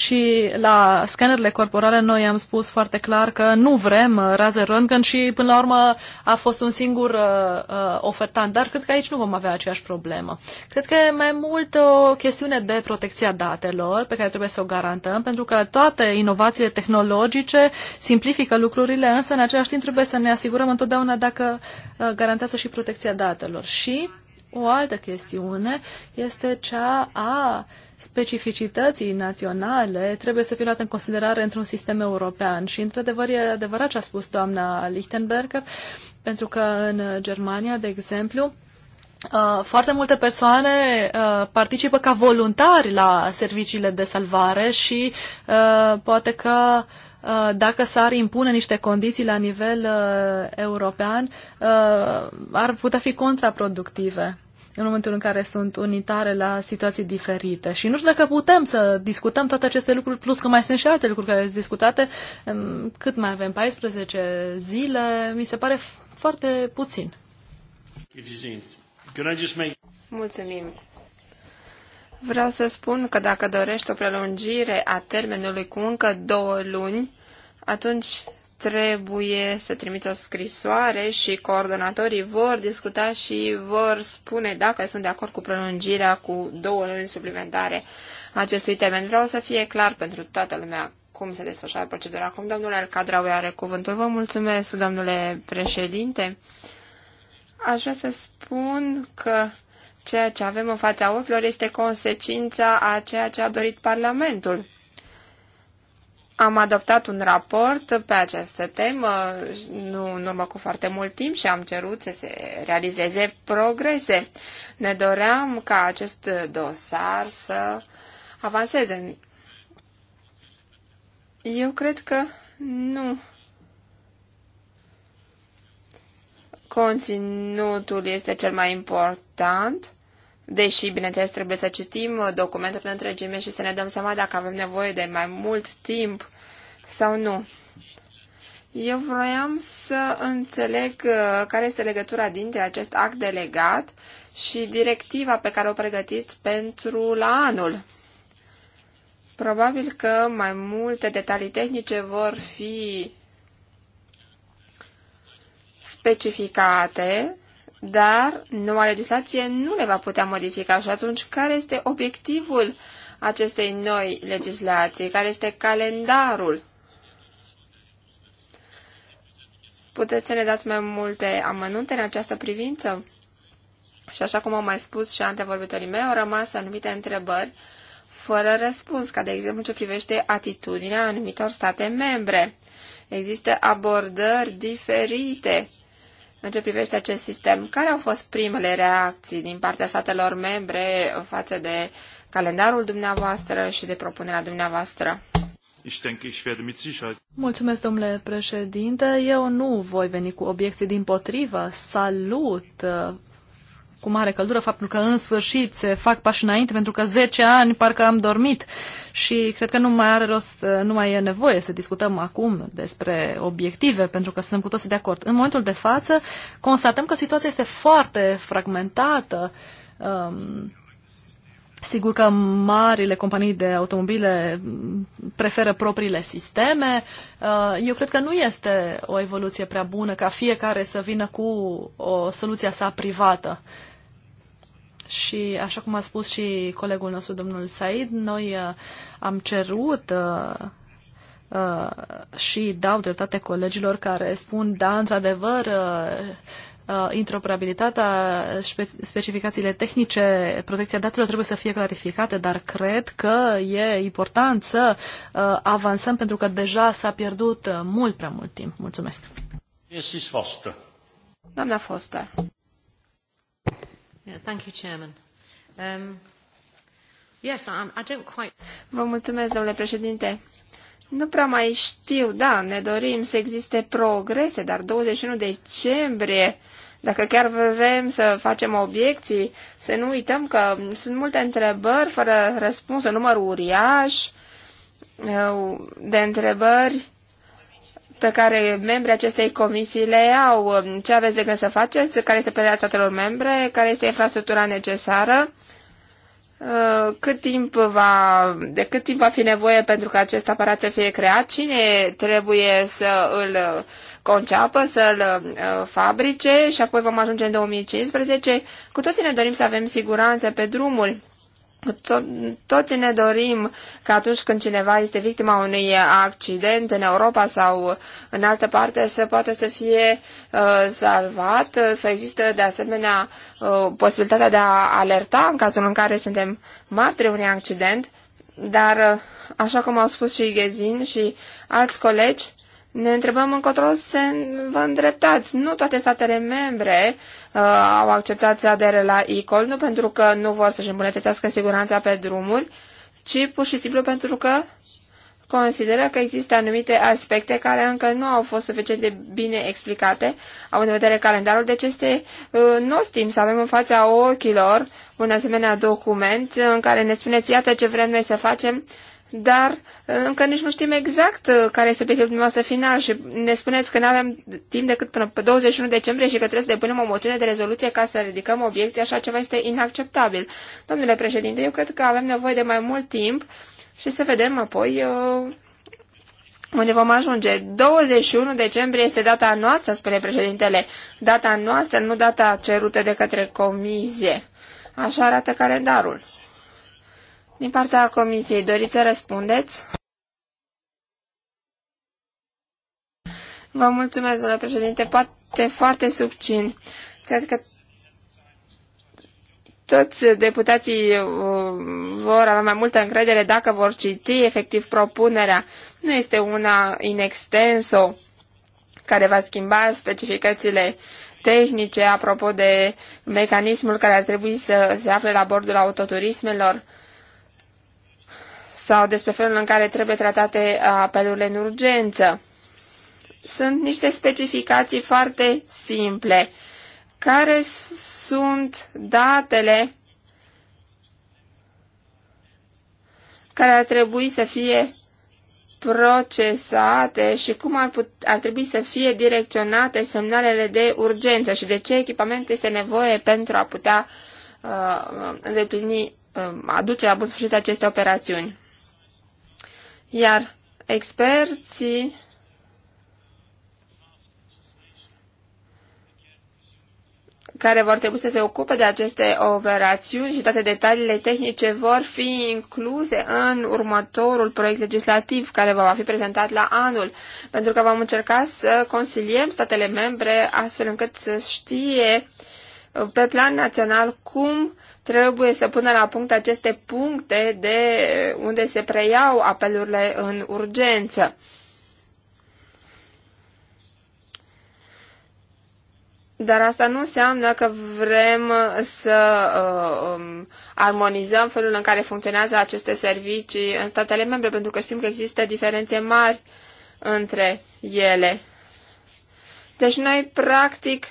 C: și la scanerele corporale noi am spus foarte clar că nu vrem uh, raze röntgen și până la urmă a fost un singur uh, uh, ofertant, dar cred că aici nu vom avea aceeași problemă. Cred că e mai mult o chestiune de protecția datelor pe care trebuie să o garantăm, pentru că toate inovațiile tehnologice simplifică lucrurile, însă în același timp trebuie să ne asigurăm întotdeauna dacă uh, garantează și protecția datelor. Și o altă chestiune este cea a specificității naționale trebuie să fie luate în considerare într-un sistem european. Și, într-adevăr, e adevărat ce a spus doamna Lichtenberger, pentru că în Germania, de exemplu, uh, foarte multe persoane uh, participă ca voluntari la serviciile de salvare și uh, poate că dacă s-ar impune niște condiții la nivel european, ar putea fi contraproductive în momentul în care sunt unitare la situații diferite. Și nu știu dacă putem să discutăm toate aceste lucruri, plus că mai sunt și alte lucruri care sunt discutate. Cât mai avem? 14 zile? Mi se pare foarte puțin. Mulțumim.
B: Vreau să spun că dacă dorești o prelungire a termenului cu încă două luni, atunci trebuie să trimiți o scrisoare și coordonatorii vor discuta și vor spune dacă sunt de acord cu prelungirea cu două luni suplimentare acestui termen. Vreau să fie clar pentru toată lumea cum se desfășoară procedura. Acum domnul Alcadrau, are cuvântul. Vă mulțumesc, domnule președinte. Aș vrea să spun că ceea ce avem în fața ochilor este consecința a ceea ce a dorit Parlamentul. Am adoptat un raport pe această temă nu în urmă cu foarte mult timp și am cerut să se realizeze progrese. Ne doream ca acest dosar să avanseze. Eu cred că nu. Conținutul este cel mai important Deși, bineînțeles, trebuie să citim documentul în întregime și să ne dăm seama dacă avem nevoie de mai mult timp sau nu. Eu vroiam să înțeleg uh, care este legătura dintre acest act delegat și directiva pe care o pregătiți pentru la anul. Probabil că mai multe detalii tehnice vor fi specificate dar noua legislație nu le va putea modifica și atunci care este obiectivul acestei noi legislații, care este calendarul. Puteți să ne dați mai multe amănunte în această privință? Și așa cum au mai spus și antevorbitorii mei, au rămas anumite întrebări fără răspuns, ca de exemplu ce privește atitudinea anumitor state membre. Există abordări diferite în ce privește acest sistem. Care au fost primele reacții din partea statelor membre față de
C: calendarul dumneavoastră și de propunerea dumneavoastră? Mulțumesc, domnule președinte. Eu nu voi veni cu obiecții din potrivă. Salut cu mare căldură faptul că în sfârșit se fac pași înainte, pentru că 10 ani parcă am dormit și cred că nu mai are rost, nu mai e nevoie să discutăm acum despre obiective, pentru că suntem cu toții de acord. În momentul de față constatăm că situația este foarte fragmentată. Um, Sigur că marile companii de automobile preferă propriile sisteme. Uh, eu cred că nu este o evoluție prea bună ca fiecare să vină cu o soluția sa privată și, așa cum a spus și colegul nostru, domnul Said, noi uh, am cerut uh, uh, și dau dreptate colegilor care spun, da, într-adevăr, uh, uh, interoperabilitatea, spe specificațiile tehnice, protecția datelor trebuie să fie clarificate, dar cred că e important să uh, avansăm pentru că deja s-a pierdut uh, mult prea mult timp. Mulțumesc. Doamna Foster thank you, Chairman. Um, yes, I'm, I don't quite...
B: Vă mulțumesc, domnule președinte. Nu prea mai știu, da, ne dorim să existe progrese, dar 21 decembrie, dacă chiar vrem să facem obiecții, să nu uităm că sunt multe întrebări fără răspuns, un număr uriaș uh, de întrebări pe care membrii acestei comisii le au, ce aveți de gând să faceți, care este părerea statelor membre, care este infrastructura necesară, uh, cât timp va, de cât timp va fi nevoie pentru că acest aparat să fie creat, cine trebuie să îl conceapă, să-l uh, fabrice și apoi vom ajunge în 2015. Cu toții ne dorim să avem siguranță pe drumuri To- toți ne dorim că atunci când cineva este victima unui accident în Europa sau în altă parte să poată să fie uh, salvat, să există de asemenea uh, posibilitatea de a alerta în cazul în care suntem martiri unui accident, dar uh, așa cum au spus și Ghezin și alți colegi, ne întrebăm încotro să vă îndreptați. Nu toate statele membre uh, au acceptat să adere la ICOL, nu pentru că nu vor să-și îmbunătățească siguranța pe drumuri, ci pur și simplu pentru că consideră că există anumite aspecte care încă nu au fost suficient de bine explicate, având în vedere calendarul, deci este uh, nostim să avem în fața ochilor un asemenea document în care ne spuneți, iată ce vrem noi să facem, uh, dar uh, încă nici nu știm exact uh, care este obiectivul dumneavoastră final și ne spuneți că nu avem timp decât până pe 21 decembrie și că trebuie să depunem o moțiune de rezoluție ca să ridicăm obiecții, așa ceva este inacceptabil. Domnule președinte, eu cred că avem nevoie de mai mult timp și să vedem apoi uh, unde vom ajunge. 21 decembrie este data noastră, spune președintele, data noastră, nu data cerută de către comisie. Așa arată calendarul. Din partea comisiei, doriți să răspundeți? Vă mulțumesc, domnule președinte, poate foarte subțin, Cred că toți deputații uh, vor avea mai multă încredere dacă vor citi efectiv propunerea. Nu este una in extenso care va schimba specificațiile tehnice apropo de mecanismul care ar trebui să se afle la bordul autoturismelor sau despre felul în care trebuie tratate apelurile în urgență. Sunt niște specificații foarte simple. Care sunt datele care ar trebui să fie procesate și cum ar, put, ar trebui să fie direcționate semnalele de urgență și de ce echipament este nevoie pentru a putea uh, îndeplini, uh, aduce la bun sfârșit aceste operațiuni. Iar experții care vor trebui să se ocupe de aceste operațiuni și toate detaliile tehnice vor fi incluse în următorul proiect legislativ care va fi prezentat la anul, pentru că vom încerca să consiliem statele membre astfel încât să știe uh, pe plan național cum trebuie să pună la punct aceste puncte de unde se preiau apelurile în urgență. Dar asta nu înseamnă că vrem să uh, um, armonizăm felul în care funcționează aceste servicii în statele membre, pentru că știm că există diferențe mari între ele. Deci noi, practic,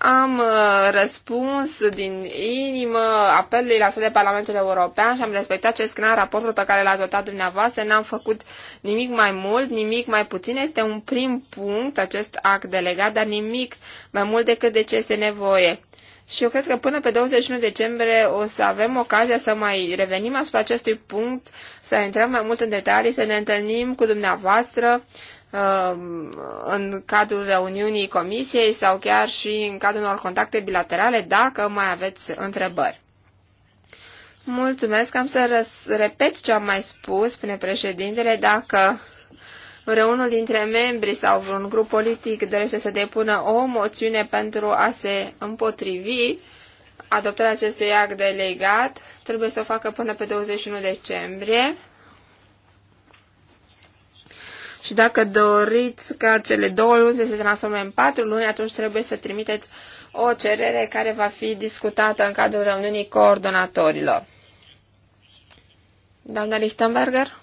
B: am uh, răspuns din inimă apelului la sede Parlamentul European și am respectat ce scria raportul pe care l-a dotat dumneavoastră. N-am făcut nimic mai mult, nimic mai puțin. Este un prim punct acest act delegat, dar nimic mai mult decât de ce este nevoie. Și eu cred că până pe 21 decembrie o să avem ocazia să mai revenim asupra acestui punct, să intrăm mai mult în detalii, să ne întâlnim cu dumneavoastră, Um, în cadrul reuniunii comisiei sau chiar și în cadrul unor contacte bilaterale dacă mai aveți întrebări. Mulțumesc, am să repet ce am mai spus, spune președintele, dacă vreunul dintre membri sau vreun grup politic dorește să depună o moțiune pentru a se împotrivi adoptarea acestui act delegat, trebuie să o facă până pe 21 decembrie și dacă doriți ca cele două luni să se transforme în patru luni, atunci trebuie să trimiteți o cerere care va fi discutată în cadrul reuniunii coordonatorilor. Doamna Lichtenberger?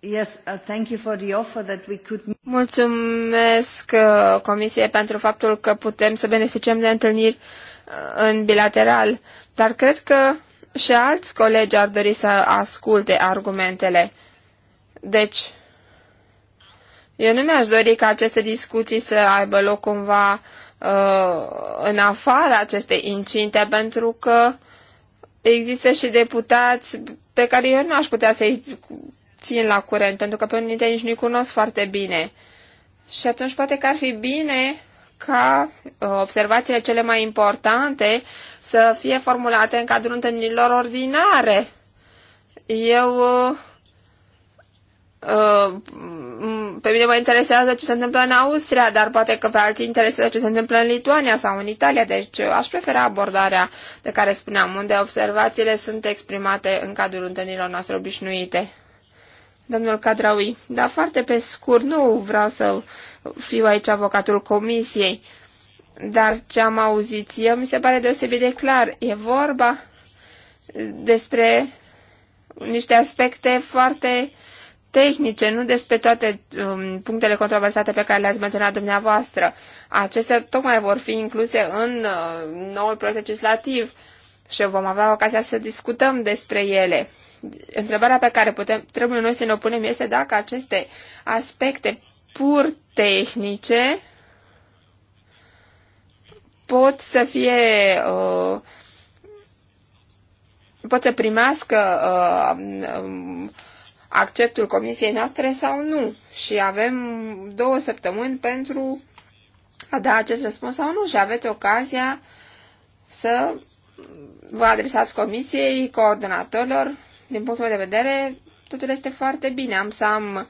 B: Yes, uh, thank you for the offer that we could... Mulțumesc uh, Comisiei pentru faptul că putem să beneficiem de întâlniri uh, în bilateral, dar cred că și alți colegi ar dori să asculte argumentele. Deci, eu nu mi-aș dori ca aceste discuții să aibă loc cumva uh, în afara acestei incinte, pentru că există și deputați pe care eu nu aș putea să-i țin la curent, pentru că pe unii dintre nici nu-i cunosc foarte bine. Și atunci poate că ar fi bine ca uh, observațiile cele mai importante să fie formulate în cadrul întâlnirilor ordinare. Eu uh, pe mine mă interesează ce se întâmplă în Austria, dar poate că pe alții interesează ce se întâmplă în Lituania sau în Italia, deci aș prefera abordarea de care spuneam, unde observațiile sunt exprimate în cadrul întâlnirilor noastre obișnuite. Domnul Cadraui, dar foarte pe scurt, nu vreau să fiu aici avocatul comisiei, dar ce am auzit eu mi se pare deosebit de clar. E vorba despre niște aspecte foarte uh, tehnice, nu despre toate um, punctele controversate pe care le-ați menționat dumneavoastră. Acestea tocmai vor fi incluse în uh, noul proiect legislativ și vom avea ocazia să discutăm despre ele. Întrebarea pe care putem, trebuie noi să ne opunem este dacă aceste aspecte pur tehnice pot să fie uh, pot să primească uh, um, acceptul comisiei noastre sau nu. Și avem două săptămâni pentru a da acest răspuns sau nu și aveți ocazia să vă adresați comisiei, coordonatorilor. Din punctul meu de vedere, totul este foarte bine. Am să am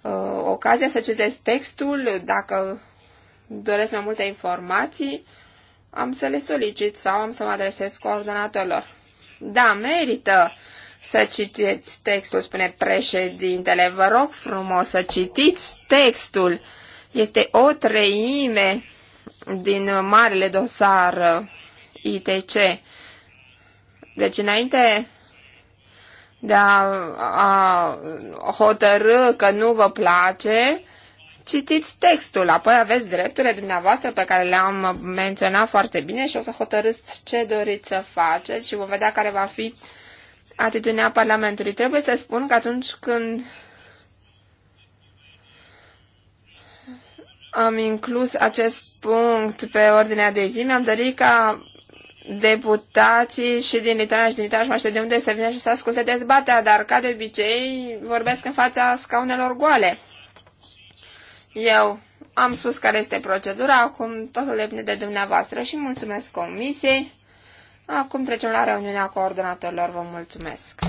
B: uh, ocazia să citesc textul, dacă doresc mai multe informații, am să le solicit sau am să mă adresez coordonatorilor. Da, merită să citiți textul, spune președintele. Vă rog frumos să citiți textul. Este o treime din marele dosar ITC. Deci înainte de a, a hotărâ că nu vă place, citiți textul, apoi aveți drepturile dumneavoastră pe care le-am menționat foarte bine și o să hotărâți ce doriți să faceți și vom vedea care va fi uh, atitudinea Parlamentului. Trebuie să spun că atunci când am inclus acest punct pe ordinea de zi, mi-am dorit ca deputații și din Litoria și din Italia și mai știu de unde să vină și să asculte dezbaterea, dar ca de obicei vorbesc în fața scaunelor goale. Eu am spus care este procedura, acum totul depinde de dumneavoastră și mulțumesc comisiei Acum trecem la reuniunea coordonatorilor. Vă mulțumesc!